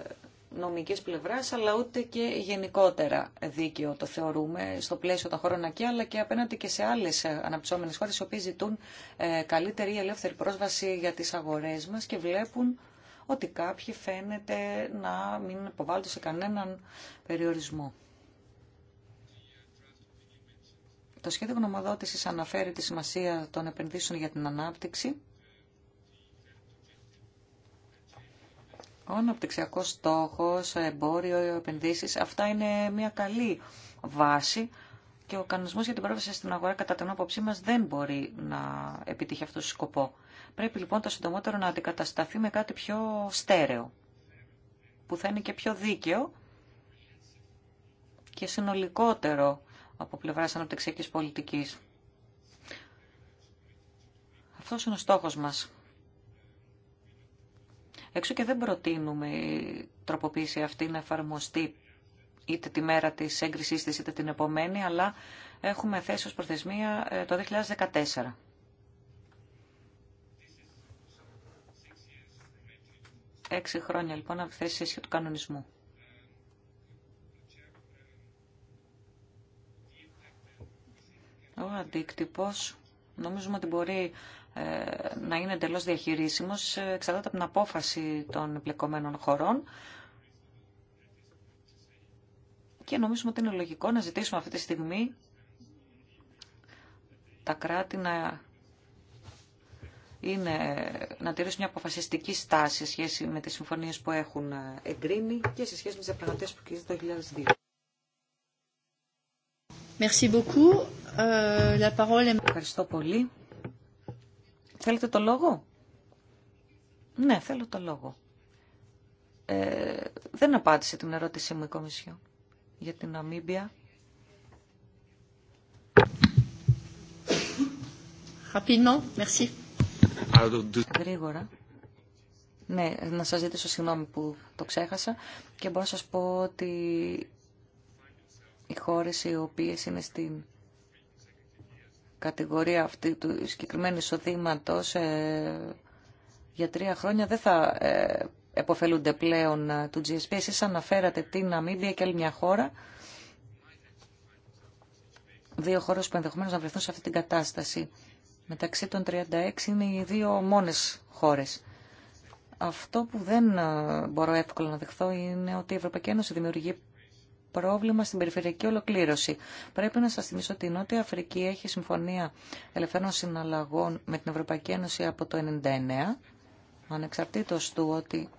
νομικής πλευράς, αλλά ούτε και γενικότερα δίκαιο το θεωρούμε στο πλαίσιο των χωρών εκεί, αλλά και απέναντι και σε άλλες αναπτυσσόμενες χώρες, οι οποίες ζητούν ε, καλύτερη ή ελεύθερη πρόσβαση για τις αγορές μας και βλέπουν ότι κάποιοι φαίνεται να μην υποβάλλονται σε κανέναν περιορισμό. Το σχέδιο γνωμοδότησης αναφέρει τη σημασία των επενδύσεων για την ανάπτυξη. Ο αναπτυξιακός στόχος, εμπόριο, επενδύσεις, αυτά είναι μια καλή βάση και ο κανονισμός για την πρόβληση στην αγορά κατά την άποψή μα δεν μπορεί να επιτύχει αυτό το σκοπό. Πρέπει λοιπόν το συντομότερο να αντικατασταθεί με κάτι πιο στέρεο, που θα είναι και πιο δίκαιο και συνολικότερο από πλευράς αναπτυξιακή πολιτικής. Αυτός είναι ο στόχος μας. Έξω και δεν προτείνουμε η τροποποίηση αυτή να εφαρμοστεί είτε τη μέρα της έγκριση τη είτε την επομένη, αλλά έχουμε θέσει ω προθεσμία ε, το 2014. Έξι χρόνια λοιπόν από θέση ίσχυ του κανονισμού. Ο αντίκτυπος νομίζουμε ότι μπορεί ε, να είναι εντελώ διαχειρίσιμος ε, εξαρτάται από την απόφαση των πλεκομένων χωρών και νομίζουμε ότι είναι λογικό να ζητήσουμε αυτή τη στιγμή τα κράτη να, είναι, να τηρήσουν μια αποφασιστική στάση σε σχέση με τις συμφωνίες που έχουν εγκρίνει και σε σχέση με τις επαγγελματίες που κυρίζονται το 2002. Merci beaucoup. Euh, la parole... Ευχαριστώ πολύ. Θέλετε το λόγο? Ναι, θέλω το λόγο. Ε, δεν απάντησε την ερώτησή μου η Κομισιόν για την Ναμίμπια. Γρήγορα. Ναι, να σας ζητήσω συγγνώμη που το ξέχασα και μπορώ να σας πω ότι οι χώρες οι οποίες είναι στην κατηγορία αυτή του συγκεκριμένου εισοδήματο ε, για τρία χρόνια δεν θα ε, εποφελούνται πλέον ε, του GSP. Εσείς αναφέρατε την Ναμίμπια και άλλη μια χώρα. Δύο χώρες που ενδεχομένω να βρεθούν σε αυτή την κατάσταση. Μεταξύ των 36 είναι οι δύο μόνες χώρες. Αυτό που δεν ε, μπορώ εύκολα να δεχθώ είναι ότι η Ευρωπαϊκή Ένωση δημιουργεί πρόβλημα στην περιφερειακή ολοκλήρωση. Πρέπει να σα θυμίσω ότι η Νότια Αφρική έχει συμφωνία ελευθέρων συναλλαγών με την Ευρωπαϊκή Ένωση από το 1999, ανεξαρτήτως του ότι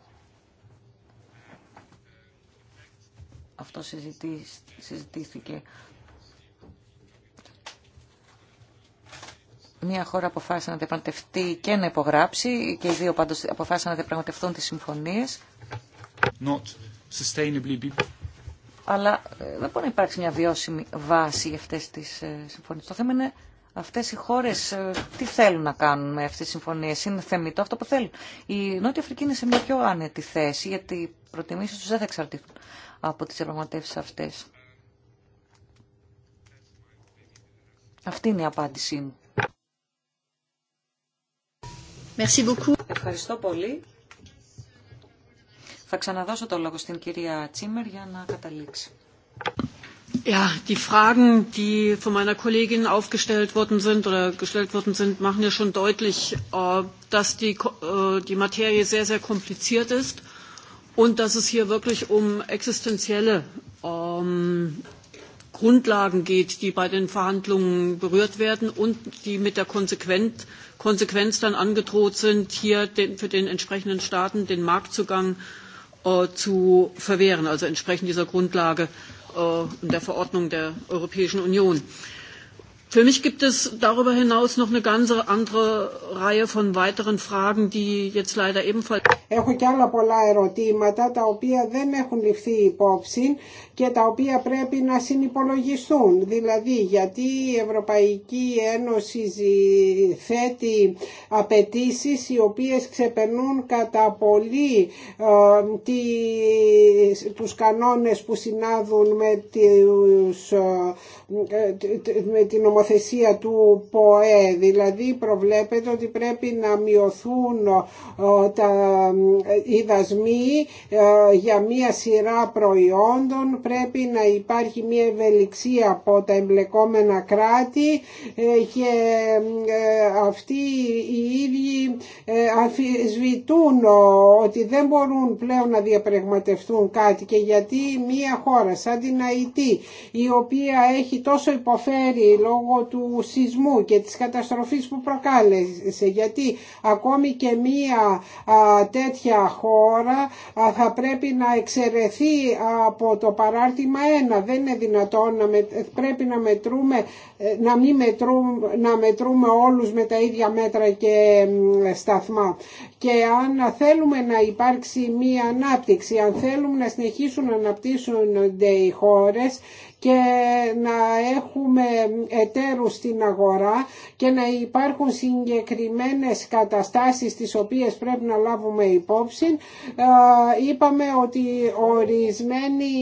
Αυτό συζητήθηκε. Μία χώρα αποφάσισε να διαπραγματευτεί και να υπογράψει και οι δύο πάντως αποφάσισαν να διαπραγματευτούν τις συμφωνίες. Not sustainably... Αλλά ε, δεν μπορεί να υπάρξει μια βιώσιμη βάση για αυτές τις ε, συμφωνίες. Το θέμα είναι αυτές οι χώρες ε, τι θέλουν να κάνουν με αυτές τις συμφωνίες. Είναι θεμητό αυτό που θέλουν. Η Νότια Αφρική είναι σε μια πιο άνετη θέση γιατί οι προτιμήσεις τους δεν θα εξαρτηθούν από τις διαπραγματεύσεις αυτές. Αυτή είναι η απάντησή μου. Merci beaucoup. Ευχαριστώ πολύ. Θα ξαναδώσω το λόγο στην κυρία Τσίμερ για να καταλήξει. Ja, die Fragen, die von meiner Kollegin aufgestellt worden sind oder gestellt worden sind, machen ja schon deutlich, dass die, die Materie sehr, sehr kompliziert ist und dass es hier wirklich um existenzielle Grundlagen geht, die bei den Verhandlungen berührt werden und die mit der Konsequenz dann angedroht sind, hier für den entsprechenden Staaten den Marktzugang zu verwehren, also entsprechend dieser Grundlage und der Verordnung der Europäischen Union. Für mich gibt es darüber hinaus noch eine ganze andere Reihe von weiteren Fragen, die jetzt leider ebenfalls. Έχω και άλλα πολλά ερωτήματα τα οποία δεν έχουν ληφθεί υπόψη και τα οποία πρέπει να συνυπολογιστούν. Δηλαδή γιατί η Ευρωπαϊκή Ένωση θέτει απαιτήσει οι οποίες ξεπερνούν κατά πολύ ε, τους κανόνες που συνάδουν με τους ε, ε, με την νομοθεσία του ΠΟΕ. Δηλαδή προβλέπεται ότι πρέπει να μειωθούν ε, τα, ε, οι δασμοί για μία σειρά προϊόντων. Πρέπει να υπάρχει μία ευελιξία από τα εμπλεκόμενα κράτη και αυτοί οι ίδιοι αμφισβητούν ότι δεν μπορούν πλέον να διαπραγματευτούν κάτι και γιατί μία χώρα σαν την αιτή η οποία έχει τόσο υποφέρει λόγω του σεισμού και της καταστροφής που προκάλεσε γιατί ακόμη και μία τέτοια χώρα θα πρέπει να εξαιρεθεί από το παράρτημα ένα. δεν είναι δυνατόν να πρέπει να μετρούμε ε, να μην μετρούμε, να μετρούμε όλους με τα ίδια μέτρα και σταθμά και αν θέλουμε να υπάρξει μία ανάπτυξη αν θέλουμε να συνεχίσουν να αναπτύσσονται οι χώρες και να έχουμε εταίρους στην αγορά και να υπάρχουν συγκεκριμένες καταστάσεις τις οποίες πρέπει να λάβουμε υπόψη. Είπαμε ότι ορισμένοι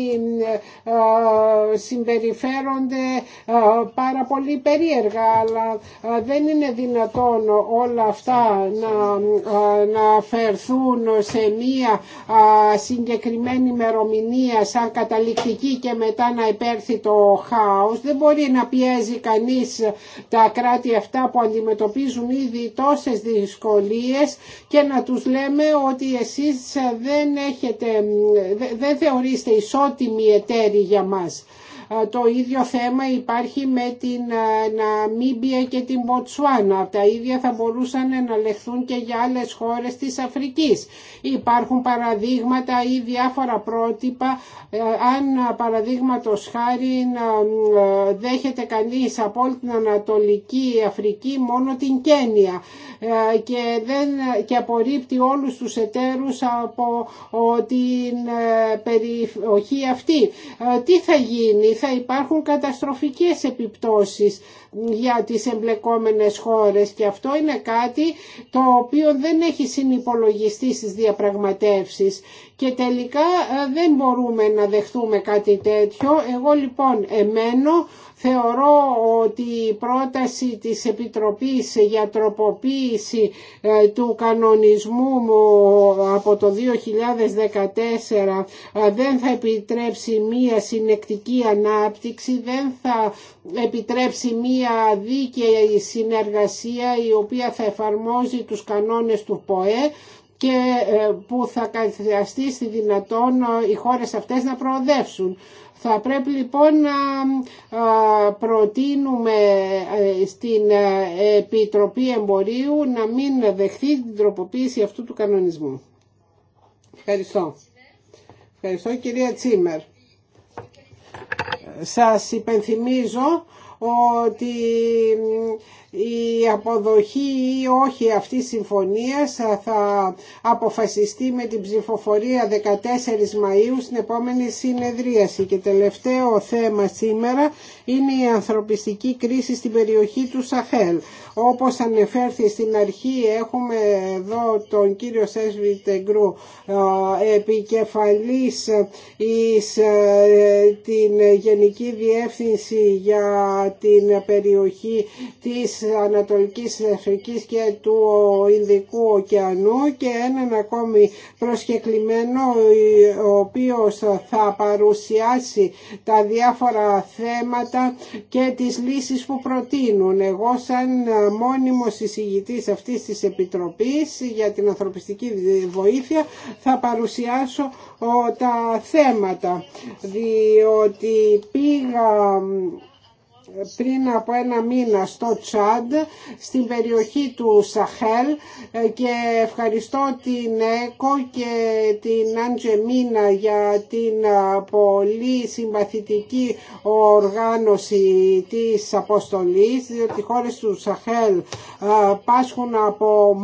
συμπεριφέρονται πάρα πολύ περίεργα αλλά δεν είναι δυνατόν όλα αυτά να, να φερθούν σε μία συγκεκριμένη ημερομηνία σαν καταληκτική και μετά να υπέρθει το χάος. Δεν μπορεί να πιέζει κανείς τα κράτη αυτά που αντιμετωπίζουν ήδη τόσες δυσκολίες και να τους λέμε ότι εσείς δεν, έχετε, δεν θεωρείστε ισότιμοι εταίροι για μας. Ε, το ίδιο θέμα υπάρχει με την ε, Ναμίμπια και την Μποτσουάνα. Τα ίδια θα μπορούσαν να λεχθούν και για άλλες χώρες της Αφρικής. Υπάρχουν παραδείγματα ή διάφορα πρότυπα. Ε, αν παραδείγματο χάρη δέχεται κανείς από όλη την Ανατολική Αφρική μόνο την Κένια. Ε, και, δεν, και απορρίπτει όλους τους εταίρους από την ε, περιοχή αυτή. Ε, τι θα γίνει, θα υπάρχουν καταστροφικές επιπτώσεις για τις εμπλεκόμενες χώρες και αυτό είναι κάτι το οποίο δεν έχει συνυπολογιστεί στις διαπραγματεύσεις και τελικά δεν μπορούμε να δεχτούμε κάτι τέτοιο. Εγώ λοιπόν εμένω Θεωρώ ότι η πρόταση της Επιτροπής για τροποποίηση ε, του κανονισμού μου ε, από το 2014 ε, δεν θα επιτρέψει μία συνεκτική ανάπτυξη, δεν θα επιτρέψει μία δίκαιη συνεργασία η οποία θα εφαρμόζει τους κανόνες του ΠΟΕ και που θα καθιαστεί στη δυνατόν οι χώρες αυτές να προοδεύσουν. Θα πρέπει λοιπόν να προτείνουμε ε, στην ε, Επιτροπή Εμπορίου να μην δεχθεί την τροποποίηση αυτού του κανονισμού. Ευχαριστώ. Ευχαριστώ κυρία Τσίμερ. Σας υπενθυμίζω ότι η αποδοχή ή όχι αυτή της συμφωνίας θα αποφασιστεί με την ψηφοφορία 14 Μαΐου στην επόμενη συνεδρίαση και τελευταίο θέμα σήμερα είναι η ανθρωπιστική κρίση στην περιοχή του Σαχέλ. Όπως ανεφέρθη στην αρχή έχουμε εδώ τον κύριο Σέσβι Τεγκρού ε, επικεφαλής εις ε, την Γενική Διεύθυνση για την περιοχή της Ανατολικής Αφρικής και του Ινδικού ωκεανού και έναν ακόμη προσκεκλημένο ο οποίος θα παρουσιάσει τα διάφορα θέματα και τις λύσεις που προτείνουν. Εγώ σαν μόνιμος εισηγητής αυτής της Επιτροπής για την ανθρωπιστική βοήθεια θα παρουσιάσω τα θέματα διότι πήγα πριν από ένα μήνα στο Τσάντ, στην περιοχή του Σαχέλ ε, και ευχαριστώ την ΕΚΟ και την Αντζεμίνα για την πολύ συμπαθητική οργάνωση της αποστολής, διότι οι χώρες του Σαχέλ πάσχουν από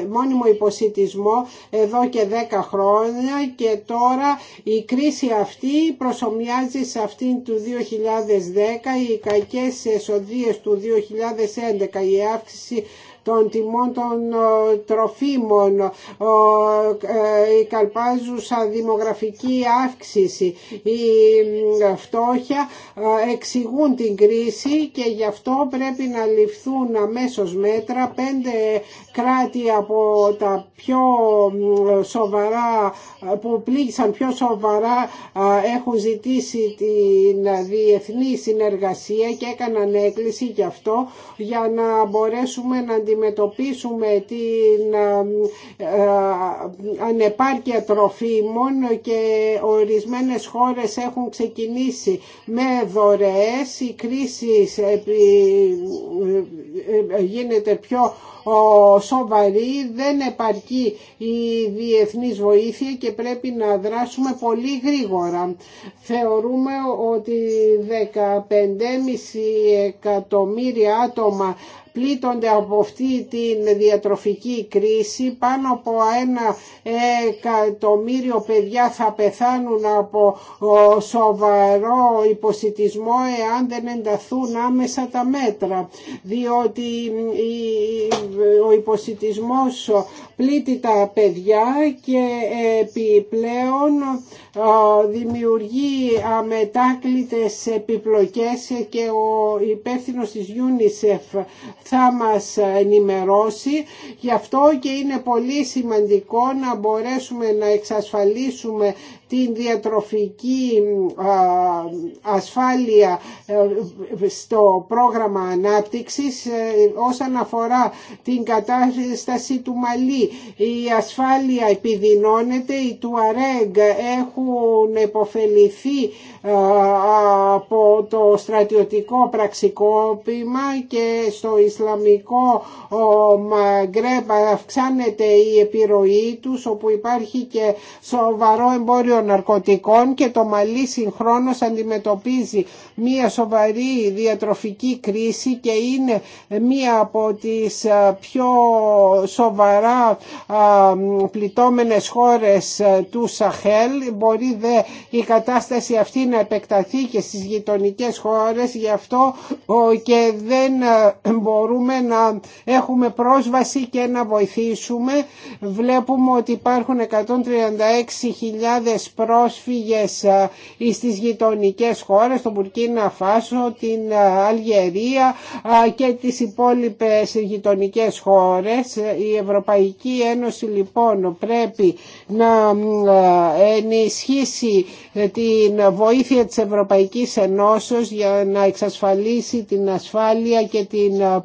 ε, μόνιμο υποσυτισμό εδώ και 10 χρόνια και τώρα η κρίση αυτή προσωμιάζει σε αυτήν του 2010 οι κακές εσοδίες του 2011, η αύξηση των τιμών των ε, τροφίμων, ε, ε, η καλπάζουσα δημογραφική αύξηση, η φτώχεια εξηγούν την κρίση και γι' αυτό πρέπει να ληφθούν αμέσως μέτρα πέντε κράτη από τα πιο σοβαρά που πλήγησαν πιο σοβαρά έχουν ζητήσει την διεθνή συνεργασία και έκαναν έκκληση γι' αυτό για να μπορέσουμε να αντιμετωπίσουμε αντιμετωπίσουμε την ε, ε, ανεπάρκεια τροφίμων και ορισμένες χώρες έχουν ξεκινήσει με δωρεές. Η κρίση ε, γίνεται πιο σοβαρή, δεν επαρκεί η διεθνής βοήθεια και πρέπει να δράσουμε πολύ γρήγορα. Θεωρούμε ότι 15,5 εκατομμύρια άτομα πλήττονται από αυτή τη διατροφική κρίση. Πάνω από ένα εκατομμύριο παιδιά θα πεθάνουν από σοβαρό υποσυτισμό εάν δεν ενταθούν άμεσα τα μέτρα. Διότι ο υποσυτισμός πλήττει τα παιδιά και επιπλέον δημιουργεί αμετάκλητες επιπλοκές και ο υπεύθυνο της UNICEF θα μας ενημερώσει. Γι' αυτό και είναι πολύ σημαντικό να μπορέσουμε να εξασφαλίσουμε την διατροφική ασφάλεια ε, στο πρόγραμμα ανάπτυξης ε, όσον αφορά την κατάσταση του Μαλή. Η ασφάλεια επιδεινώνεται, οι Τουαρέγ έχουν υποφεληθεί. Ε, από το στρατιωτικό πραξικόπημα και στο Ισλαμικό Μαγκρέπ αυξάνεται η επιρροή τους όπου υπάρχει και σοβαρό εμπόριο ναρκωτικών και το Μαλί συγχρόνως αντιμετωπίζει μία σοβαρή διατροφική κρίση και είναι μία από τις ε, πιο σοβαρά ε, πληττόμενες χώρες του Σαχέλ. Μπορεί δε η κατάσταση αυτή να επεκταθεί και στις γειτονικές χώρες γι' αυτό και δεν ε, μπορούμε να έχουμε πρόσβαση και να βοηθήσουμε. Βλέπουμε ότι υπάρχουν 136.000 πρόσφυγες στις ε, γειτονικές χώρες, τον Μπουρκίνα Φάσο, την ε, Αλγερία και τις υπόλοιπες γειτονικές χώρες. Η Ευρωπαϊκή Ένωση λοιπόν πρέπει να ενισχύσει την βοήθεια βοήθεια της Ευρωπαϊκής Ενώσεως για να εξασφαλίσει την ασφάλεια και την ε,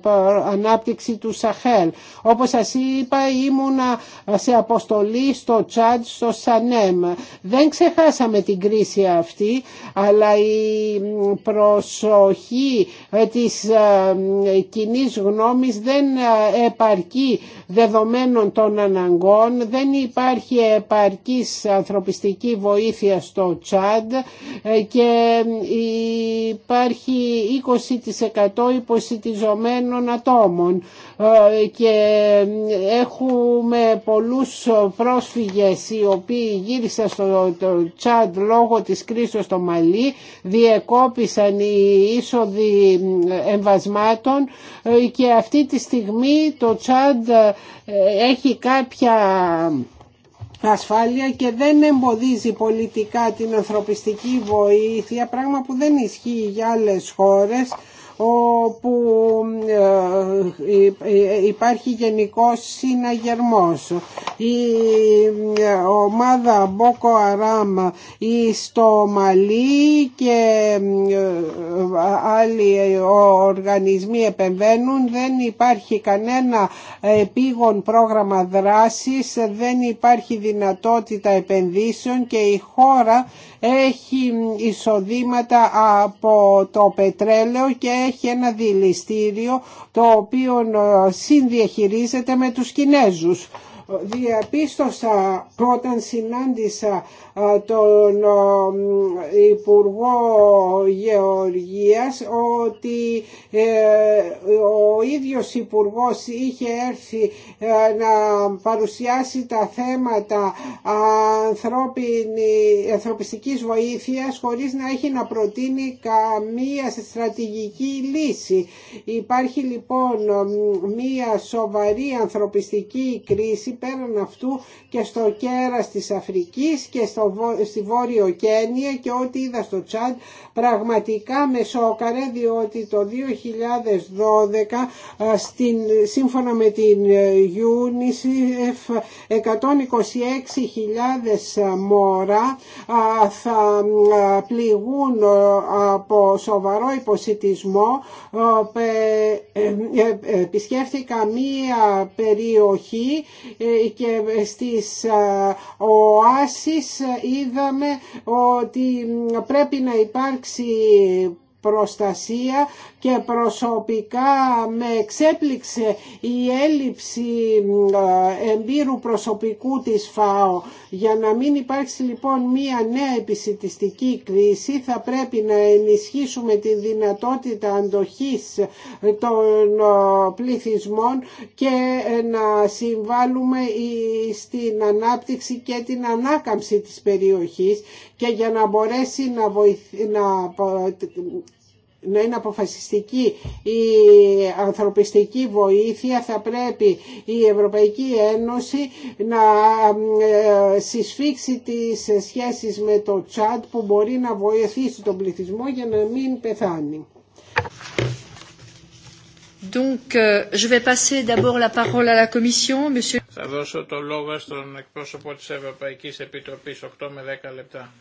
ανάπτυξη του Σαχέλ. Όπως σας είπα ήμουνα σε αποστολή στο Τσάντ, στο Σανέμ. Δεν ξεχάσαμε την κρίση αυτή, αλλά η προσοχή ε, της ε, κοινή γνώμης δεν επαρκεί δεδομένων των αναγκών, δεν υπάρχει επαρκής ανθρωπιστική βοήθεια στο Τσάντ ε, και υπάρχει 20% υποσυτιζομένων ατόμων ε, και έχουμε πολλούς πρόσφυγες οι οποίοι γύρισαν στο Τσάντ λόγω της κρίσης στο Μαλί διεκόπησαν οι είσοδοι εμβασμάτων ε, και αυτή τη στιγμή το Τσάντ έχει κάποια ασφάλεια και δεν εμποδίζει πολιτικά την ανθρωπιστική βοήθεια, πράγμα που δεν ισχύει για άλλες χώρες όπου ε, ε, ε, υπάρχει γενικό συναγερμός. Η ομάδα Μπόκο η στο Μαλί και άλλοι οργανισμοί επεμβαίνουν. Δεν υπάρχει κανένα επίγον πρόγραμμα δράσης, δεν υπάρχει δυνατότητα επενδύσεων και η χώρα έχει εισοδήματα από το πετρέλαιο και έχει ένα δηληστήριο το οποίο ε, συνδιαχειρίζεται με τους Κινέζους ε, διαπίστωσα όταν συνάντησα τον Υπουργό Γεωργίας ότι ε, ο ίδιος Υπουργός είχε έρθει ε, να παρουσιάσει τα θέματα ανθρωπιστικής βοήθειας χωρίς να έχει να προτείνει καμία στρατηγική λύση. Υπάρχει λοιπόν μία σοβαρή ανθρωπιστική κρίση πέραν αυτού και στο κέρας της Αφρικής και στο στη Βόρειο Κένια και ό,τι είδα στο Τσάντ πραγματικά με σόκαρε διότι το 2012 στην, σύμφωνα με την ε, UNICEF 126.000 μόρα θα πληγούν ε, από σοβαρό υποσυτισμό ε, επισκέφθηκα μία περιοχή και στις οάσεις είδαμε ότι πρέπει να υπάρξει προστασία και προσωπικά με εξέπληξε η έλλειψη ε, εμπειρου προσωπικού της ΦΑΟ. Για να μην υπάρξει λοιπόν μία νέα επισητιστική κρίση θα πρέπει να ενισχύσουμε τη δυνατότητα αντοχής των ε, πληθυσμών και ε, να συμβάλλουμε στην ανάπτυξη και την ανάκαμψη της περιοχής και για να μπορέσει να, να να είναι αποφασιστική η ανθρωπιστική βοήθεια θα πρέπει η Ευρωπαϊκή Ένωση να ε, συσφίξει τις σχέσεις με το Τσάντ που μπορεί να βοηθήσει τον πληθυσμό για να μην πεθάνει. Θα δώσω το λόγο στον εκπρόσωπο της Ευρωπαϊκής Επιτροπής 8 με 10 λεπτά.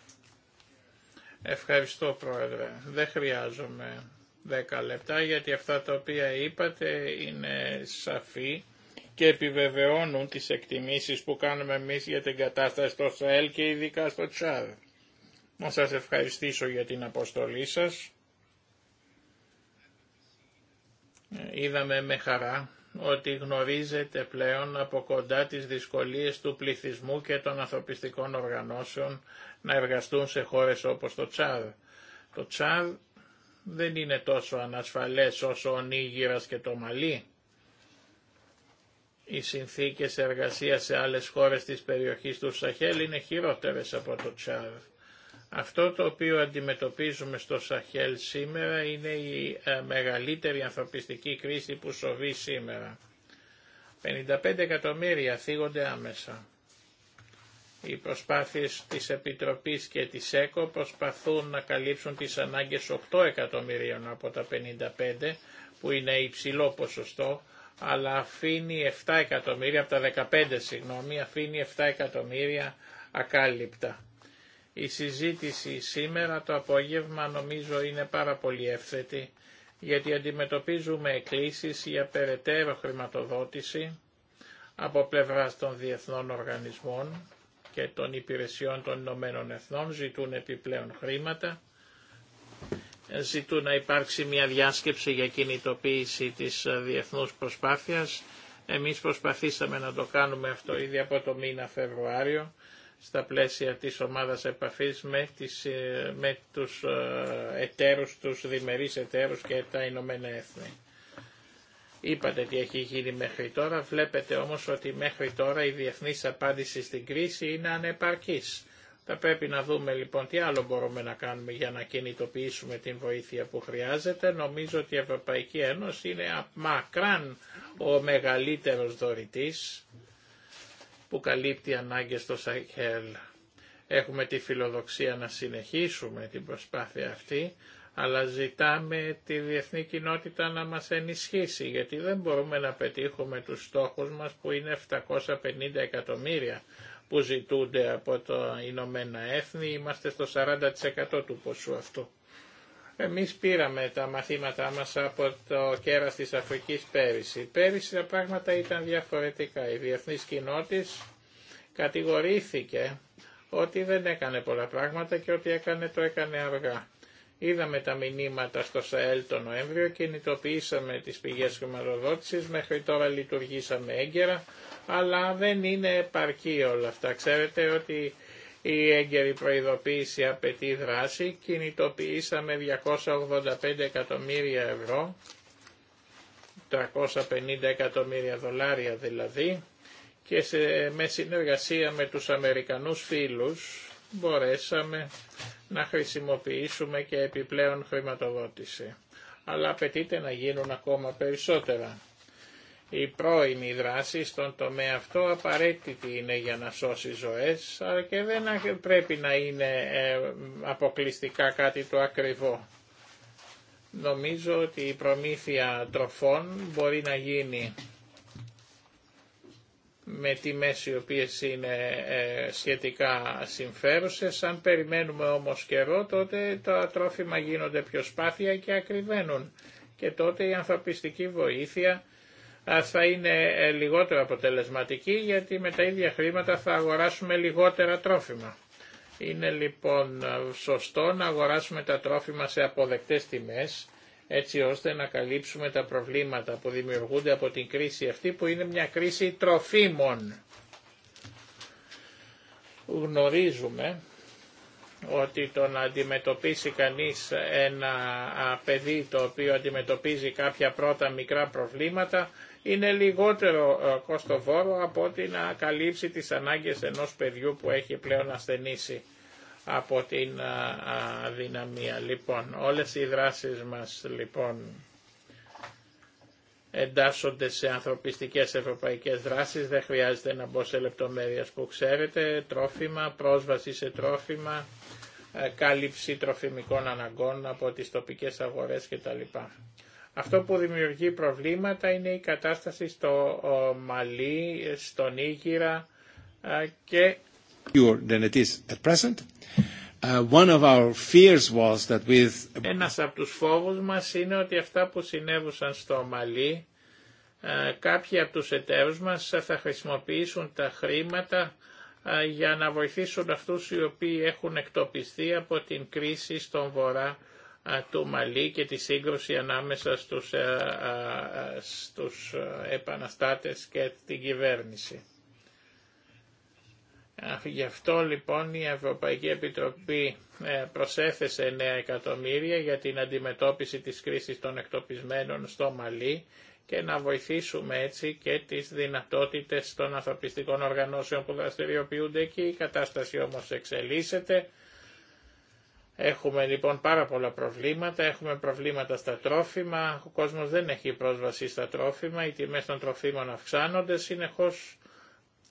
Ευχαριστώ Πρόεδρε. Δεν χρειάζομαι 10 λεπτά γιατί αυτά τα οποία είπατε είναι σαφή και επιβεβαιώνουν τις εκτιμήσεις που κάνουμε εμείς για την κατάσταση στο ΣΑΕΛ και ειδικά στο Τσάδ. Να σας ευχαριστήσω για την αποστολή σας. Είδαμε με χαρά ότι γνωρίζετε πλέον από κοντά τις δυσκολίες του πληθυσμού και των ανθρωπιστικών οργανώσεων να εργαστούν σε χώρες όπως το Τσάρ. Το Τσάρ δεν είναι τόσο ανασφαλές όσο ο Νίγηρας και το Μαλί. Οι συνθήκες εργασίας σε άλλες χώρες της περιοχής του Σαχέλ είναι χειρότερες από το Τσάρ. Αυτό το οποίο αντιμετωπίζουμε στο Σαχέλ σήμερα είναι η ε, μεγαλύτερη ανθρωπιστική κρίση που σοβεί σήμερα. 55 εκατομμύρια θίγονται άμεσα. Οι προσπάθειες της Επιτροπής και της ΕΚΟ προσπαθούν να καλύψουν τις ανάγκες 8 εκατομμυρίων από τα 55 που είναι υψηλό ποσοστό αλλά αφήνει 7 εκατομμύρια, από τα 15 συγγνώμη, αφήνει 7 εκατομμύρια ακάλυπτα. Η συζήτηση σήμερα το απόγευμα νομίζω είναι πάρα πολύ εύθετη γιατί αντιμετωπίζουμε εκκλήσεις για περαιτέρω χρηματοδότηση από πλευράς των διεθνών οργανισμών και των υπηρεσιών των Ηνωμένων Εθνών, ζητούν επιπλέον χρήματα, ζητούν να υπάρξει μια διάσκεψη για κινητοποίηση της ε, διεθνούς προσπάθειας. Εμείς προσπαθήσαμε να το κάνουμε αυτό ήδη από το μήνα Φεβρουάριο, στα πλαίσια της ομάδας επαφής με, τις, ε, με τους ε, εταίρους, τους διμερείς εταίρους και τα Ηνωμένα Έθνη. Είπατε τι έχει γίνει μέχρι τώρα, βλέπετε όμως ότι μέχρι τώρα η διεθνής απάντηση στην κρίση είναι ανεπαρκής. Θα πρέπει να δούμε λοιπόν τι άλλο μπορούμε να κάνουμε για να κινητοποιήσουμε την βοήθεια που χρειάζεται. Νομίζω ότι η Ευρωπαϊκή Ένωση είναι μακράν ο μεγαλύτερος δωρητής που καλύπτει ανάγκες στο Σαχέλ. Έχουμε τη φιλοδοξία να συνεχίσουμε την προσπάθεια αυτή, αλλά ζητάμε τη διεθνή κοινότητα να μας ενισχύσει, γιατί δεν μπορούμε να πετύχουμε τους στόχους μας που είναι 750 εκατομμύρια που ζητούνται από το Ηνωμένα Έθνη, είμαστε στο 40% του ποσού αυτού. Εμείς πήραμε τα μαθήματά μας από το κέρας της Αφρικής πέρυσι. Πέρυσι τα πράγματα ήταν διαφορετικά. Η διεθνή κοινότης κατηγορήθηκε ότι δεν έκανε πολλά πράγματα και ότι έκανε το έκανε αργά. Είδαμε τα μηνύματα στο ΣΑΕΛ τον Νοέμβριο, κινητοποιήσαμε τις πηγές χρηματοδότησης, μέχρι τώρα λειτουργήσαμε έγκαιρα, αλλά δεν είναι επαρκή όλα αυτά. Ξέρετε ότι η έγκαιρη προειδοποίηση απαιτεί δράση, κινητοποιήσαμε 285 εκατομμύρια ευρώ, 350 εκατομμύρια δολάρια δηλαδή, και σε, με συνεργασία με τους Αμερικανούς φίλους μπορέσαμε να χρησιμοποιήσουμε και επιπλέον χρηματοδότηση. Αλλά απαιτείται να γίνουν ακόμα περισσότερα. Η πρώιμη δράση στον τομέα αυτό απαραίτητη είναι για να σώσει ζωές αλλά και δεν πρέπει να είναι ε, αποκλειστικά κάτι το ακριβό. Νομίζω ότι η προμήθεια τροφών μπορεί να γίνει με τιμές οι οποίες είναι ε, σχετικά συμφέρουσες. Αν περιμένουμε όμως καιρό τότε τα τρόφιμα γίνονται πιο σπάθια και ακριβένουν και τότε η ανθρωπιστική βοήθεια θα είναι ε, λιγότερο αποτελεσματική γιατί με τα ίδια χρήματα θα αγοράσουμε λιγότερα τρόφιμα. Είναι λοιπόν ε, σωστό να αγοράσουμε τα τρόφιμα σε αποδεκτές τιμές έτσι ώστε να καλύψουμε τα προβλήματα που δημιουργούνται από την κρίση αυτή που είναι μια κρίση τροφίμων. Γνωρίζουμε ότι το να αντιμετωπίσει κανείς ένα παιδί το οποίο αντιμετωπίζει κάποια πρώτα μικρά προβλήματα είναι λιγότερο ε, κοστοβόρο από ότι να καλύψει τις ανάγκες ενός παιδιού που έχει πλέον ασθενήσει από την αδυναμία. Λοιπόν, όλες οι δράσεις μας λοιπόν εντάσσονται σε ανθρωπιστικές ευρωπαϊκές δράσεις, δεν χρειάζεται να μπω σε λεπτομέρειες που ξέρετε, τρόφιμα, πρόσβαση σε τρόφιμα, ε, κάλυψη τροφιμικών αναγκών από τις τοπικές αγορές κτλ. Αυτό που δημιουργεί προβλήματα είναι η κατάσταση στο Μαλή, στον Ήγυρα ε, και ένας από τους φόβους μας είναι ότι αυτά που συνέβουσαν στο Μαλί ε, κάποιοι από τους εταίρους μας θα χρησιμοποιήσουν τα χρήματα ε, για να βοηθήσουν αυτούς οι οποίοι έχουν εκτοπιστεί από την κρίση στον βορρά ε, του Μαλί και τη σύγκρουση ανάμεσα στους, στους επαναστάτες και την κυβέρνηση. Γι' αυτό λοιπόν η Ευρωπαϊκή Επιτροπή ε, προσέθεσε 9 εκατομμύρια για την αντιμετώπιση της κρίσης των εκτοπισμένων στο Μαλί και να βοηθήσουμε έτσι και τις δυνατότητες των ανθρωπιστικών οργανώσεων που δραστηριοποιούνται εκεί. Η κατάσταση όμως εξελίσσεται. Έχουμε λοιπόν πάρα πολλά προβλήματα, έχουμε προβλήματα στα τρόφιμα, ο κόσμος δεν έχει πρόσβαση στα τρόφιμα, οι τιμές των τροφίμων αυξάνονται συνεχώς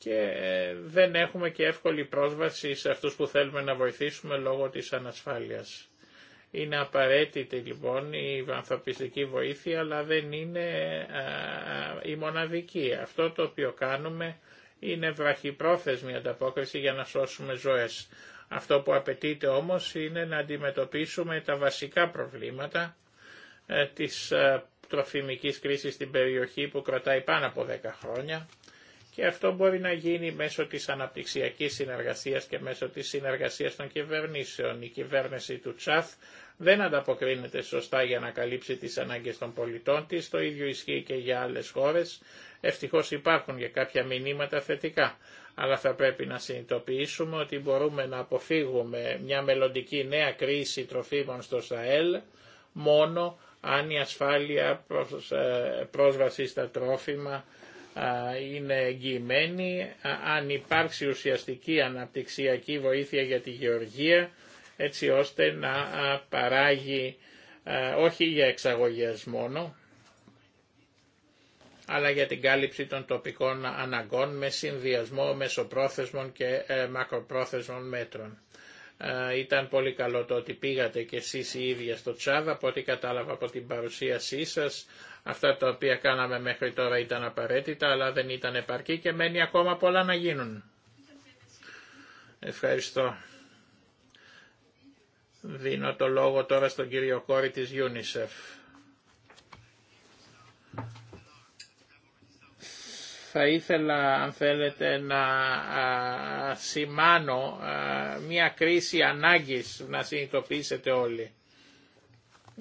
και ε, δεν έχουμε και εύκολη πρόσβαση σε αυτούς που θέλουμε να βοηθήσουμε λόγω της ανασφάλειας. Είναι απαραίτητη λοιπόν η ανθρωπιστική βοήθεια, αλλά δεν είναι ε, ε, η μοναδική. Αυτό το οποίο κάνουμε είναι βραχυπρόθεσμη ανταπόκριση για να σώσουμε ζωές. Αυτό που απαιτείται όμως είναι να αντιμετωπίσουμε τα βασικά προβλήματα της τροφιμικής κρίσης στην περιοχή που κρατάει πάνω από 10 χρόνια και αυτό μπορεί να γίνει μέσω της αναπτυξιακής συνεργασίας και μέσω της συνεργασίας των κυβερνήσεων. Η κυβέρνηση του Τσάφ δεν ανταποκρίνεται σωστά για να καλύψει τις ανάγκες των πολιτών της, το ίδιο ισχύει και για άλλες χώρες. Ευτυχώς υπάρχουν και κάποια μηνύματα θετικά, αλλά θα πρέπει να συνειδητοποιήσουμε ότι μπορούμε να αποφύγουμε μια μελλοντική νέα κρίση τροφίμων στο ΣΑΕΛ μόνο αν η ασφάλεια ε, πρόσβαση στα τρόφιμα είναι εγγυημένη, αν υπάρξει ουσιαστική αναπτυξιακή βοήθεια για τη γεωργία, έτσι ώστε να παράγει όχι για εξαγωγές μόνο, αλλά για την κάλυψη των τοπικών αναγκών με συνδυασμό μεσοπρόθεσμων και ε, μακροπρόθεσμων μέτρων. Ήταν πολύ καλό το ότι πήγατε και εσείς οι ίδιοι στο Τσάδα, από ό,τι κατάλαβα από την παρουσίασή σας Αυτά τα οποία κάναμε μέχρι τώρα ήταν απαραίτητα αλλά δεν ήταν επαρκή και μένει ακόμα πολλά να γίνουν. Ευχαριστώ. Δίνω το λόγο τώρα στον κύριο Κόρη της UNICEF. Θα ήθελα, αν θέλετε, να σημάνω μια κρίση ανάγκης να συνειδητοποιήσετε όλοι.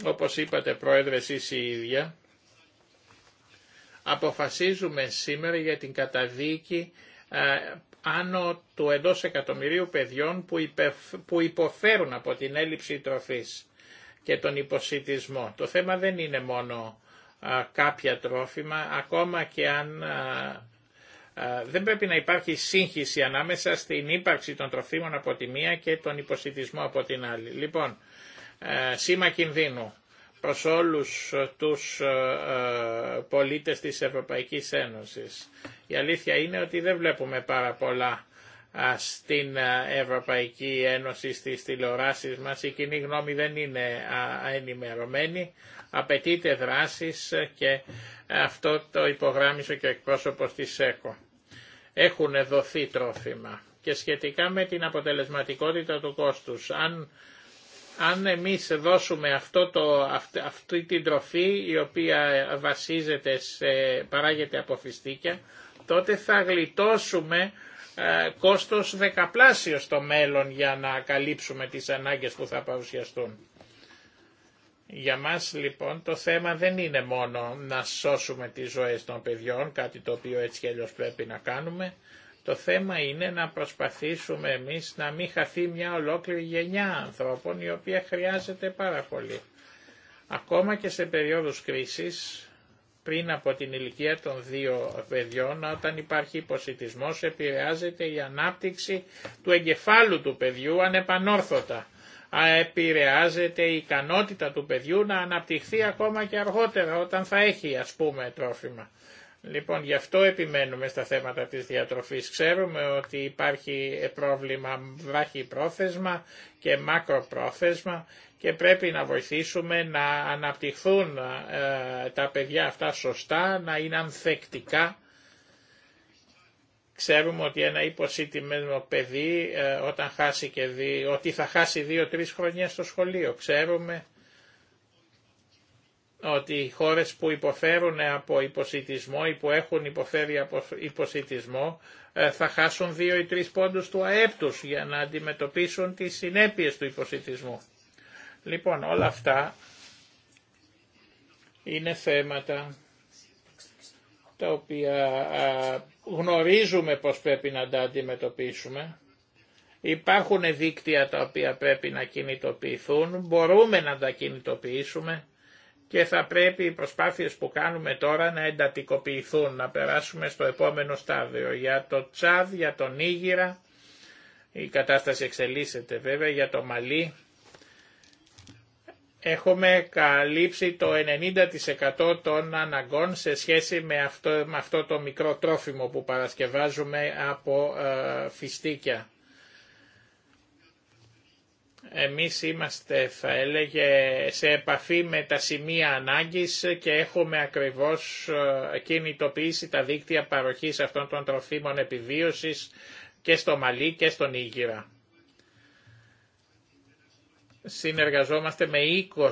Όπως είπατε, Πρόεδρε, εσείς η ίδια, Αποφασίζουμε σήμερα για την καταδίκη ε, άνω του εντός εκατομμυρίου παιδιών που υποφέρουν από την έλλειψη τροφής και τον υποσυτισμό. Το θέμα δεν είναι μόνο ε, κάποια τρόφιμα, ακόμα και αν ε, δεν πρέπει να υπάρχει σύγχυση ανάμεσα στην ύπαρξη των τροφίμων από τη μία και τον υποσυτισμό από την άλλη. Λοιπόν, σήμα κινδύνου προς όλους ε, τους ε, ε, πολίτες της Ευρωπαϊκής Ένωσης. Η αλήθεια είναι ότι δεν βλέπουμε πάρα πολλά στην Ευρωπαϊκή Ένωση στις τηλεοράσεις μας. Η κοινή γνώμη δεν είναι ενημερωμένη. Απαιτείται δράσεις και αυτό το υπογράμμισε και ο εκπρόσωπος της ΕΚΟ. Έχουν δοθεί τρόφιμα και σχετικά με την αποτελεσματικότητα του κόστους. Αν αν εμείς δώσουμε αυτό το, αυτή την τροφή η οποία βασίζεται σε, παράγεται από φιστίκια, τότε θα γλιτώσουμε ε, κόστος δεκαπλάσιο στο μέλλον για να καλύψουμε τις ανάγκες που θα παρουσιαστούν. Για μας λοιπόν το θέμα δεν είναι μόνο να σώσουμε τις ζωές των παιδιών, κάτι το οποίο έτσι και πρέπει να κάνουμε, το θέμα είναι να προσπαθήσουμε εμείς να μην χαθεί μια ολόκληρη γενιά ανθρώπων η οποία χρειάζεται πάρα πολύ. Ακόμα και σε περίοδους κρίσης, πριν από την ηλικία των δύο παιδιών, όταν υπάρχει υποσυτισμός, επηρεάζεται η ανάπτυξη του εγκεφάλου του παιδιού ανεπανόρθωτα. Επηρεάζεται η ικανότητα του παιδιού να αναπτυχθεί ακόμα και αργότερα, όταν θα έχει ας πούμε τρόφιμα. Λοιπόν, γι' αυτό επιμένουμε στα θέματα της διατροφής. Ξέρουμε ότι υπάρχει πρόβλημα βάχη πρόθεσμα και μακρο μακροπρόθεσμα και πρέπει να βοηθήσουμε να αναπτυχθούν ε, τα παιδιά αυτά σωστά, να είναι ανθεκτικά. Ξέρουμε ότι ένα υποσύτημένο παιδί ε, όταν χάσει και ότι θα χάσει δύο-τρεις χρονιά στο σχολείο. Ξέρουμε ότι οι χώρες που υποφέρουν από υποσυτισμό ή που έχουν υποφέρει από υποσυτισμό ε, θα χάσουν δύο ή τρεις πόντους του ΑΕΠ τους για να αντιμετωπίσουν τις συνέπειες του υποσυτισμού. Λοιπόν, όλα αυτά είναι θέματα τα οποία γνωρίζουμε πως πρέπει να τα αντιμετωπίσουμε. Υπάρχουν δίκτυα τα οποία πρέπει να κινητοποιηθούν, μπορούμε να τα κινητοποιήσουμε και θα πρέπει οι προσπάθειες που κάνουμε τώρα να εντατικοποιηθούν, να περάσουμε στο επόμενο στάδιο. Για το Τσάδ, για τον Ήγυρα, η κατάσταση εξελίσσεται βέβαια, για το Μαλί. Έχουμε καλύψει το 90% των αναγκών σε σχέση με αυτό, με αυτό το μικρό τρόφιμο που παρασκευάζουμε από ε, φιστίκια εμείς είμαστε θα έλεγε σε επαφή με τα σημεία ανάγκης και έχουμε ακριβώς ε, κινητοποιήσει τα δίκτυα παροχής αυτών των τροφίμων επιβίωσης και στο Μαλί και στον Ήγυρα. Συνεργαζόμαστε με 20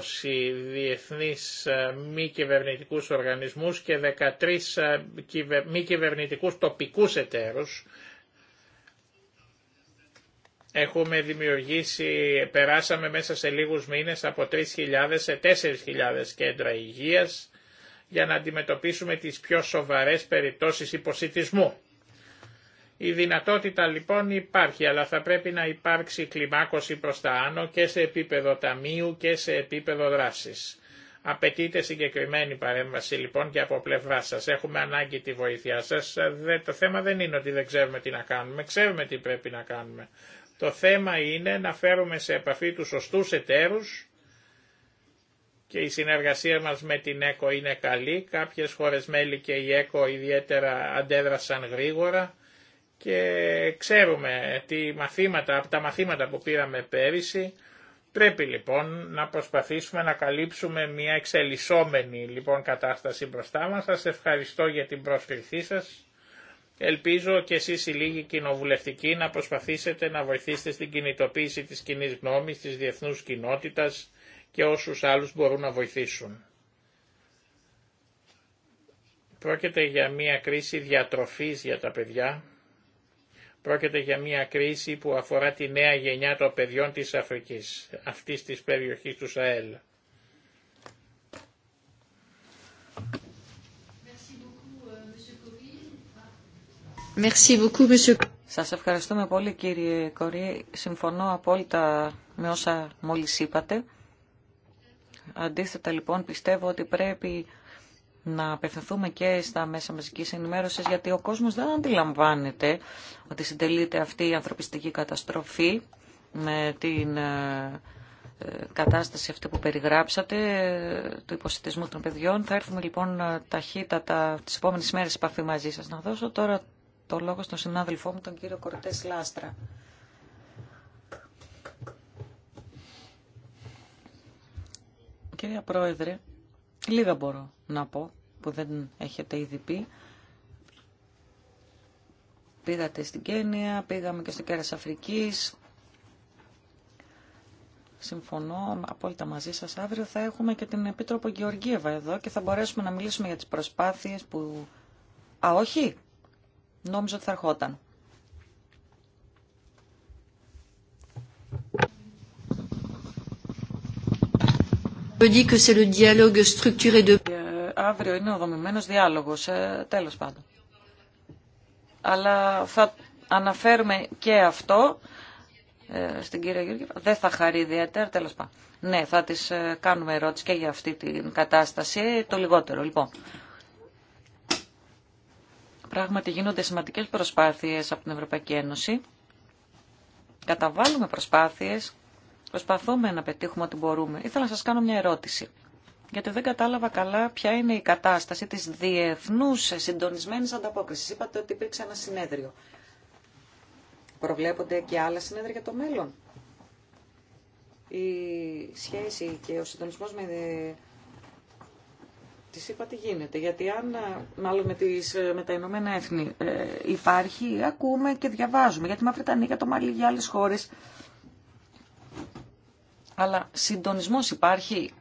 διεθνείς ε, μη κυβερνητικούς οργανισμούς και 13 ε, μη κυβερνητικούς τοπικούς εταίρους Έχουμε δημιουργήσει, περάσαμε μέσα σε λίγους μήνες από 3.000 σε 4.000 κέντρα υγείας για να αντιμετωπίσουμε τις πιο σοβαρές περιπτώσεις υποσυτισμού. Η δυνατότητα λοιπόν υπάρχει, αλλά θα πρέπει να υπάρξει κλιμάκωση προς τα άνω και σε επίπεδο ταμείου και σε επίπεδο δράσης. Απαιτείται συγκεκριμένη παρέμβαση λοιπόν και από πλευρά σα. Έχουμε ανάγκη τη βοήθειά σα. Ε, το θέμα δεν είναι ότι δεν ξέρουμε τι να κάνουμε. Ξέρουμε τι πρέπει να κάνουμε. Το θέμα είναι να φέρουμε σε επαφή τους σωστούς εταίρους και η συνεργασία μας με την ΕΚΟ είναι καλή. Κάποιες χώρες μέλη και η ΕΚΟ ιδιαίτερα αντέδρασαν γρήγορα και ξέρουμε τι μαθήματα, από τα μαθήματα που πήραμε πέρυσι πρέπει λοιπόν να προσπαθήσουμε να καλύψουμε μια εξελισσόμενη λοιπόν κατάσταση μπροστά μας. Σας ευχαριστώ για την πρόσκλησή σας Ελπίζω και εσείς οι λίγοι κοινοβουλευτικοί να προσπαθήσετε να βοηθήσετε στην κινητοποίηση της κοινή γνώμης, της διεθνούς κοινότητας και όσους άλλους μπορούν να βοηθήσουν. Πρόκειται για μια κρίση διατροφής για τα παιδιά. Πρόκειται για μια κρίση που αφορά τη νέα γενιά των παιδιών της Αφρικής, αυτής της περιοχής του Σαέλ. Σα Σας ευχαριστούμε πολύ κύριε Κορή. Συμφωνώ απόλυτα με όσα μόλις είπατε. Αντίθετα λοιπόν πιστεύω ότι πρέπει να απευθυνθούμε και στα μέσα μαζικής ενημέρωσης γιατί ο κόσμος δεν αντιλαμβάνεται ότι συντελείται αυτή η ανθρωπιστική καταστροφή με την ε, ε, κατάσταση αυτή που περιγράψατε ε, του υποσυντισμού των παιδιών. Θα έρθουμε λοιπόν ταχύτατα τις επόμενες μέρες επαφή μαζί σας. Να δώσω τώρα το λόγο στον συνάδελφό μου, τον κύριο Κορτές Λάστρα. Κυρία Πρόεδρε, λίγα μπορώ να πω που δεν έχετε ήδη πει. Πήγατε στην Κένια, πήγαμε και στο Κέρας Αφρικής. Συμφωνώ απόλυτα μαζί σας. Αύριο θα έχουμε και την Επίτροπο Γεωργίευα εδώ και θα μπορέσουμε να μιλήσουμε για τις προσπάθειες που... Α, όχι! Νόμιζα ότι θα ερχόταν. Ε, αύριο είναι ο δομημένος διάλογος, ε, τέλος πάντων. Αλλά θα αναφέρουμε και αυτό ε, στην κυρία Γιώργη. Δεν θα χαρεί ιδιαίτερα, τέλος πάντων. Ναι, θα τις κάνουμε ερώτηση και για αυτή την κατάσταση, το λιγότερο. Λοιπόν, Πράγματι γίνονται σημαντικές προσπάθειες από την Ευρωπαϊκή Ένωση. Καταβάλουμε προσπάθειες, προσπαθούμε να πετύχουμε ό,τι μπορούμε. Ήθελα να σας κάνω μια ερώτηση, γιατί δεν κατάλαβα καλά ποια είναι η κατάσταση της διεθνούς συντονισμένης ανταπόκρισης. Είπατε ότι υπήρξε ένα συνέδριο. Προβλέπονται και άλλα συνέδρια για το μέλλον. Η σχέση και ο συντονισμός με Τη είπα τι γίνεται, γιατί αν ε, μάλλον με, τις, ε, με τα Ηνωμένα Έθνη ε, υπάρχει, ακούμε και διαβάζουμε Γιατί τη Μαυριτανία, για το μάλλον για άλλες χώρες. Αλλά συντονισμός υπάρχει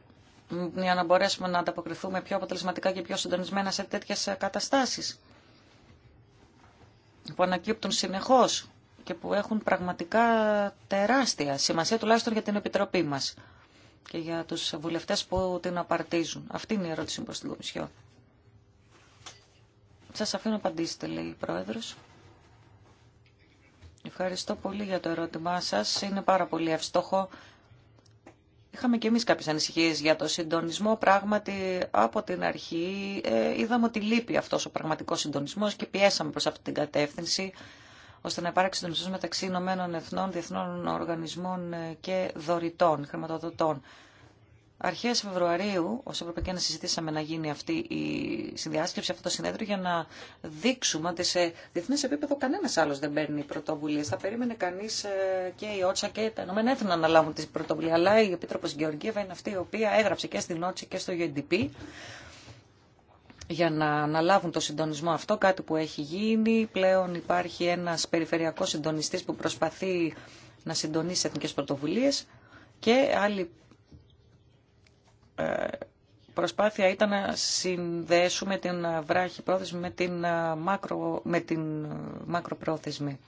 για να μπορέσουμε να ανταποκριθούμε πιο αποτελεσματικά και πιο συντονισμένα σε τέτοιες ε, καταστάσεις που ανακύπτουν συνεχώς και που έχουν πραγματικά τεράστια σημασία τουλάχιστον για την Επιτροπή μας και για τους βουλευτές που την απαρτίζουν. Αυτή είναι η ερώτηση προς την Κομισιό. Σας αφήνω να απαντήσετε, λέει η Πρόεδρος. Ευχαριστώ πολύ για το ερώτημά σας. Είναι πάρα πολύ ευστόχο. Είχαμε και εμείς κάποιες ανησυχίες για το συντονισμό. Πράγματι, από την αρχή ε, είδαμε ότι λείπει αυτός ο πραγματικός συντονισμός και πιέσαμε προς αυτή την κατεύθυνση ώστε να υπάρξει συντονισμό μεταξύ Ηνωμένων Εθνών, Διεθνών Οργανισμών ε, και Δωρητών, Χρηματοδοτών. Αρχές Φεβρουαρίου, ω Ευρωπαϊκή Ένωση, συζητήσαμε να γίνει αυτή η συνδιάσκεψη, αυτό το συνέδριο, για να δείξουμε ότι σε διεθνέ επίπεδο κανένα άλλο δεν παίρνει πρωτοβουλίε. Θα περίμενε κανεί ε, και η Ότσα και τα Ηνωμένα Έθνα να αναλάβουν την πρωτοβουλία. Αλλά η Επίτροπο Γεωργίευα είναι αυτή η οποία έγραψε και στην Ότσα και στο UNDP για να αναλάβουν το συντονισμό αυτό, κάτι που έχει γίνει. Πλέον υπάρχει ένας περιφερειακός συντονιστής που προσπαθεί να συντονίσει εθνικές πρωτοβουλίες και άλλη ε, προσπάθεια ήταν να συνδέσουμε την βράχη πρόθεσμη με την, ε, μακρο, με την ε, μακροπρόθεσμη.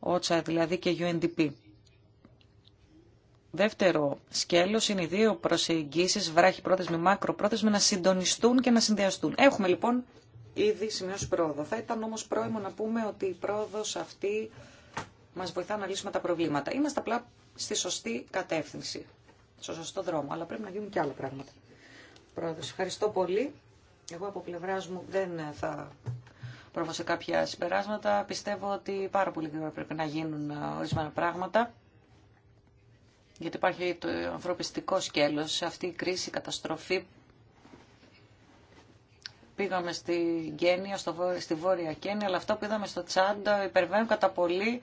ΟΤΣΑ δηλαδή και UNDP. Δεύτερο σκέλο είναι οι δύο προσεγγίσει, βράχη πρόθεσμη, μάκρο με να συντονιστούν και να συνδυαστούν. Έχουμε λοιπόν ήδη σημειώσει πρόοδο. Θα ήταν όμω πρόημο να πούμε ότι η πρόοδο αυτή μα βοηθά να λύσουμε τα προβλήματα. Είμαστε απλά στη σωστή κατεύθυνση, στο σωστό δρόμο, αλλά πρέπει να γίνουν και άλλα πράγματα. Πρόεδρος, ευχαριστώ πολύ. Εγώ από πλευρά μου δεν θα πρόβω σε κάποια συμπεράσματα. Πιστεύω ότι πάρα πολύ γρήγορα πρέπει να γίνουν ε, ορισμένα πράγματα γιατί υπάρχει το ανθρωπιστικό σκέλος. Αυτή η κρίση, η καταστροφή. Πήγαμε στη Γένεια, στη Βόρεια Κένια, αλλά αυτό που είδαμε στο Τσάντα υπερβαίνει κατά πολύ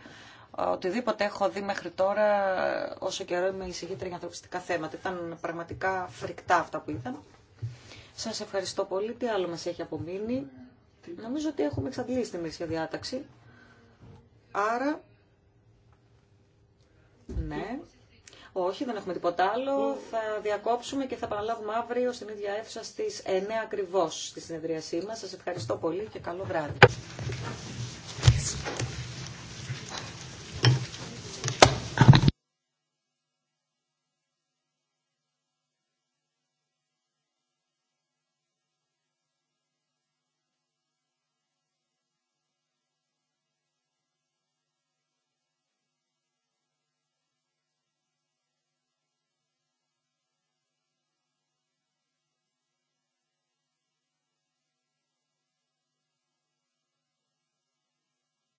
οτιδήποτε έχω δει μέχρι τώρα όσο καιρό είμαι εισηγήτρια για ανθρωπιστικά θέματα. Ήταν πραγματικά φρικτά αυτά που είδαμε. Σας ευχαριστώ πολύ. Τι άλλο μας έχει απομείνει. Νομίζω ότι έχουμε εξαντλήσει τη μερισιά διάταξη. Άρα, ναι. Όχι, δεν έχουμε τίποτα άλλο. Θα διακόψουμε και θα παραλάβουμε αύριο στην ίδια αίθουσα στις 9 ακριβώ στη συνεδρίασή μα. Σας ευχαριστώ πολύ και καλό βράδυ.